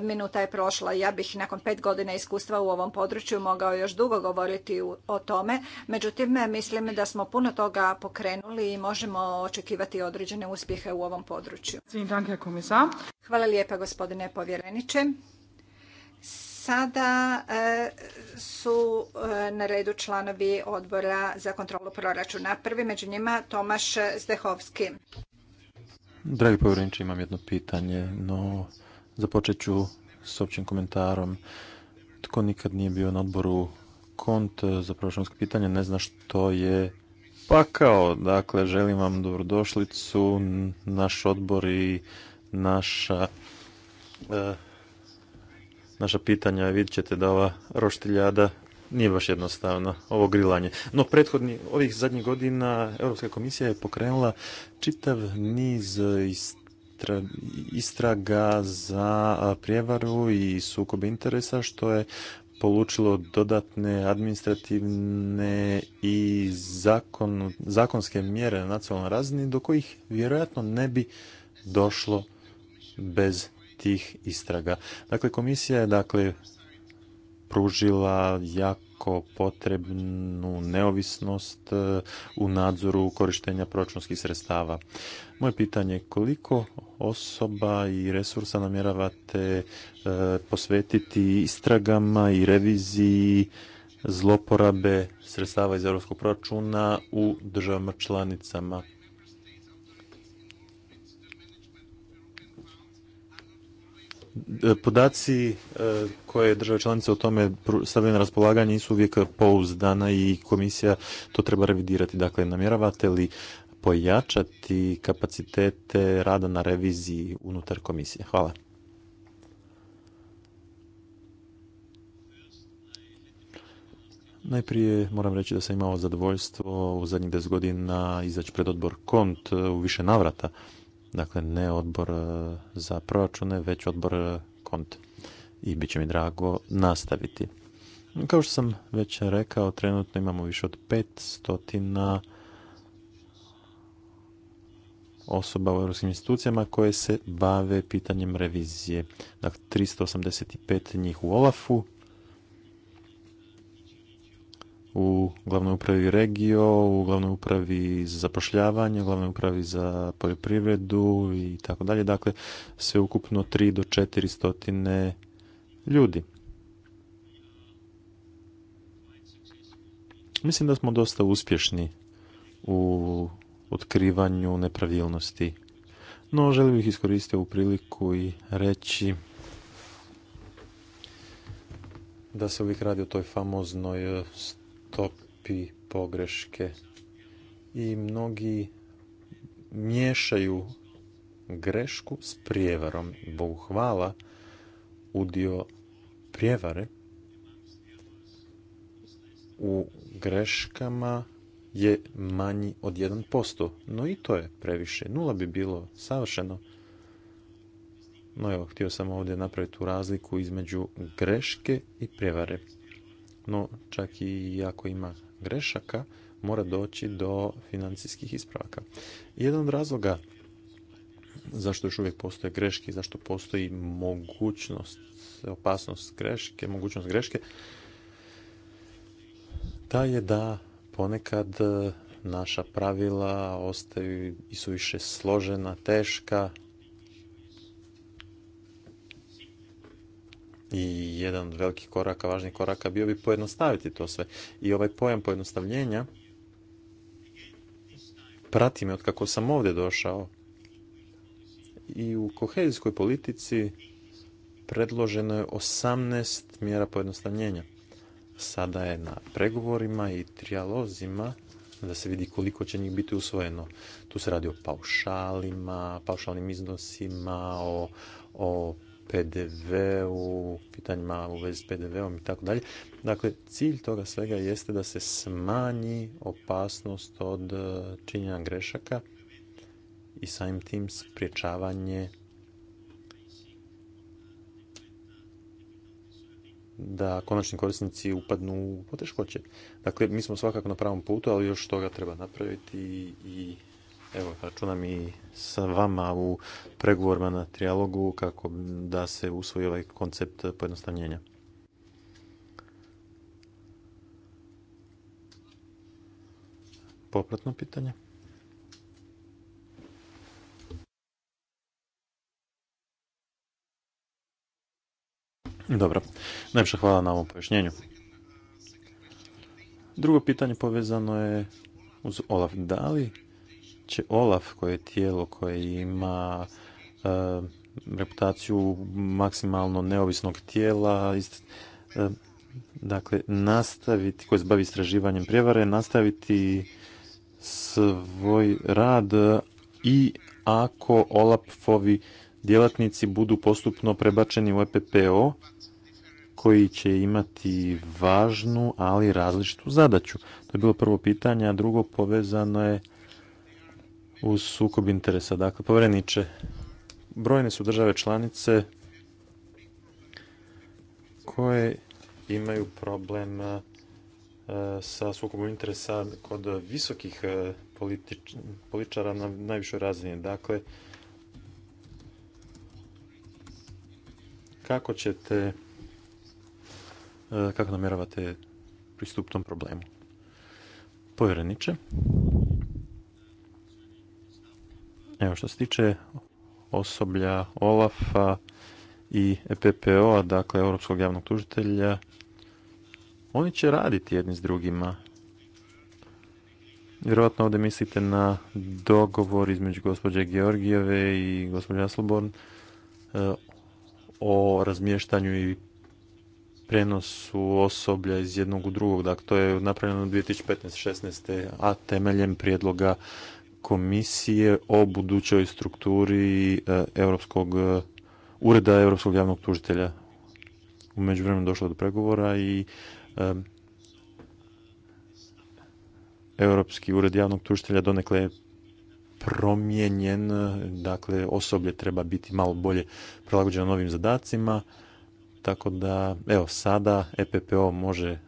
Minuta je prošla. Ja bih nakon pet godina iskustva u ovom području mogao još dugo govoriti o tome. Međutim, mislim da smo puno toga pokrenuli i možemo očekivati određene uspjehe u ovom području. Hvala lijepa gospodine povjereniče. Sada e, su e, na redu članovi odbora za kontrolu proračuna. Prvi među njima Tomaš Zdehovski. Dragi povjereniče, imam jedno pitanje, no Započet ću s općim komentarom. Tko nikad nije bio na odboru kont e, za proračunske pitanje ne zna što je pakao. Dakle, želim vam dobrodošlicu. Naš odbor i naša e, naša pitanja. Vidjet ćete da ova roštiljada nije baš jednostavno, ovo grilanje. No, prethodni, ovih zadnjih godina Europska komisija je pokrenula čitav niz istraga za prijevaru i sukob interesa, što je polučilo dodatne administrativne i zakonske mjere na nacionalnoj razini do kojih vjerojatno ne bi došlo bez tih istraga. Dakle, komisija je dakle pružila jako potrebnu neovisnost e, u nadzoru korištenja proračunskih sredstava. Moje pitanje je koliko osoba i resursa namjeravate e, posvetiti istragama i reviziji zloporabe sredstava iz europskog proračuna u državama članicama? E, podaci e, koje države članice o tome stavljaju na raspolaganje nisu uvijek pouzdana i komisija to treba revidirati. Dakle, namjeravate li pojačati kapacitete rada na reviziji unutar komisije? Hvala. Najprije moram reći da sam imao zadovoljstvo u zadnjih 10 godina izaći pred odbor KONT u više navrata. Dakle, ne odbor e, za proračune, već odbor e, kont. I bit će mi drago nastaviti. Kao što sam već rekao, trenutno imamo više od 500 osoba u europskim institucijama koje se bave pitanjem revizije. Dakle, 385 njih u Olafu, u glavnoj upravi regio, u glavnoj upravi za zapošljavanje, u glavnoj upravi za poljoprivredu i tako dalje. Dakle, sve ukupno 3 do 4 stotine ljudi. Mislim da smo dosta uspješni u otkrivanju nepravilnosti. No, želim bih iskoristiti u priliku i reći da se uvijek radi o toj famoznoj topi pogreške i mnogi miješaju grešku s prijevarom. Bogu hvala, udio prijevare u greškama je manji od 1%. No i to je previše. Nula bi bilo savršeno. No evo, htio sam ovdje napraviti tu razliku između greške i prijevare no čak i ako ima grešaka, mora doći do financijskih ispravaka. Jedan od razloga zašto još uvijek postoje greške, zašto postoji mogućnost, opasnost greške, mogućnost greške, ta je da ponekad e, naša pravila ostaju i su više složena, teška, I jedan od velikih koraka, važnih koraka bio bi pojednostaviti to sve. I ovaj pojam pojednostavljenja prati me od kako sam ovdje došao. I u kohezijskoj politici predloženo je 18 mjera pojednostavljenja. Sada je na pregovorima i trijalozima da se vidi koliko će njih biti usvojeno. Tu se radi o paušalima, paušalnim iznosima, o, o PDV-u, pitanjima u vezi s PDV-om i tako dalje. Dakle, cilj toga svega jeste da se smanji opasnost od e, činjenja grešaka i samim tim spriječavanje da konačni korisnici upadnu u poteškoće. Dakle, mi smo svakako na pravom putu, ali još toga treba napraviti i Evo, računam i sa vama u pregovorima na trijalogu kako da se usvoji ovaj koncept pojednostavljenja. Popratno pitanje. Dobro, najviše hvala na ovom pojašnjenju. Drugo pitanje povezano je uz Olaf. Dali će Olaf, koje je tijelo koje ima e, reputaciju maksimalno neovisnog tijela, e, dakle, nastaviti, koje se bavi istraživanjem prijevare, nastaviti svoj rad i ako Olafovi djelatnici budu postupno prebačeni u EPPO, koji će imati važnu, ali različitu zadaću. To je bilo prvo pitanje, a drugo povezano je uz sukob interesa. Dakle, povjereniče, brojne su države članice koje imaju problem e, sa sukobom interesa kod visokih e, političara na najvišoj razini. Dakle, kako ćete, e, kako namjeravate pristup tom problemu? Povjereniče. Evo što se tiče osoblja OLAF-a i EPPO-a, dakle Europskog javnog tužitelja, oni će raditi jedni s drugima. Vjerojatno ovdje mislite na dogovor između gospođe Georgijeve i gospođe Asloborn e, o razmještanju i prenosu osoblja iz jednog u drugog. Dakle, to je napravljeno 2015-16. a temeljem prijedloga komisije o budućoj strukturi e, Europskog e, ureda Europskog javnog tužitelja. U međuvremenu došlo do pregovora i e, Europski ured javnog tužitelja donekle je promijenjen, dakle osoblje treba biti malo bolje prilagođeno novim zadacima, tako da evo sada EPPO može,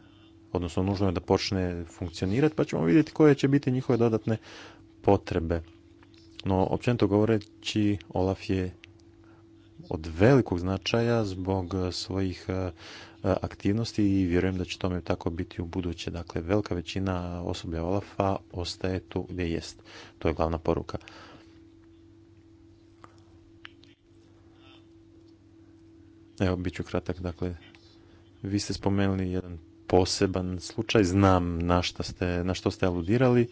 odnosno nužno je da počne funkcionirati, pa ćemo vidjeti koje će biti njihove dodatne potrebe. No, općenito govoreći, Olaf je od velikog značaja zbog e, svojih e, aktivnosti i vjerujem da će tome tako biti u buduće. Dakle, velika većina osoblja Olafa ostaje tu gdje jest. To je glavna poruka. Evo, bit ću kratak. Dakle, vi ste spomenuli jedan poseban slučaj. Znam na, ste, na što ste aludirali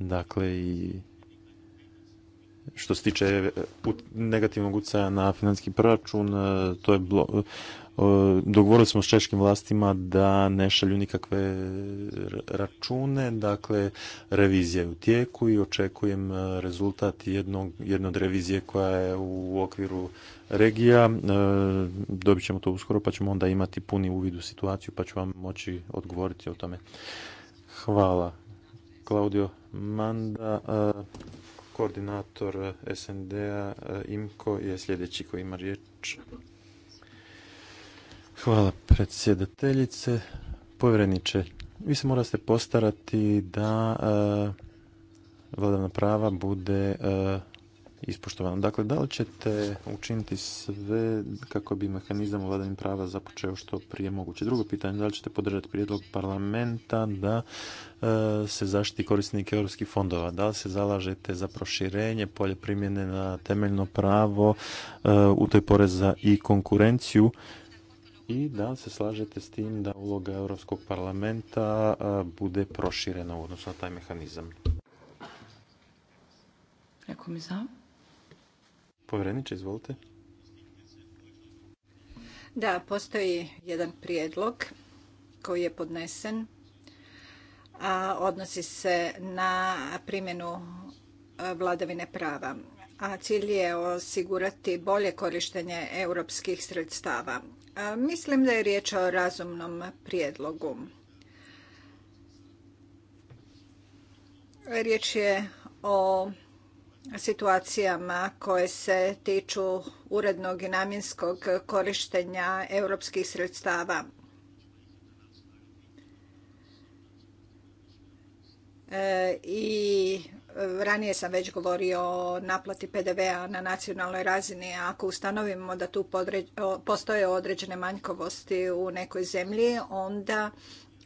dakle i što se tiče e, negativnog ucaja na financijski proračun, e, to je e, dogovorili smo s češkim vlastima da ne šalju nikakve račune, dakle revizija je u tijeku i očekujem rezultat jednog, jedne od revizije koja je u okviru regija. Dobit ćemo to uskoro pa ćemo onda imati puni uvid u situaciju pa ću vam moći odgovoriti o tome. Hvala. Claudio Manda, koordinator SND-a IMKO je sljedeći koji ima riječ. Hvala predsjedateljice. Povjereniče, vi se morate postarati da vladavna prava bude ispoštovano. Dakle, da li ćete učiniti sve kako bi mehanizam vladanim prava započeo što prije moguće? Drugo pitanje, da li ćete podržati prijedlog parlamenta da e, se zaštiti korisnike europskih fondova? Da li se zalažete za proširenje polje primjene na temeljno pravo e, u toj poreza i konkurenciju? I da li se slažete s tim da uloga Europskog parlamenta e, bude proširena u odnosu na taj mehanizam? mi izvolite. Da, postoji jedan prijedlog koji je podnesen, a odnosi se na primjenu e, vladavine prava. A cilj je osigurati bolje korištenje europskih sredstava. mislim da je riječ o razumnom prijedlogu. Riječ je o situacijama koje se tiču urednog i namjenskog korištenja europskih sredstava. E, I ranije sam već govorio o naplati PDV-a na nacionalnoj razini. Ako ustanovimo da tu postoje određene manjkovosti u nekoj zemlji, onda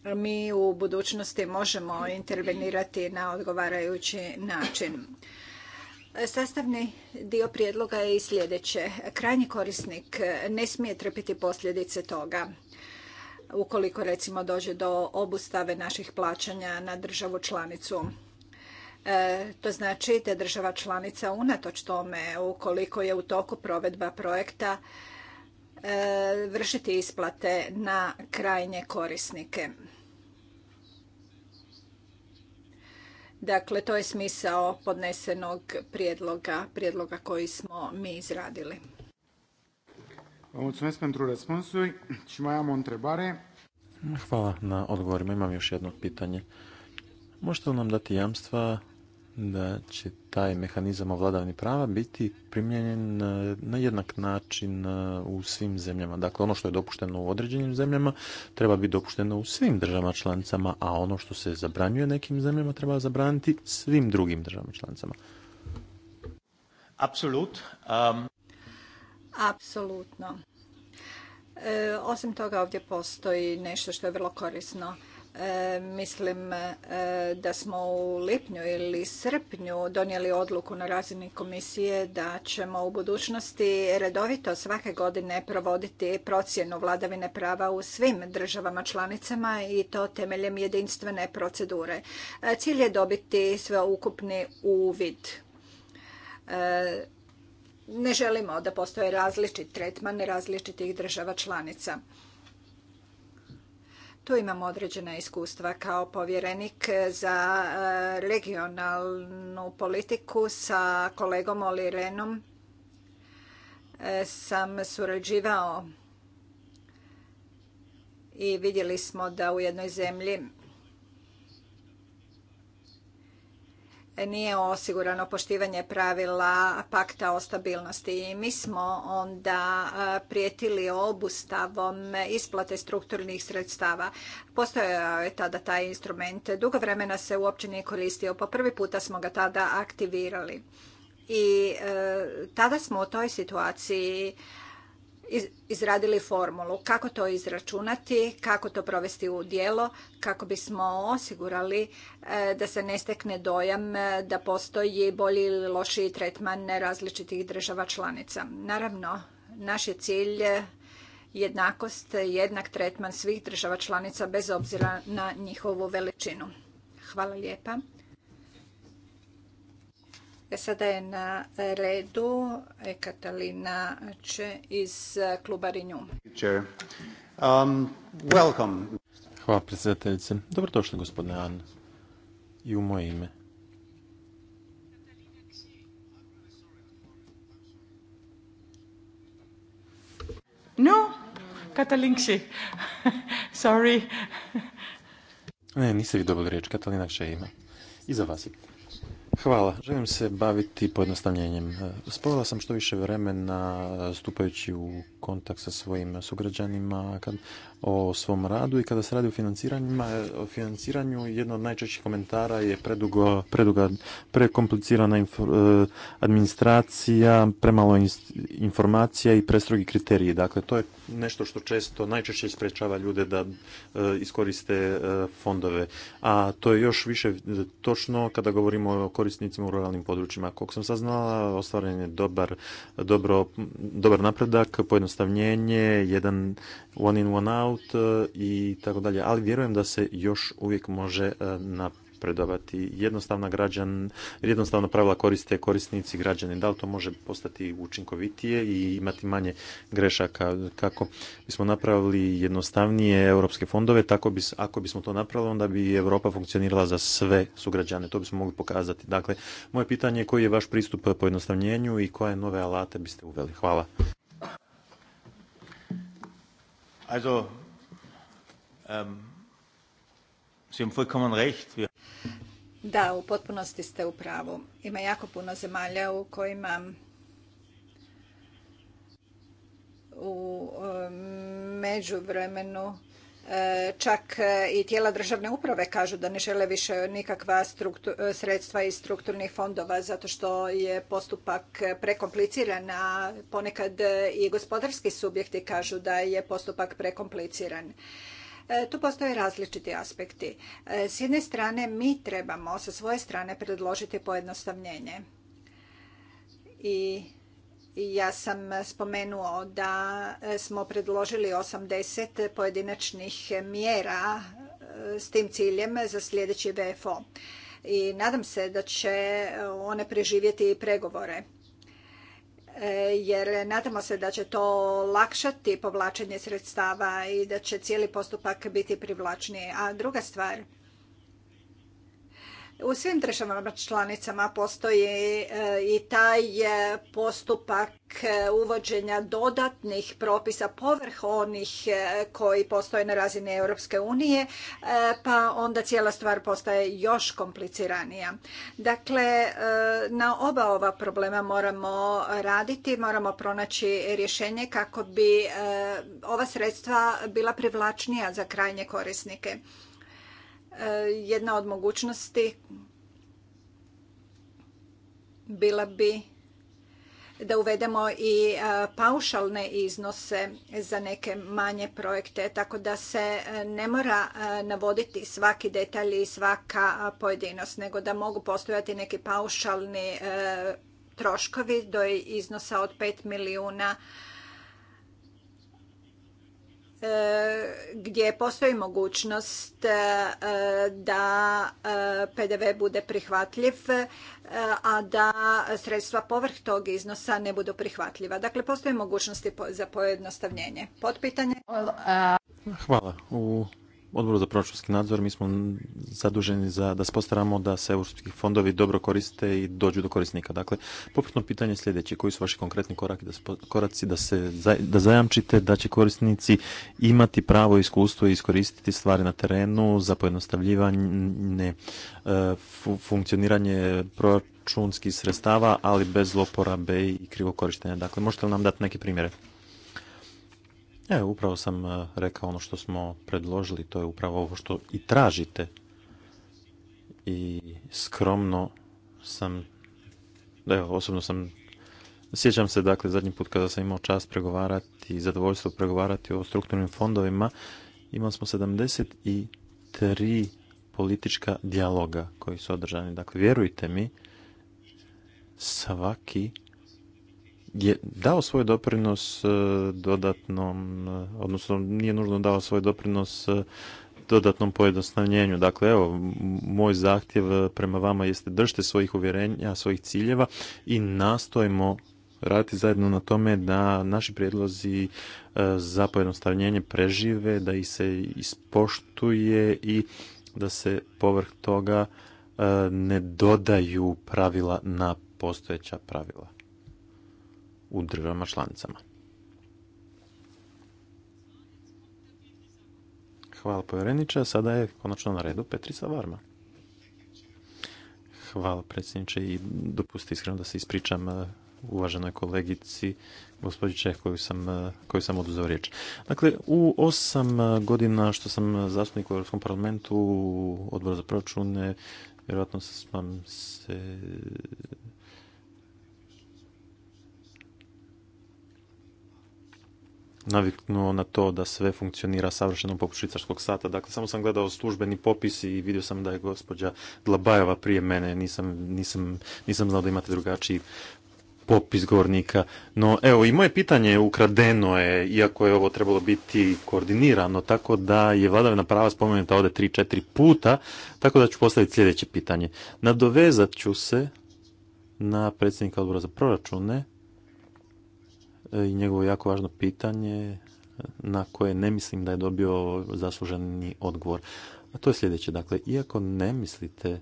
mi u budućnosti možemo intervenirati na odgovarajući način. Sastavni dio prijedloga je i sljedeće. Krajnji korisnik ne smije trpiti posljedice toga ukoliko recimo dođe do obustave naših plaćanja na državu članicu. E, to znači da država članica unatoč tome ukoliko je u toku provedba projekta e, vršiti isplate na krajnje korisnike. Dakle, to je smisao podnesenog prijedloga, prijedloga koji smo mi izradili. Hvala na odgovorima. Imam još jedno pitanje. Možete li nam dati jamstva da će taj mehanizam ovladavnih prava biti primijenjen na jednak način e, u svim zemljama. Dakle, ono što je dopušteno u određenim zemljama treba biti dopušteno u svim državama članicama, a ono što se zabranjuje nekim zemljama treba zabraniti svim drugim državama članicama. Um, Apsolutno. E, osim toga ovdje postoji nešto što je vrlo korisno E, mislim e, da smo u lipnju ili srpnju donijeli odluku na razini komisije da ćemo u budućnosti redovito svake godine provoditi procjenu vladavine prava u svim državama članicama i to temeljem jedinstvene procedure. E, cilj je dobiti sveukupni uvid ne želimo da postoje različit tretman različitih država članica. Tu imam određena iskustva kao povjerenik za e, regionalnu politiku sa kolegom Oli e, Sam surađivao i vidjeli smo da u jednoj zemlji nije osigurano poštivanje pravila pakta o stabilnosti i mi smo onda prijetili obustavom isplate strukturnih sredstava. Postojao je tada taj instrument. Dugo vremena se uopće nije koristio. Po prvi puta smo ga tada aktivirali. I e, tada smo u toj situaciji izradili formulu kako to izračunati, kako to provesti u djelo, kako bismo osigurali e, da se ne stekne dojam e, da postoji bolji ili lošiji tretman različitih država članica. Naravno, naš je cilj e, jednakost, jednak tretman svih država članica bez obzira na njihovu veličinu. Hvala lijepa. E, sada je na redu e, Katalina Če iz e, kluba Renew. Um, Hvala predsjedateljice. Dobrodošli gospodine An. I u moje ime. No, Kši. Sorry. Ne, niste vi dobili riječ. Katalina Kše ima. za vas je. Hvala. Želim se baviti pojednostavljenjem. E, spojila sam što više vremena e, stupajući u kontakt sa svojim sugrađanima o svom radu i kada se radi o e, o financiranju jedno od najčešćih komentara je preduga, prekomplicirana administracija, premalo informacija i prestrogi kriteriji. Dakle, to je nešto što često najčešće isprečava ljude da iskoriste fondove. A to je još više točno kada govorimo o koristi korisnicima u ruralnim područjima. Koliko sam saznala, ostvaren je dobar, dobro, dobar napredak, pojednostavljenje, jedan one in, one out e, i tako dalje, ali vjerujem da se još uvijek može napraviti e, predavati jednostavna građan, jednostavna pravila koriste korisnici građani. Da li to može postati učinkovitije i imati manje grešaka? Kako bismo napravili jednostavnije europske fondove, tako bi, ako bismo to napravili, onda bi Europa funkcionirala za sve sugrađane. To bismo mogli pokazati. Dakle, moje pitanje je koji je vaš pristup po jednostavnjenju i koje nove alate biste uveli? Hvala. Also, ähm, Sie haben vollkommen recht. Da, u potpunosti ste u pravu. Ima jako puno zemalja u kojima u međuvremenu eh, čak eh, i tijela državne uprave kažu da ne žele više nikakva eh, sredstva iz strukturnih fondova zato što je postupak prekompliciran, a ponekad i gospodarski subjekti kažu da je postupak prekompliciran. E, tu postoje različiti aspekti. E, s jedne strane mi trebamo sa svoje strane predložiti pojednostavljenje. I ja sam spomenuo da e, smo predložili 80 pojedinačnih mjera s tim ciljem za sljedeći VFO. I nadam se da će one preživjeti i pregovore jer nadamo se da će to lakšati povlačenje sredstava i da će cijeli postupak biti privlačniji. A druga stvar, u svim državama članicama postoji e, i taj e, postupak e, uvođenja dodatnih propisa povrh onih koji postoje na razini Europske unije, pa onda cijela stvar postaje još kompliciranija. Dakle, na oba ova problema moramo raditi, moramo pronaći rješenje kako bi ova sredstva bila privlačnija za krajnje korisnike. Eh, jedna od mogućnosti bila bi da uvedemo i eh, paušalne iznose za neke manje projekte, tako da se eh, ne mora navoditi svaki detalj i svaka pojedinost, nego da mogu postojati neki paušalni troškovi do iznosa od 5 milijuna E, gdje postoji mogućnost e, da e, PDV bude prihvatljiv, a da sredstva povrh tog iznosa ne budu prihvatljiva. Dakle, postoje mogućnosti za pojednostavljenje. Potpitanje? Uh, Hvala odboru za proračunski nadzor mi smo zaduženi za da spostaramo da se europski fondovi dobro koriste i dođu do korisnika. Dakle, poputno pitanje je sljedeće. Koji su vaši konkretni koraki da koraci da se da zajamčite da će korisnici imati pravo iskustvo i iskoristiti stvari na terenu za pojednostavljivanje e, funkcioniranje proračunskih sredstava, ali bez zloporabe i krivokorištenja. korištenja. Dakle, možete li nam dati neke primjere? Ja, e, upravo sam e, rekao ono što smo predložili, to je upravo ovo što i tražite. I skromno sam, evo, osobno sam, sjećam se dakle zadnji put kada sam imao čast pregovarati i zadovoljstvo pregovarati o strukturnim fondovima, imali smo 73 politička dijaloga koji su održani. Dakle, vjerujte mi, svaki je dao svoj doprinos e, dodatnom, e, odnosno nije nužno dao svoj doprinos e, dodatnom pojednostavljenju. Dakle, evo, moj zahtjev prema vama jeste držite svojih uvjerenja, svojih ciljeva i nastojimo raditi zajedno na tome da naši prijedlozi za pojednostavljenje prežive, da ih se ispoštuje i da se povrh toga ne dodaju pravila na postojeća pravila u državama članicama. Hvala povjereniče, sada je konačno na redu Petrica Varma. Hvala predsjedniče i dopusti iskreno da se ispričam eh, uvaženoj kolegici gospođi Čeh koju sam, eh, koju oduzeo riječ. Dakle, u osam eh, godina što sam zastupnik u Europskom parlamentu, odboru za proračune, vjerojatno sam se naviknuo na to da sve funkcionira savršeno poput švicarskog sata. Dakle, samo sam gledao službeni popis i vidio sam da je gospođa Glabajeva prije mene. Nisam, nisam, nisam znao da imate drugačiji popis govornika. No, evo, i moje pitanje je ukradeno je, iako je ovo trebalo biti koordinirano, tako da je vladavina prava spomenuta ovdje 3-4 puta, tako da ću postaviti sljedeće pitanje. Nadovezat ću se na predsjednika odbora za proračune, E, i njegovo jako važno pitanje e, na koje ne mislim da je dobio zasluženi odgovor. A to je sljedeće. Dakle, iako ne mislite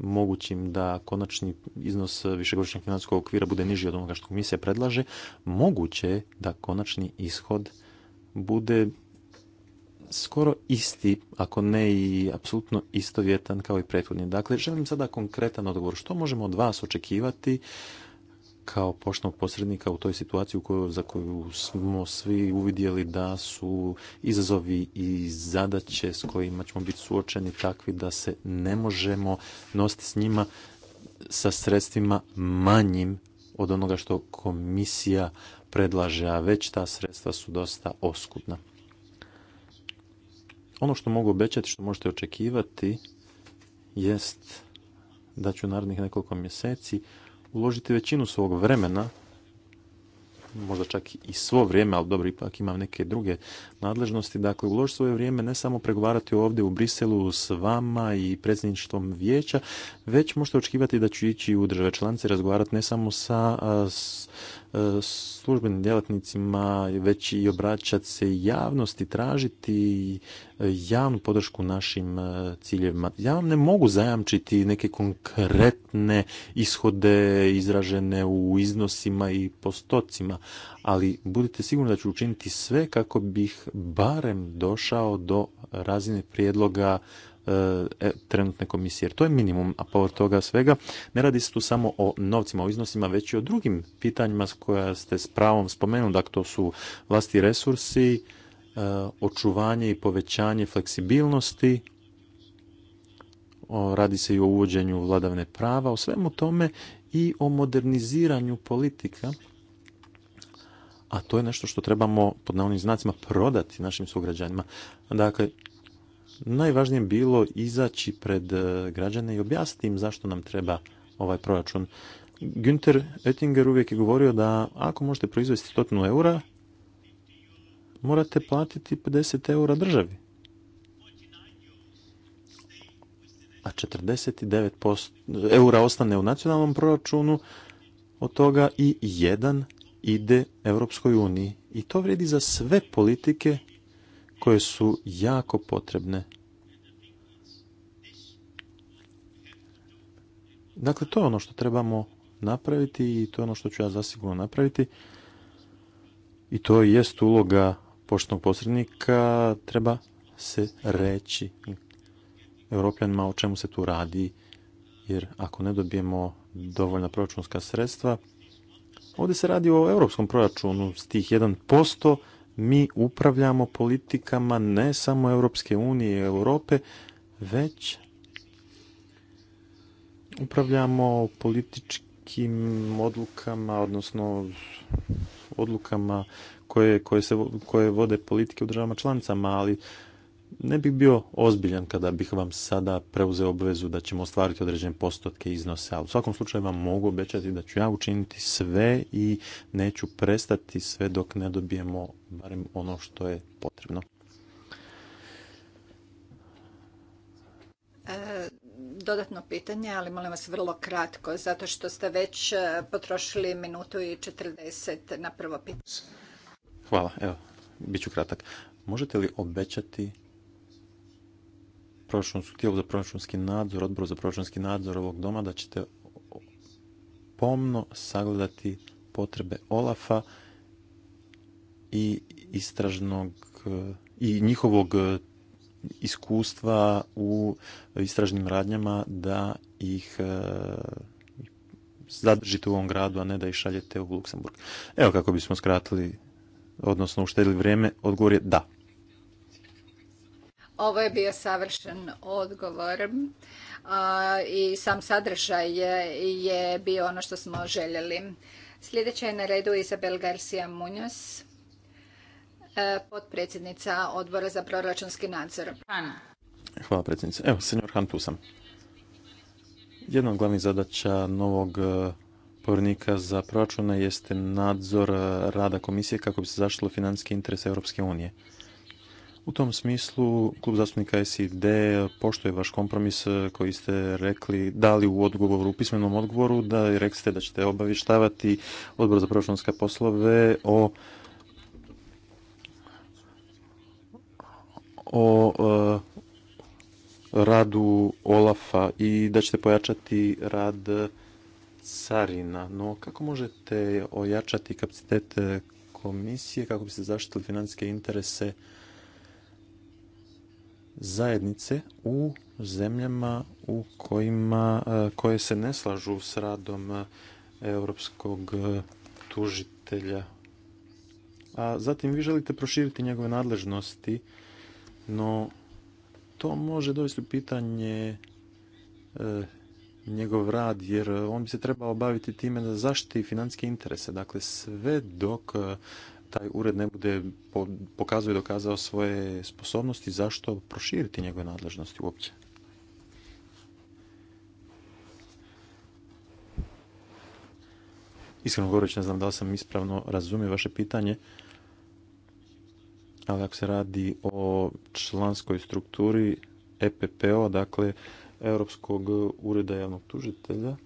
mogućim da konačni iznos višegodišnjeg financijskog okvira bude niži od onoga što komisija predlaže, moguće je da konačni ishod bude skoro isti, ako ne i apsolutno istovjetan kao i prethodni. Dakle, želim sada konkretan odgovor. Što možemo od vas očekivati kao poštnog posrednika u toj situaciji u kojoj, za koju smo svi uvidjeli da su izazovi i zadaće s kojima ćemo biti suočeni takvi da se ne možemo nositi s njima sa sredstvima manjim od onoga što komisija predlaže, a već ta sredstva su dosta oskudna. Ono što mogu obećati, što možete očekivati, jest da ću narednih nekoliko mjeseci uložiti većinu svog vremena, možda čak i svo vrijeme, ali dobro, ipak imam neke druge nadležnosti, dakle, uložiti svoje vrijeme ne samo pregovarati ovdje u Briselu s vama i predsjedništvom vijeća, već možete očekivati da ću ići u države članice razgovarati ne samo sa, službenim djelatnicima već i obraćati se javnosti, tražiti e, javnu podršku našim e, ciljevima. Ja vam ne mogu zajamčiti neke konkretne ishode izražene u iznosima i postocima, ali budite sigurni da ću učiniti sve kako bih barem došao do razine prijedloga E, trenutne komisije. Jer to je minimum, a toga svega ne radi se tu samo o novcima, o iznosima, već i o drugim pitanjima koja ste s pravom spomenuli. Dakle, to su vlasti resursi, e, očuvanje i povećanje fleksibilnosti, radi se i o uvođenju vladavne prava, o svemu tome i o moderniziranju politika a to je nešto što trebamo pod navodnim znacima prodati našim sugrađanima. Dakle, najvažnije bilo izaći pred e, građane i objasniti im zašto nam treba ovaj proračun. Günther Oettinger uvijek je govorio da ako možete proizvesti 100 eura, morate platiti 50 eura državi. A 49 eura ostane u nacionalnom proračunu, od toga i jedan ide Europskoj uniji. I to vrijedi za sve politike koje su jako potrebne. Dakle, to je ono što trebamo napraviti i to je ono što ću ja zasigurno napraviti. I to jest uloga poštnog posrednika, treba se reći Europljanima o čemu se tu radi, jer ako ne dobijemo dovoljna proračunska sredstva, ovdje se radi o europskom proračunu s tih 1%, mi upravljamo politikama ne samo Europske unije i Europe, već upravljamo političkim odlukama, odnosno odlukama koje, koje, se, koje vode politike u državama članicama, ali ne bih bio ozbiljan kada bih vam sada preuzeo obvezu da ćemo ostvariti određene postotke iznose, ali u svakom slučaju vam mogu obećati da ću ja učiniti sve i neću prestati sve dok ne dobijemo barem ono što je potrebno. E, dodatno pitanje, ali molim vas vrlo kratko, zato što ste već e, potrošili minutu i 40 na prvo pitanje. Hvala, evo, bit ću kratak. Možete li obećati proračunsku tijelu za proračunski nadzor, odboru za proračunski nadzor ovog doma, da ćete pomno sagledati potrebe Olafa i istražnog i njihovog iskustva u istražnim radnjama da ih e, zadržite u ovom gradu, a ne da ih šaljete u Luksemburg. Evo kako bismo skratili, odnosno uštedili vrijeme, odgovor je da. Ovo je bio savršen odgovor i sam sadržaj je bio ono što smo željeli. Sljedeća je na redu Isabel Garcia Munoz, potpredsjednica odbora za proračunski nadzor. Hvala predsjednice. Evo, senjor Han, tu sam. Jedna od glavnih zadaća novog e, povjerenika za proračune jeste nadzor e, rada komisije kako bi se zaštilo financijski interes Europske unije. U tom smislu, klub zastupnika SID poštuje vaš kompromis koji ste rekli, dali u odgovoru, u pismenom odgovoru, da rekli ste da ćete obavještavati odbor za proračunske poslove o o e, radu Olafa i da ćete pojačati rad carina. No, kako možete ojačati kapacitet komisije kako biste zaštitili financijske interese zajednice u zemljama u kojima, e, koje se ne slažu s radom e, europskog e, tužitelja. A zatim vi želite proširiti njegove nadležnosti, no to može dovesti u pitanje njegov rad, jer on bi se trebao baviti time da zaštiti financijske interese. Dakle, sve dok taj ured ne bude pokazao i dokazao svoje sposobnosti, zašto proširiti njegove nadležnosti uopće? Iskreno govoreći, ne znam da li sam ispravno razumio vaše pitanje, ali ako se radi o članskoj strukturi EPPO, dakle Europskog ureda javnog tužitelja,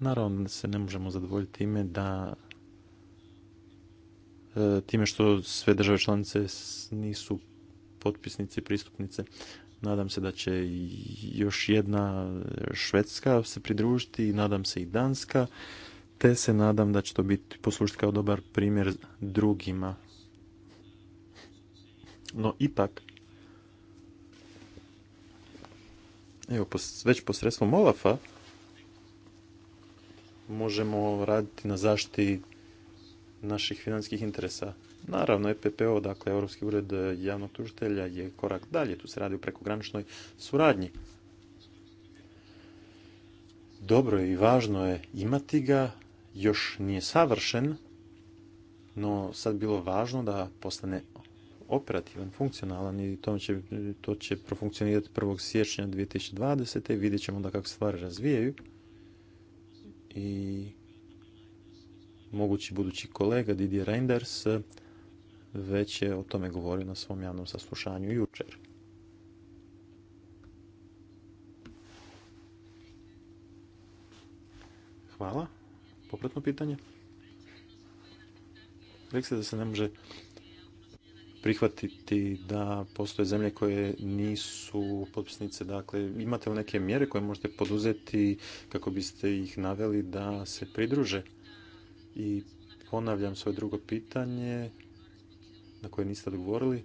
naravno se ne možemo zadovoljiti time da time što sve države članice nisu potpisnice pristupnice. Nadam se da će još jedna Švedska se pridružiti i nadam se i Danska, te se nadam da će to biti poslušati kao dobar primjer drugima. No ipak, evo, već posredstvom Olafa možemo raditi na zaštiti naših financijskih interesa. Naravno, EPPO, dakle Europski ured javnog tužitelja, je korak dalje. Tu se radi o prekograničnoj suradnji. Dobro je i važno je imati ga, još nije savršen, no sad bilo važno da postane operativan, funkcionalan i to će, to će profunkcionirati 1. siječnja 2020. Vidjet ćemo da kako stvari razvijaju i mogući budući kolega Didier Reinders eh, već je o tome govorio na svom javnom saslušanju jučer. Hvala. Popratno pitanje. Rekli ste da se ne može prihvatiti da postoje zemlje koje nisu potpisnice. Dakle, imate li neke mjere koje možete poduzeti kako biste ih naveli da se pridruže? I ponavljam svoje drugo pitanje na koje niste odgovorili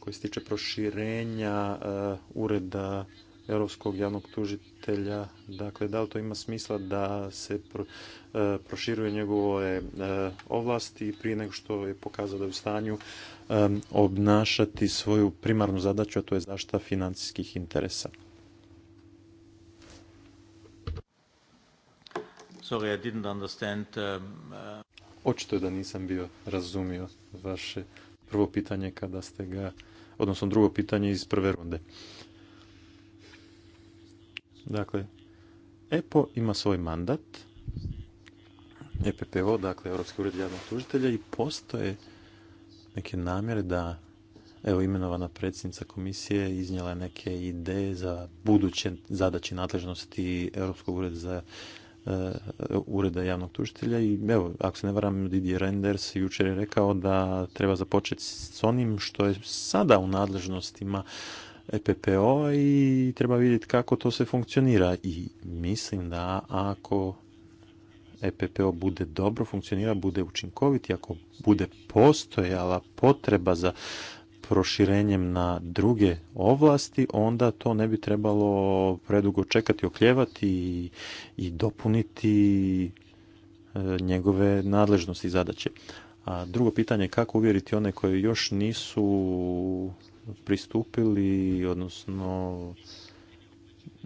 koje se tiče proširenja uh, ureda europskog javnog tužitelja. Dakle, da li to ima smisla da se uh, proširuje njegove uh, ovlasti prije nego što je pokazao da je u stanju um, obnašati svoju primarnu zadaću, a to je zaštita financijskih interesa. Sorry, I didn't understand. Um, uh, Očito je da nisam bio razumio vaše prvo pitanje kada ste ga, odnosno drugo pitanje iz prve runde. Dakle, EPO ima svoj mandat, EPPO, dakle, Europski ured javnog tužitelja i postoje neke namjere da Evo, imenovana predsjednica komisije iznijela neke ideje za buduće zadaće nadležnosti Europskog ureda za E, ureda javnog tužitelja i evo, ako se ne varam, Didier Renders jučer je rekao da treba započeti s onim što je sada u nadležnostima EPPO i treba vidjeti kako to sve funkcionira i mislim da ako EPPO bude dobro funkcionira, bude učinkovit i ako bude postojala potreba za proširenjem na druge ovlasti, onda to ne bi trebalo predugo čekati, okljevati i, i dopuniti e, njegove nadležnosti i zadaće. A drugo pitanje je kako uvjeriti one koji još nisu pristupili, odnosno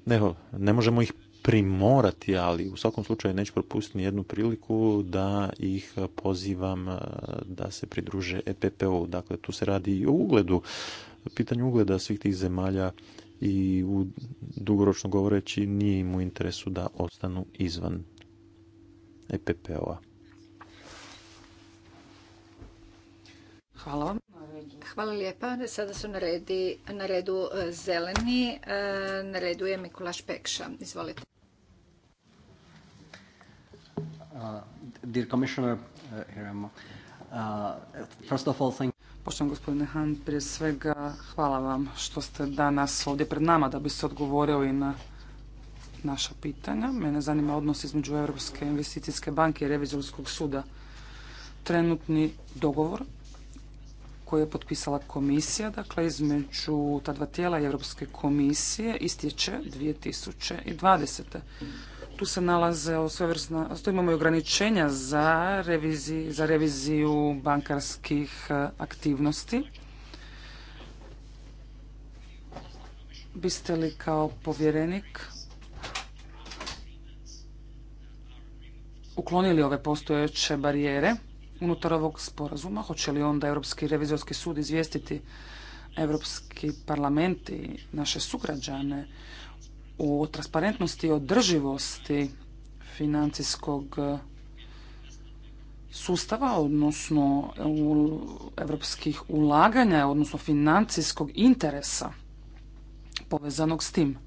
ne, ne možemo ih primorati, ali u svakom slučaju neću propustiti jednu priliku da ih pozivam e, da se pridruže EPPO. Dakle, tu se radi i o ugledu, pitanju ugleda svih tih zemalja i u dugoročno govoreći nije im u interesu da ostanu izvan EPPO-a. Hvala vam. Hvala lijepa. Sada su na, na redu e, zeleni. E, na redu je Mikulaš Pekša. Izvolite. Uh, dear Commissioner, uh, uh, first of all, Poštovani gospodine Han, prije svega hvala vam što ste danas ovdje pred nama da biste odgovorili na naša pitanja. Mene zanima odnos između Europske investicijske banke i Revizorskog suda. Trenutni dogovor koji je potpisala komisija, dakle između ta dva tijela i Europske komisije istječe 2020 tu se nalaze imamo i ograničenja za, za reviziju bankarskih e, aktivnosti. Biste li kao povjerenik uklonili ove postojeće barijere unutar ovog sporazuma? Hoće li onda Europski revizorski sud izvijestiti Europski parlament i naše sugrađane o transparentnosti i održivosti financijskog eh, sustava, odnosno evropskih ulaganja, odnosno financijskog interesa povezanog s tim.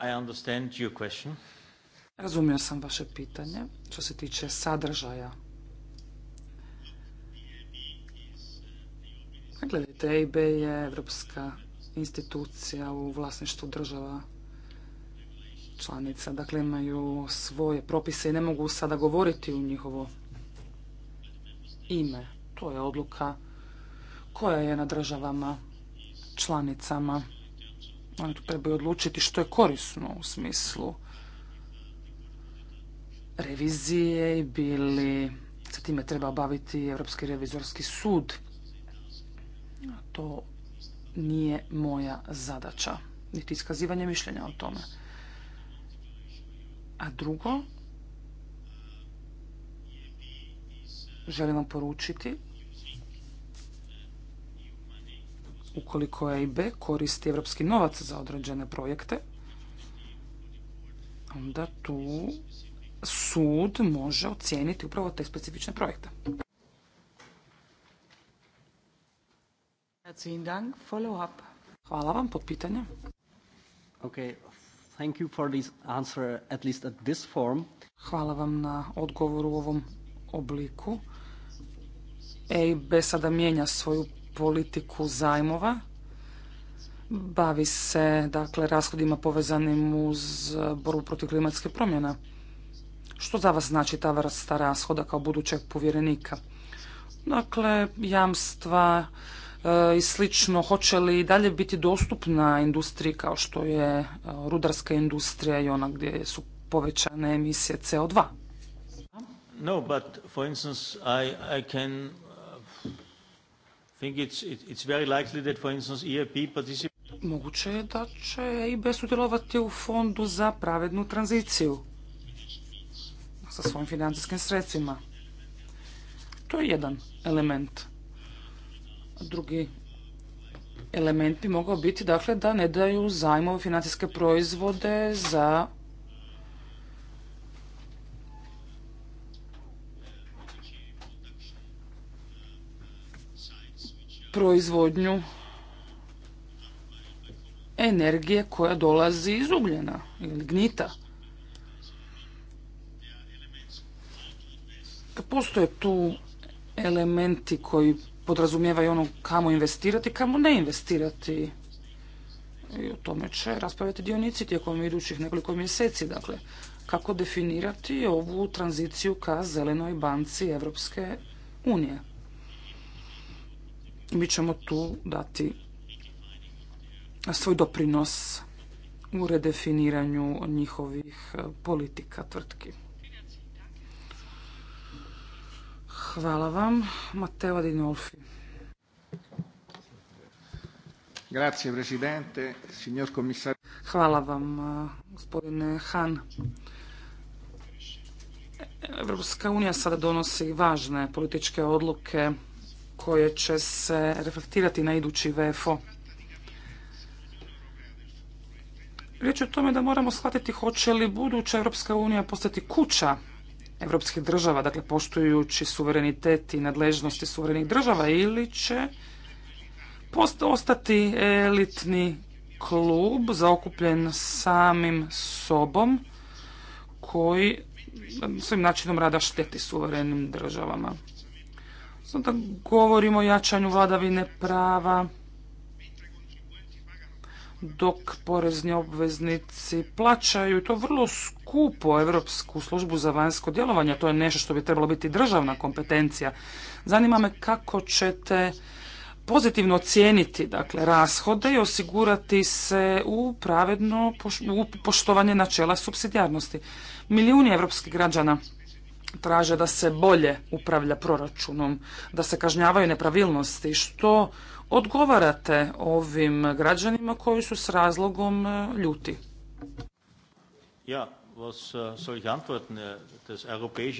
I understand your question. Razumio sam vaše pitanje što se tiče sadržaja Dakle, EIB je evropska institucija u vlasništvu država članica. Dakle, imaju svoje propise i ne mogu sada govoriti u njihovo ime. To je odluka koja je na državama članicama. Oni tu trebaju odlučiti što je korisno u smislu revizije i bili se time treba baviti Europski revizorski sud. To nije moja zadaća, niti iskazivanje mišljenja o tome. A drugo, želim vam poručiti ukoliko EIB koristi evropski novac za određene projekte, onda tu sud može ocijeniti upravo te specifične projekte. Hvala vam, pod Hvala vam na odgovoru u ovom obliku. EIB sada mijenja svoju politiku zajmova. Bavi se, dakle, rashodima povezanim uz borbu protiv klimatske promjena. Što za vas znači ta vrsta rashoda kao budućeg povjerenika? Dakle, jamstva, E, i slično, hoće li i dalje biti dostupna industriji kao što je e, rudarska industrija i ona gdje su povećane emisije CO2? No, but for instance, I, I can uh, think it's, it's very likely that for instance e Moguće je da će EIB sudjelovati u fondu za pravednu tranziciju sa svojim financijskim sredstvima. To je jedan element drugi element bi mogao biti dakle da ne daju zajmove financijske proizvode za proizvodnju energije koja dolazi iz ugljena ili gnita. Postoje tu elementi koji podrazumijeva i ono kamo investirati, kamo ne investirati. I o tome će raspravljati dionici tijekom idućih nekoliko mjeseci. Dakle, kako definirati ovu tranziciju ka zelenoj banci Evropske unije. Mi ćemo tu dati svoj doprinos u redefiniranju njihovih eh, politika tvrtki. Hvala vam. Matteo Dinolfi. Grazie, presidente. Signor commissario. Hvala vam, eh, gospodine Han. Evropska unija sada donosi važne političke odluke koje će se reflektirati na idući VFO. Riječ je o tome da moramo shvatiti hoće li buduća Evropska unija postati kuća evropskih država, dakle poštujući suverenitet i nadležnosti suverenih država ili će ostati elitni klub zaokupljen samim sobom koji svojim načinom rada šteti suverenim državama. Sada govorimo o jačanju vladavine prava, dok porezni obveznici plaćaju i to vrlo skupo Europsku službu za vanjsko djelovanje, to je nešto što bi trebalo biti državna kompetencija. Zanima me kako ćete pozitivno ocijeniti dakle, rashode i osigurati se u pravedno poštovanje načela subsidijarnosti. Milijuni evropskih građana traže da se bolje upravlja proračunom, da se kažnjavaju nepravilnosti. Što odgovarate ovim građanima koji su s razlogom e, ljuti? Ja, was e,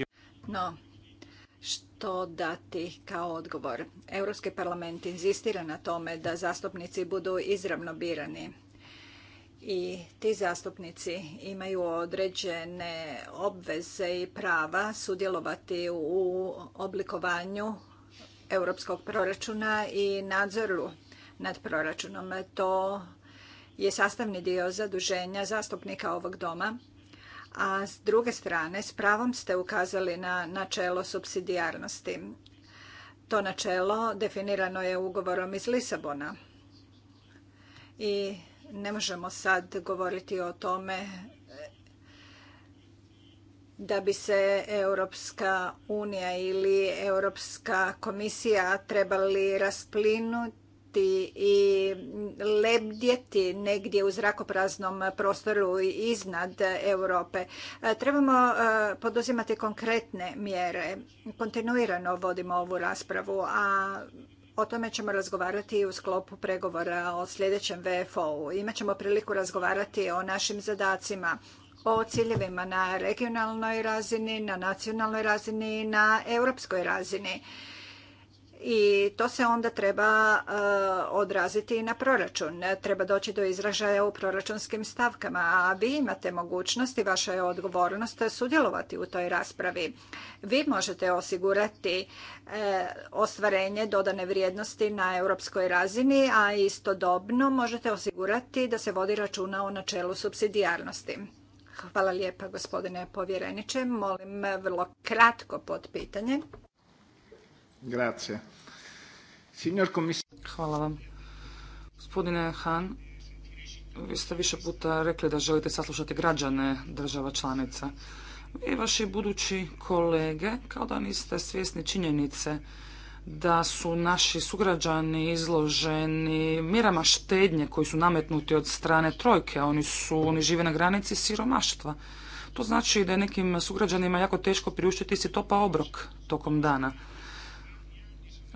e, No, što dati kao odgovor? Europski parlament inzistira na tome da zastupnici budu izravno birani i ti zastupnici imaju određene obveze i prava sudjelovati u oblikovanju europskog proračuna i nadzoru nad proračunom. To je sastavni dio zaduženja zastupnika ovog doma. A s druge strane, s pravom ste ukazali na načelo subsidijarnosti. To načelo definirano je ugovorom iz Lisabona. I ne možemo sad govoriti o tome da bi se Europska unija ili Europska komisija trebali rasplinuti i lebdjeti negdje u zrakopraznom prostoru iznad Europe. E, trebamo e, poduzimati konkretne mjere. Kontinuirano vodimo ovu raspravu, a o tome ćemo razgovarati u sklopu pregovora o sljedećem VFO-u. Imaćemo priliku razgovarati o našim zadacima o ciljevima na regionalnoj razini, na nacionalnoj razini i na europskoj razini. I to se onda treba eh, odraziti i na proračun. Treba doći do izražaja u proračunskim stavkama, a vi imate mogućnost i vaša je odgovornost sudjelovati u toj raspravi. Vi možete osigurati eh, ostvarenje dodane vrijednosti na europskoj razini, a istodobno možete osigurati da se vodi računa o načelu subsidijarnosti. Hvala lijepa gospodine povjereniče. Molim vrlo kratko pod pitanje. Hvala vam. Gospodine Han, vi ste više puta rekli da želite saslušati građane država članica. Vi i vaši budući kolege kao da niste svjesni činjenice da su naši sugrađani izloženi mirama štednje koji su nametnuti od strane trojke, a oni su, oni žive na granici siromaštva. To znači da je nekim sugrađanima jako teško priuštiti si topa obrok tokom dana.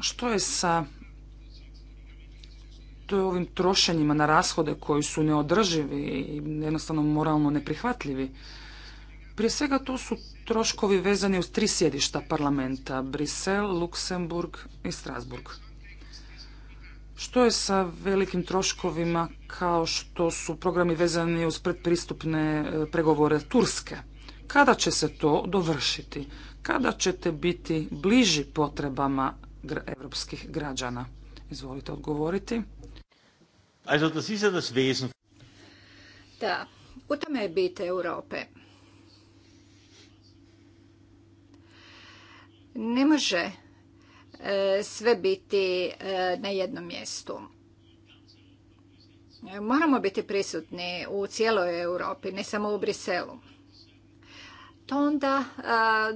Što je sa to je ovim trošenjima na rashode koji su neodrživi i jednostavno moralno neprihvatljivi? Prije svega to su troškovi vezani uz tri sjedišta parlamenta, Brisel, Luksemburg i Strasburg. Što je sa velikim troškovima kao što su programi vezani uz predpristupne e, pregovore Turske? Kada će se to dovršiti? Kada ćete biti bliži potrebama evropskih građana? Izvolite odgovoriti. Da, u tome je bit Europe. Ne može e, sve biti e, na jednom mjestu. Moramo biti prisutni u cijeloj Europi, ne samo u Briselu. To onda e,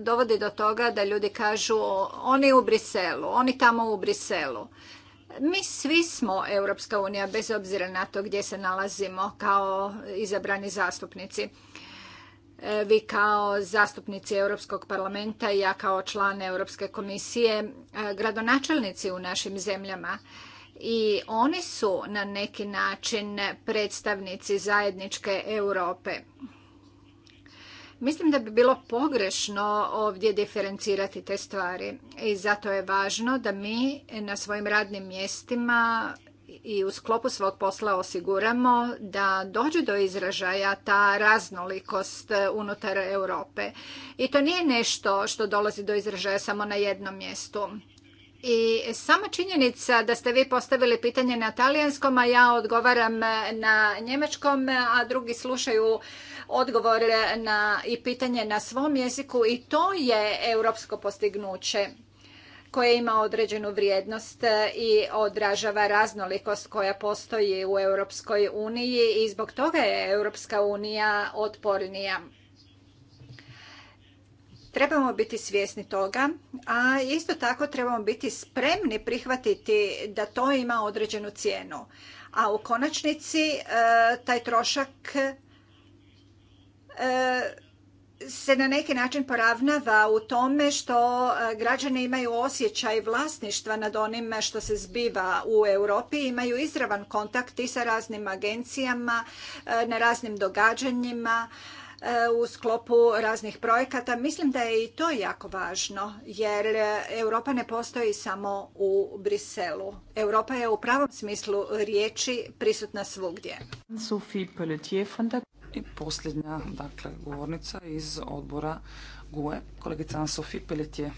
dovodi do toga da ljudi kažu oni u Briselu, oni tamo u Briselu. Mi svi smo Europska unija bez obzira na to gdje se nalazimo kao izabrani zastupnici. E, vi kao zastupnici Europskog parlamenta i ja kao član Europske komisije e, gradonačelnici u našim zemljama i oni su na neki način predstavnici zajedničke Europe. Mislim da bi bilo pogrešno ovdje diferencirati te stvari i zato je važno da mi na svojim radnim mjestima i u sklopu svog posla osiguramo da dođe do izražaja ta raznolikost unutar Europe. I to nije nešto što dolazi do izražaja samo na jednom mjestu. I sama činjenica da ste vi postavili pitanje na talijanskom, a ja odgovaram na njemačkom, a drugi slušaju odgovore na, i pitanje na svom jeziku i to je europsko postignuće koje ima određenu vrijednost e, i odražava raznolikost koja postoji u Europskoj uniji i zbog toga je Europska unija otpornija. Trebamo biti svjesni toga, a isto tako trebamo biti spremni prihvatiti da to ima određenu cijenu. A u konačnici e, taj trošak e, se na neki način poravnava u tome što e, građani imaju osjećaj vlasništva nad onim što se zbiva u Europi, imaju izravan kontakt i sa raznim agencijama, e, na raznim događanjima, e, u sklopu raznih projekata. Mislim da je i to jako važno, jer Europa ne postoji samo u Briselu. Europa je u pravom smislu riječi prisutna svugdje. Sophie Pelletier i posljednja, dakle, govornica iz odbora GUE, kolegica Anne-Sophie Pelletier.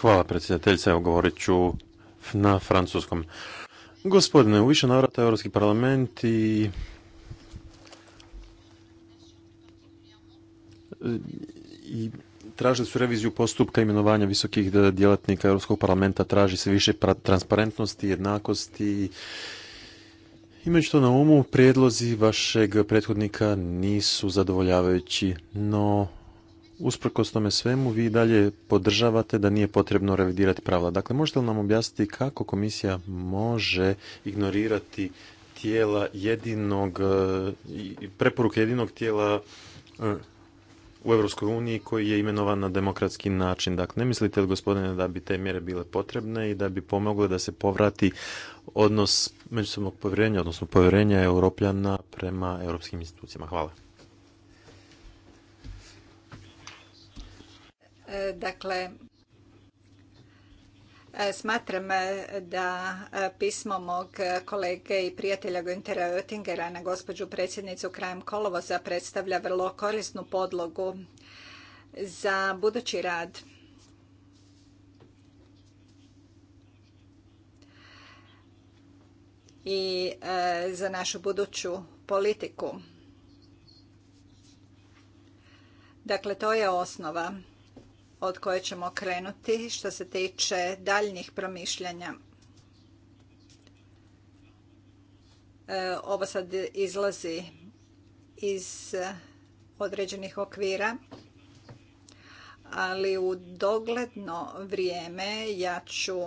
Hvala predsjedateljica, evo govorit ću na francuskom. Gospodine, u više navrata Europski parlament i i tražili su reviziju postupka imenovanja visokih djelatnika Europskog parlamenta, traži se više transparentnosti, jednakosti Imajući to na umu, prijedlozi vašeg prethodnika nisu zadovoljavajući, no usprkos tome svemu vi dalje podržavate da nije potrebno revidirati pravila. Dakle, možete li nam objasniti kako komisija može ignorirati tijela jedinog, e, preporuke jedinog tijela e, u Europskoj uniji koji je imenovan na demokratski način. Dakle, ne mislite li gospodine da bi te mjere bile potrebne i da bi pomogle da se povrati odnos međusobnog povjerenja, odnosno povjerenja europljana prema europskim institucijama. Hvala. E, dakle, e, Smatram e, da pismo mog kolege i prijatelja Guntera Oettingera na gospođu predsjednicu krajem kolovoza predstavlja vrlo korisnu podlogu za budući rad i e, za našu buduću politiku. Dakle, to je osnova od koje ćemo krenuti što se tiče daljnjih promišljanja. E, ovo sad izlazi iz određenih okvira, ali u dogledno vrijeme ja ću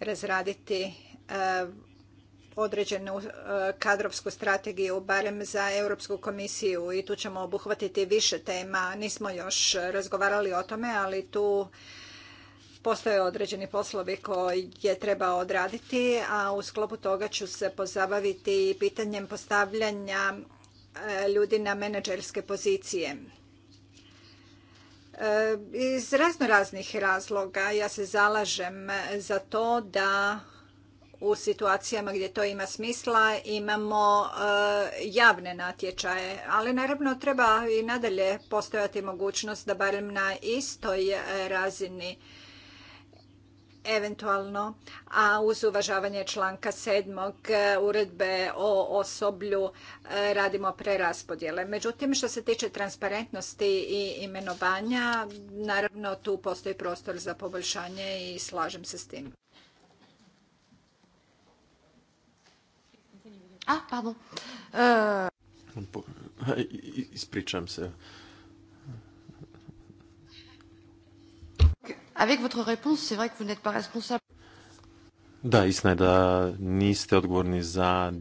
razraditi e, određenu e, kadrovsku strategiju, barem za Europsku komisiju i tu ćemo obuhvatiti više tema. Nismo još razgovarali o tome, ali tu postoje određeni poslovi koje treba odraditi, a u sklopu toga ću se pozabaviti i pitanjem postavljanja e, ljudi na menadžerske pozicije. E, iz razno raznih razloga ja se zalažem za to da u situacijama gdje to ima smisla imamo e, javne natječaje, ali naravno treba i nadalje postojati mogućnost da barem na istoj razini eventualno, a uz uvažavanje članka 7. E, uredbe o osoblju e, radimo preraspodjele. Međutim, što se tiče transparentnosti i imenovanja, naravno tu postoji prostor za poboljšanje i slažem se s tim. E, Ispričam se. Avec votre Da, istina je da niste odgovorni za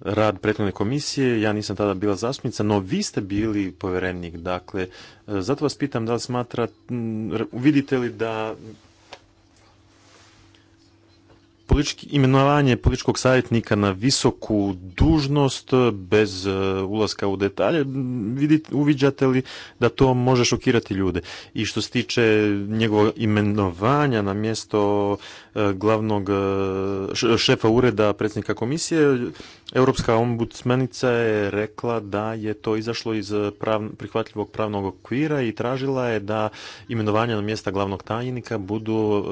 rad prethodne komisije. Ja nisam tada bila zastupnica, no vi ste bili povjerenik. Dakle, zato vas pitam da li smatra, vidite li da politički, imenovanje političkog savjetnika na visoku dužnost bez e, ulaska u detalje, vidite, uviđate li da to može šokirati ljude. I što se tiče njegovog imenovanja na mjesto e, glavnog e, šefa ureda predsjednika komisije, Europska ombudsmanica je rekla da je to izašlo iz prihvatljivog pravnog okvira i tražila je da imenovanja na mjesta glavnog tajnika budu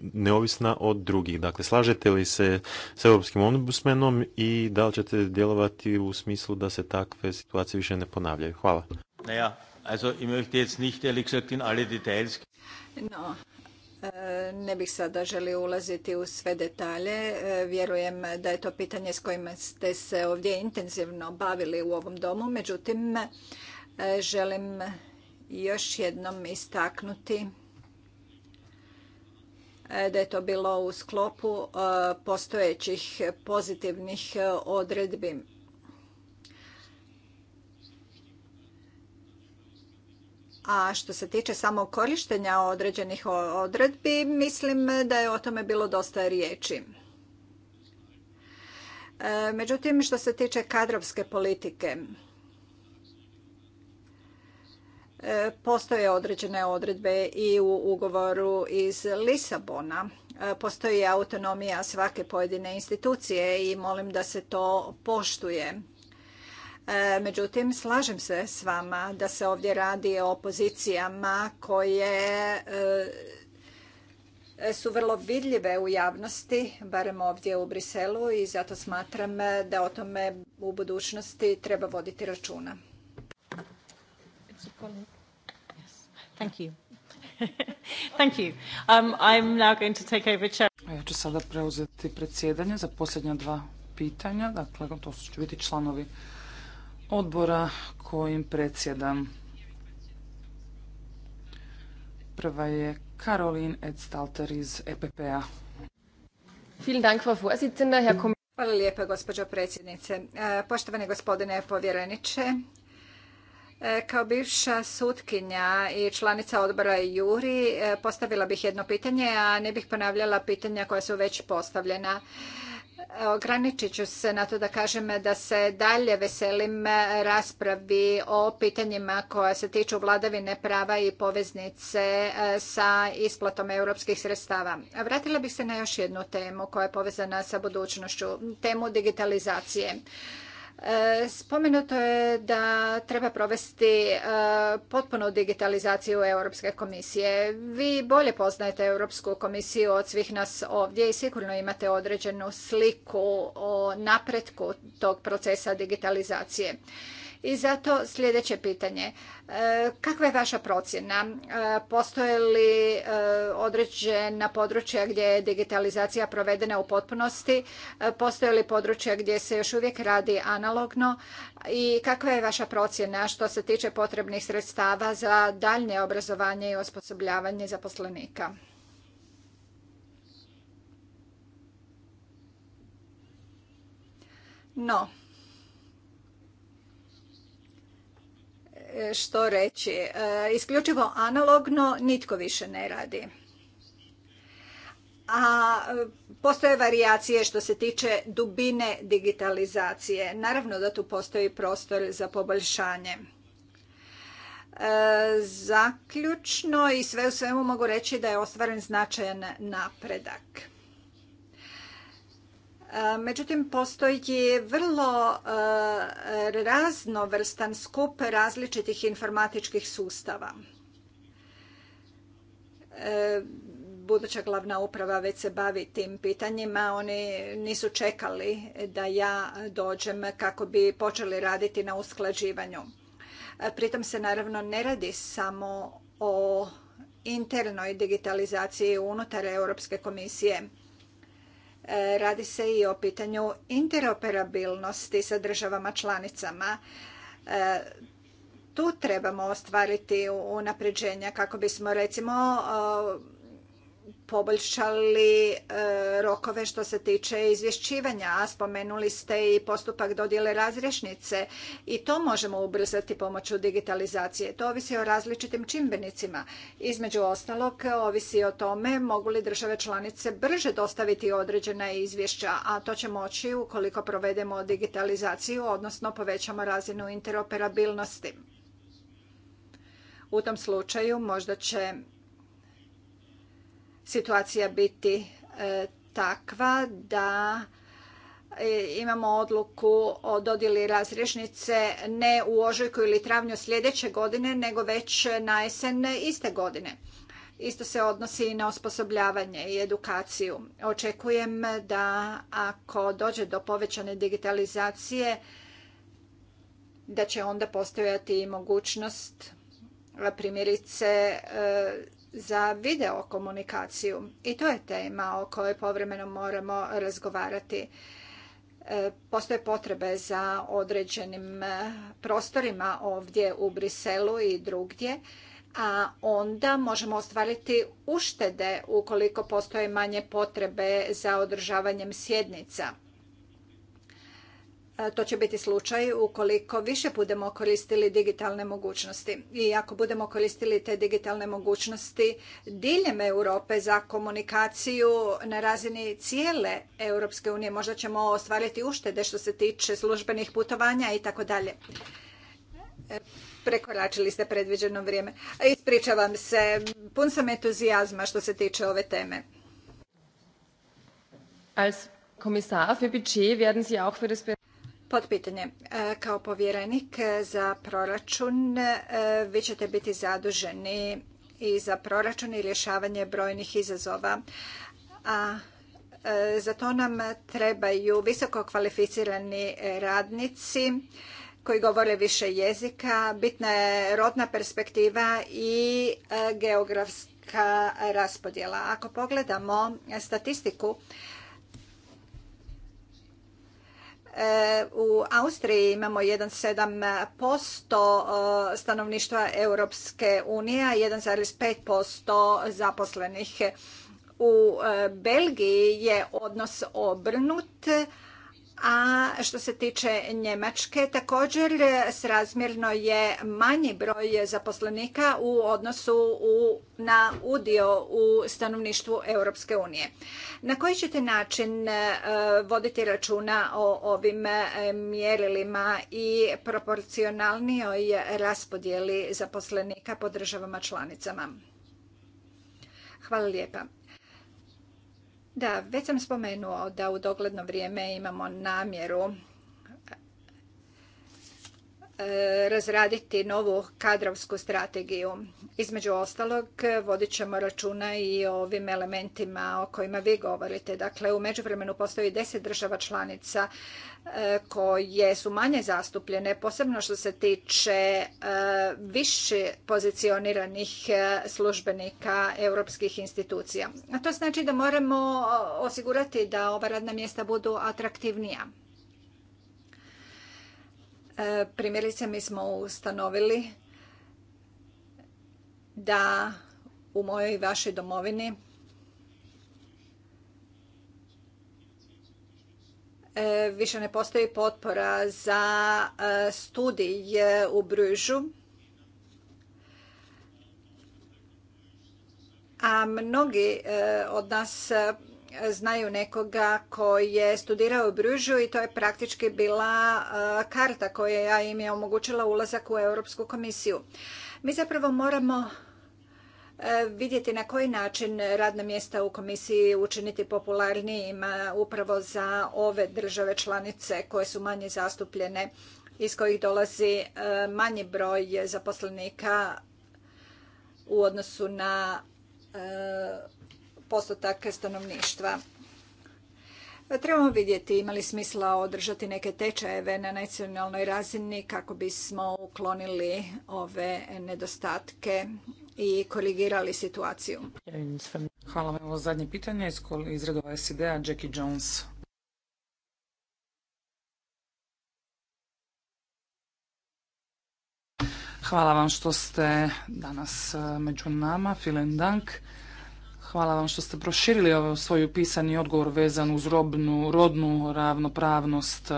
neovisna od drugih. Dakle, slažete li se s Europskim ombudsmenom i da li ćete djelovati u smislu da se takve situacije više ne ponavljaju? Hvala. Naja, also ich möchte jetzt nicht ehrlich gesagt in alle details. No, e, ne bih sada želio ulaziti u sve detalje. E, vjerujem da je to pitanje s kojima ste se ovdje intenzivno bavili u ovom domu. Međutim, e, želim još jednom istaknuti da je to bilo u sklopu e, postojećih pozitivnih e, odredbi. A što se tiče samo korištenja određenih odredbi, mislim da je o tome bilo dosta riječi. E, međutim, što se tiče kadrovske politike, E, postoje određene odredbe i u ugovoru iz Lisabona. E, postoji autonomija svake pojedine institucije i molim da se to poštuje. E, međutim, slažem se s vama da se ovdje radi o pozicijama koje su vrlo vidljive u javnosti, barem ovdje u Briselu i zato smatram da o tome u budućnosti treba voditi računa. Thank um, I'm now going to take over Ja ću sada preuzeti predsjedanje za posljednja dva pitanja. Dakle, to su ću biti članovi odbora kojim predsjedam. Prva je Karolin Edstalter iz EPP-a. Hvala lijepa, gospođo predsjednice. E, poštovani gospodine povjereniče, E, kao bivša sutkinja i članica odbora Juri e, postavila bih jedno pitanje, a ne bih ponavljala pitanja koja su već postavljena. E, ograničit ću se na to da kažem da se dalje veselim raspravi o pitanjima koja se tiču vladavine prava i poveznice sa isplatom europskih sredstava. Vratila bih se na još jednu temu koja je povezana sa budućnošću, temu digitalizacije. Spomenuto je da treba provesti e, potpunu digitalizaciju Europske komisije. Vi bolje poznajete Europsku komisiju od svih nas ovdje i sigurno imate određenu sliku o napretku tog procesa digitalizacije. I zato sljedeće pitanje. E, kakva je vaša procjena? E, postoje li e, određena područja gdje je digitalizacija provedena u potpunosti? Postoje li područja gdje se još uvijek radi analogno? I kakva je vaša procjena što se tiče potrebnih sredstava za daljnje obrazovanje i osposobljavanje zaposlenika? No, što reći. E, isključivo analogno nitko više ne radi. A e, postoje varijacije što se tiče dubine digitalizacije. Naravno da tu postoji prostor za poboljšanje. E, zaključno i sve u svemu mogu reći da je ostvaren značajan napredak. Međutim, postoji vrlo eh, raznovrstan skup različitih informatičkih sustava. Eh, buduća glavna uprava već se bavi tim pitanjima. Oni nisu čekali da ja dođem kako bi počeli raditi na usklađivanju. Eh, pritom se naravno ne radi samo o internoj digitalizaciji unutar Europske komisije E, radi se i o pitanju interoperabilnosti sa državama članicama. E, tu trebamo ostvariti unapređenja kako bismo recimo poboljšali e, rokove što se tiče izvješćivanja, a spomenuli ste i postupak dodjele razrješnice i to možemo ubrzati pomoću digitalizacije. To ovisi o različitim čimbenicima. Između ostalog, ovisi o tome mogu li države članice brže dostaviti određena izvješća, a to će moći ukoliko provedemo digitalizaciju, odnosno povećamo razinu interoperabilnosti. U tom slučaju možda će situacija biti e, takva da e, imamo odluku o dodjeli razrješnice ne u ožujku ili travnju sljedeće godine, nego već na jesen iste godine. Isto se odnosi i na osposobljavanje i edukaciju. Očekujem da ako dođe do povećane digitalizacije, da će onda postojati i mogućnost primjerice e, za videokomunikaciju. I to je tema o kojoj povremeno moramo razgovarati. E, postoje potrebe za određenim e, prostorima ovdje u Briselu i drugdje, a onda možemo ostvariti uštede ukoliko postoje manje potrebe za održavanjem sjednica E, to će biti slučaj ukoliko više budemo koristili digitalne mogućnosti i ako budemo koristili te digitalne mogućnosti diljem Europe za komunikaciju na razini cijele Europske unije, možda ćemo ostvariti uštede što se tiče službenih putovanja i tako dalje. E, prekoračili ste predviđeno vrijeme. Ispričavam se, pun sam entuzijazma što se tiče ove teme. Als Kommissar für Budget werden Sie auch für das Potpitanje. E, kao povjerenik za proračun e, vi ćete biti zaduženi i za proračun i rješavanje brojnih izazova. A e, za to nam trebaju visoko kvalificirani radnici koji govore više jezika. Bitna je rodna perspektiva i geografska raspodjela. Ako pogledamo statistiku, u Austriji imamo 1,7% stanovništva Europske unije, 1,5% zaposlenih. U e, Belgiji je odnos obrnut, a što se tiče Njemačke također srazmjerno je manji broj zaposlenika u odnosu u, na udio u stanovništvu Europske unije. Na koji ćete način e, voditi računa o ovim e, mjerilima i proporcionalnijoj raspodjeli zaposlenika po državama članicama? Hvala lijepa. Da, već sam spomenuo da u dogledno vrijeme imamo namjeru E, razraditi novu kadrovsku strategiju. Između ostalog, vodit ćemo računa i o ovim elementima o kojima vi govorite. Dakle, u međuvremenu postoji deset država članica e, koje su manje zastupljene, posebno što se tiče e, više pozicioniranih službenika europskih institucija. A to znači da moramo osigurati da ova radna mjesta budu atraktivnija. E, primjerice, mi smo ustanovili da u mojoj i vašoj domovini e, više ne postoji potpora za e, studij u Bružu. A mnogi od nas znaju nekoga koji je studirao u Bružu i to je praktički bila e, karta koja im je omogućila ulazak u Europsku komisiju. Mi zapravo moramo e, vidjeti na koji način radna mjesta u komisiji učiniti popularnijim upravo za ove države članice koje su manje zastupljene iz kojih dolazi e, manji broj zaposlenika u odnosu na postotak stanovništva. Trebamo vidjeti ima li smisla održati neke tečajeve na nacionalnoj razini kako bismo uklonili ove nedostatke i korigirali situaciju. Hvala vam. Ovo zadnje pitanje iz redova SID-a Jackie Jones. Hvala vam što ste danas eh, među nama. Vielen Dank. Hvala vam što ste proširili ovaj svoj pisani odgovor vezan uz robnu, rodnu ravnopravnost.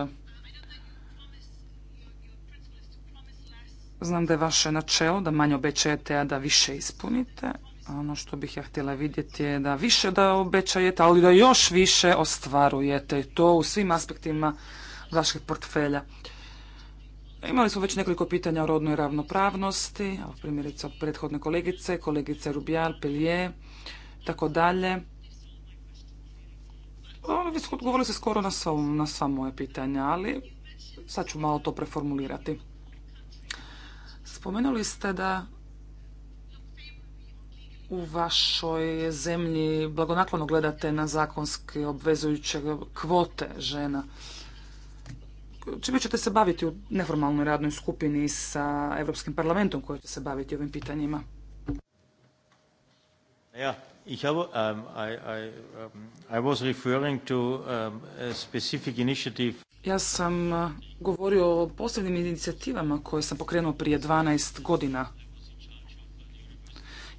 Znam da je vaše načelo da manje obećajete, a da više ispunite. ono što bih ja htjela vidjeti je da više da obećajete, ali da još više ostvarujete. to u svim aspektima vašeg portfelja. Imali smo već nekoliko pitanja o rodnoj ravnopravnosti, primjerice od prethodne kolegice, kolegice Rubijal, Pelije tako dalje. vi odgovorili se skoro na, sva, na sva moje pitanja, ali sad ću malo to preformulirati. Spomenuli ste da u vašoj zemlji blagonaklono gledate na zakonske obvezujuće kvote žena. Čime ćete se baviti u neformalnoj radnoj skupini sa Europskim parlamentom koji će se baviti ovim pitanjima? Ja, Ich habe, um, I, I, ähm, I was referring to ähm, a specific initiative. Ja sam uh, govorio o posebnim inicijativama koje sam pokrenuo prije 12 godina.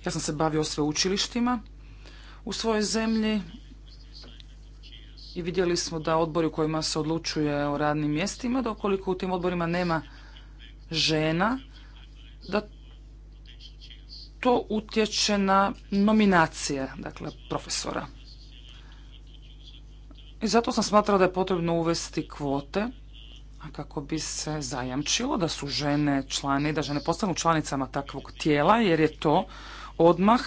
Ja sam se bavio sveučilištima u svojoj zemlji i vidjeli smo da odbori u kojima se odlučuje o radnim mjestima, da ukoliko u tim odborima nema žena, da to utječe na nominacije, dakle, profesora. I zato sam smatrala da je potrebno uvesti kvote kako bi se zajamčilo da su žene člani, da žene postanu članicama takvog tijela, jer je to odmah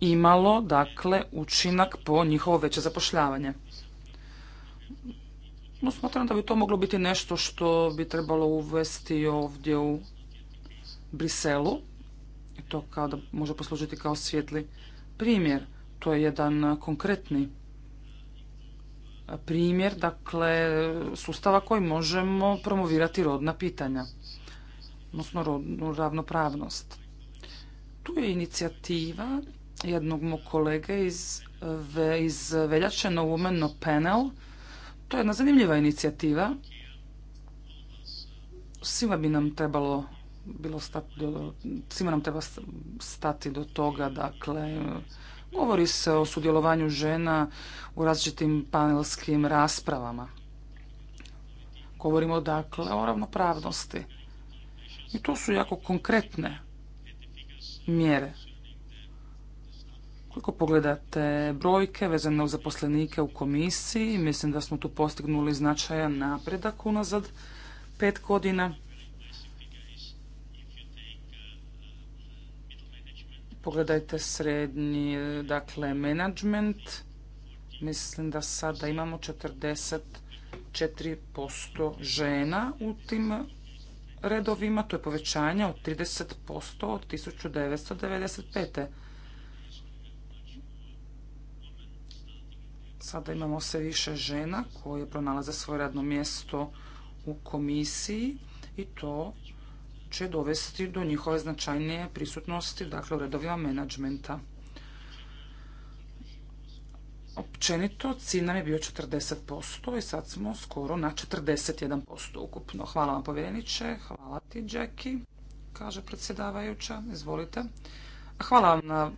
imalo, dakle, učinak po njihovo veće zapošljavanje. No, smatram da bi to moglo biti nešto što bi trebalo uvesti ovdje u Briselu i to kao da može poslužiti kao svjetli primjer. To je jedan konkretni primjer, dakle, sustava koji možemo promovirati rodna pitanja, odnosno rodnu ravnopravnost. Tu je inicijativa jednog mog kolege iz, iz Veljače na Panel. To je jedna zanimljiva inicijativa. Svima bi nam trebalo bilo stati, svima nam treba stati do toga, dakle, govori se o sudjelovanju žena u različitim panelskim raspravama. Govorimo, dakle, o ravnopravnosti. I to su jako konkretne mjere. Koliko pogledate brojke vezane u zaposlenike u komisiji, mislim da smo tu postignuli značajan napredak unazad pet godina. Pogledajte srednji, e, dakle, menadžment. Mislim da sada imamo 44% žena u tim redovima. To je povećanje od 30% od 1995. Sada imamo sve više žena koje pronalaze svoje radno mjesto u komisiji i to će dovesti do njihove značajnije prisutnosti, dakle u redovima menadžmenta. Općenito cilj nam je bio 40% i sad smo skoro na 41% ukupno. Hvala vam povjereniče, hvala ti Jackie, kaže predsjedavajuća, izvolite. Hvala vam na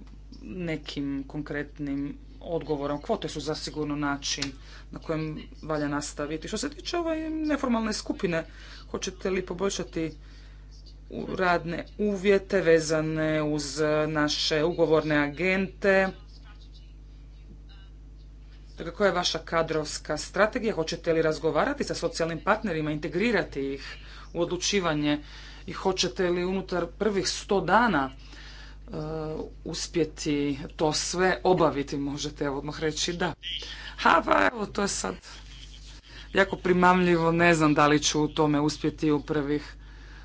nekim konkretnim odgovorom. Kvote su zasigurno način na kojem valja nastaviti. Što se tiče ove neformalne skupine, hoćete li poboljšati radne uvjete vezane uz naše ugovorne agente. Dakle, koja je vaša kadrovska strategija? Hoćete li razgovarati sa socijalnim partnerima, integrirati ih u odlučivanje i hoćete li unutar prvih sto dana e, uspjeti to sve obaviti? Možete odmah reći da. Ha, pa evo, to je sad jako primamljivo. Ne znam da li ću u tome uspjeti u prvih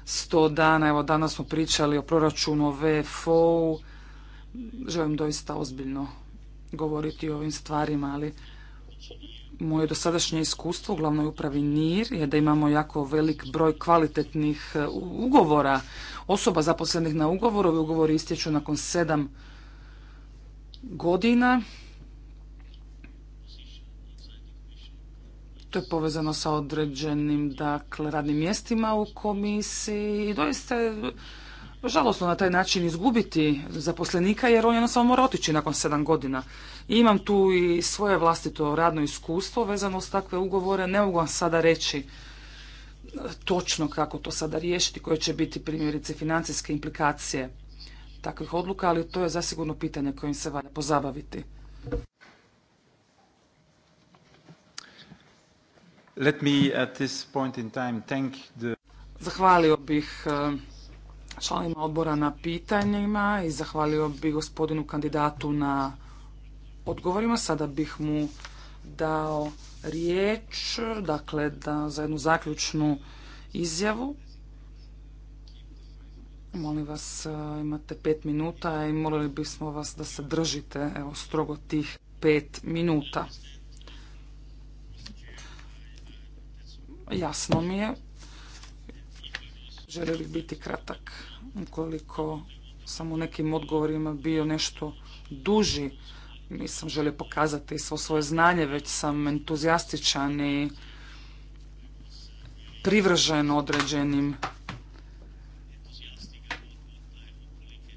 100 dana. Evo danas smo pričali o proračunu vfo Želim doista ozbiljno govoriti o ovim stvarima, ali moje dosadašnje iskustvo u glavnoj upravi NIR je da imamo jako velik broj kvalitetnih e, ugovora, osoba zaposlenih na ugovoru. Ovi ugovori istječu nakon sedam godina To je povezano sa određenim dakle, radnim mjestima u komisiji i doista je žalosno na taj način izgubiti zaposlenika jer on samo mora otići nakon sedam godina. imam tu i svoje vlastito radno iskustvo vezano s takve ugovore. Ne mogu vam sada reći e, točno kako to sada riješiti, koje će biti primjerice financijske implikacije takvih odluka, ali to je zasigurno pitanje kojim se valja pozabaviti. Let point Zahvalio bih e, članima odbora na pitanjima i zahvalio bih gospodinu kandidatu na odgovorima. Sada bih mu dao riječ, dakle, da, za jednu zaključnu izjavu. Molim vas, e, imate pet minuta i molili bismo vas da se držite evo, strogo tih pet minuta. jasno mi je. bih biti kratak. Ukoliko sam u nekim odgovorima bio nešto duži, nisam želio pokazati svo svoje znanje, već sam entuzijastičan i privržen određenim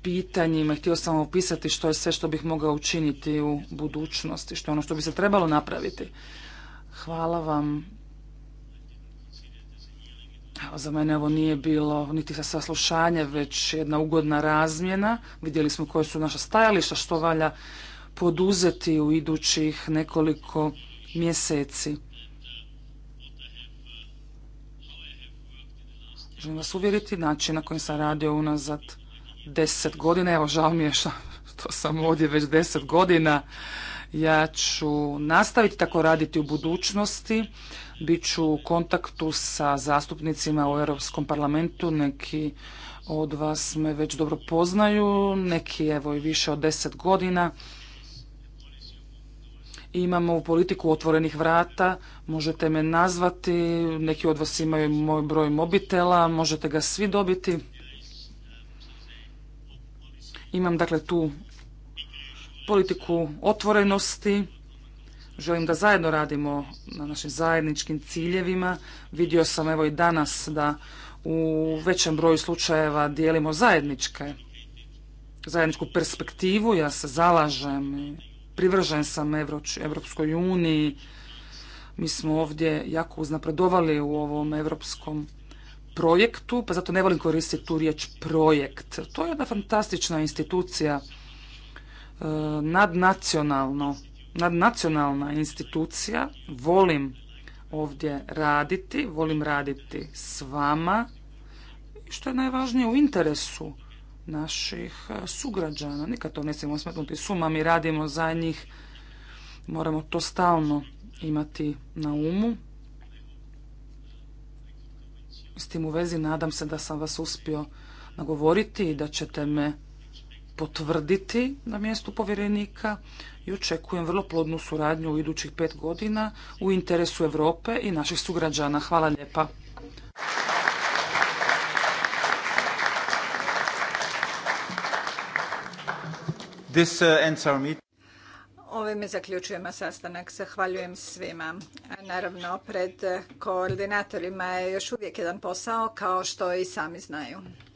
pitanjima. Htio sam opisati što je sve što bih mogao učiniti u budućnosti, što je ono što bi se trebalo napraviti. Hvala vam za mene ovo nije bilo niti saslušanje, već jedna ugodna razmjena. Vidjeli smo koje su naša stajališta, što valja poduzeti u idućih nekoliko mjeseci. Želim vas uvjeriti način na koji sam radio unazad deset godina. Evo, žao mi je što sam ovdje već deset godina. Ja ću nastaviti tako raditi u budućnosti. Bit ću u kontaktu sa zastupnicima u Europskom parlamentu, neki od vas me već dobro poznaju, neki evo i više od deset godina. Imamo politiku otvorenih vrata, možete me nazvati, neki od vas imaju moj broj mobitela, možete ga svi dobiti. Imam dakle tu politiku otvorenosti, Želim da zajedno radimo na našim zajedničkim ciljevima. Vidio sam evo i danas da u većem broju slučajeva dijelimo zajedničke, zajedničku perspektivu. Ja se zalažem, privržen sam Evropskoj uniji. Mi smo ovdje jako uznapredovali u ovom evropskom projektu, pa zato ne volim koristiti tu riječ projekt. To je jedna fantastična institucija, eh, nadnacionalno nadnacionalna institucija, volim ovdje raditi, volim raditi s vama, što je najvažnije u interesu naših e, sugrađana. Nikad to ne smijemo smetnuti suma, mi radimo za njih, moramo to stalno imati na umu. S tim u vezi nadam se da sam vas uspio nagovoriti i da ćete me potvrditi na mjestu povjerenika i očekujem vrlo plodnu suradnju u idućih pet godina u interesu Europe i naših sugrađana. Hvala lijepa. This uh, Ovime zaključujemo sastanak. Zahvaljujem svima. Naravno, pred koordinatorima je još uvijek jedan posao, kao što i sami znaju.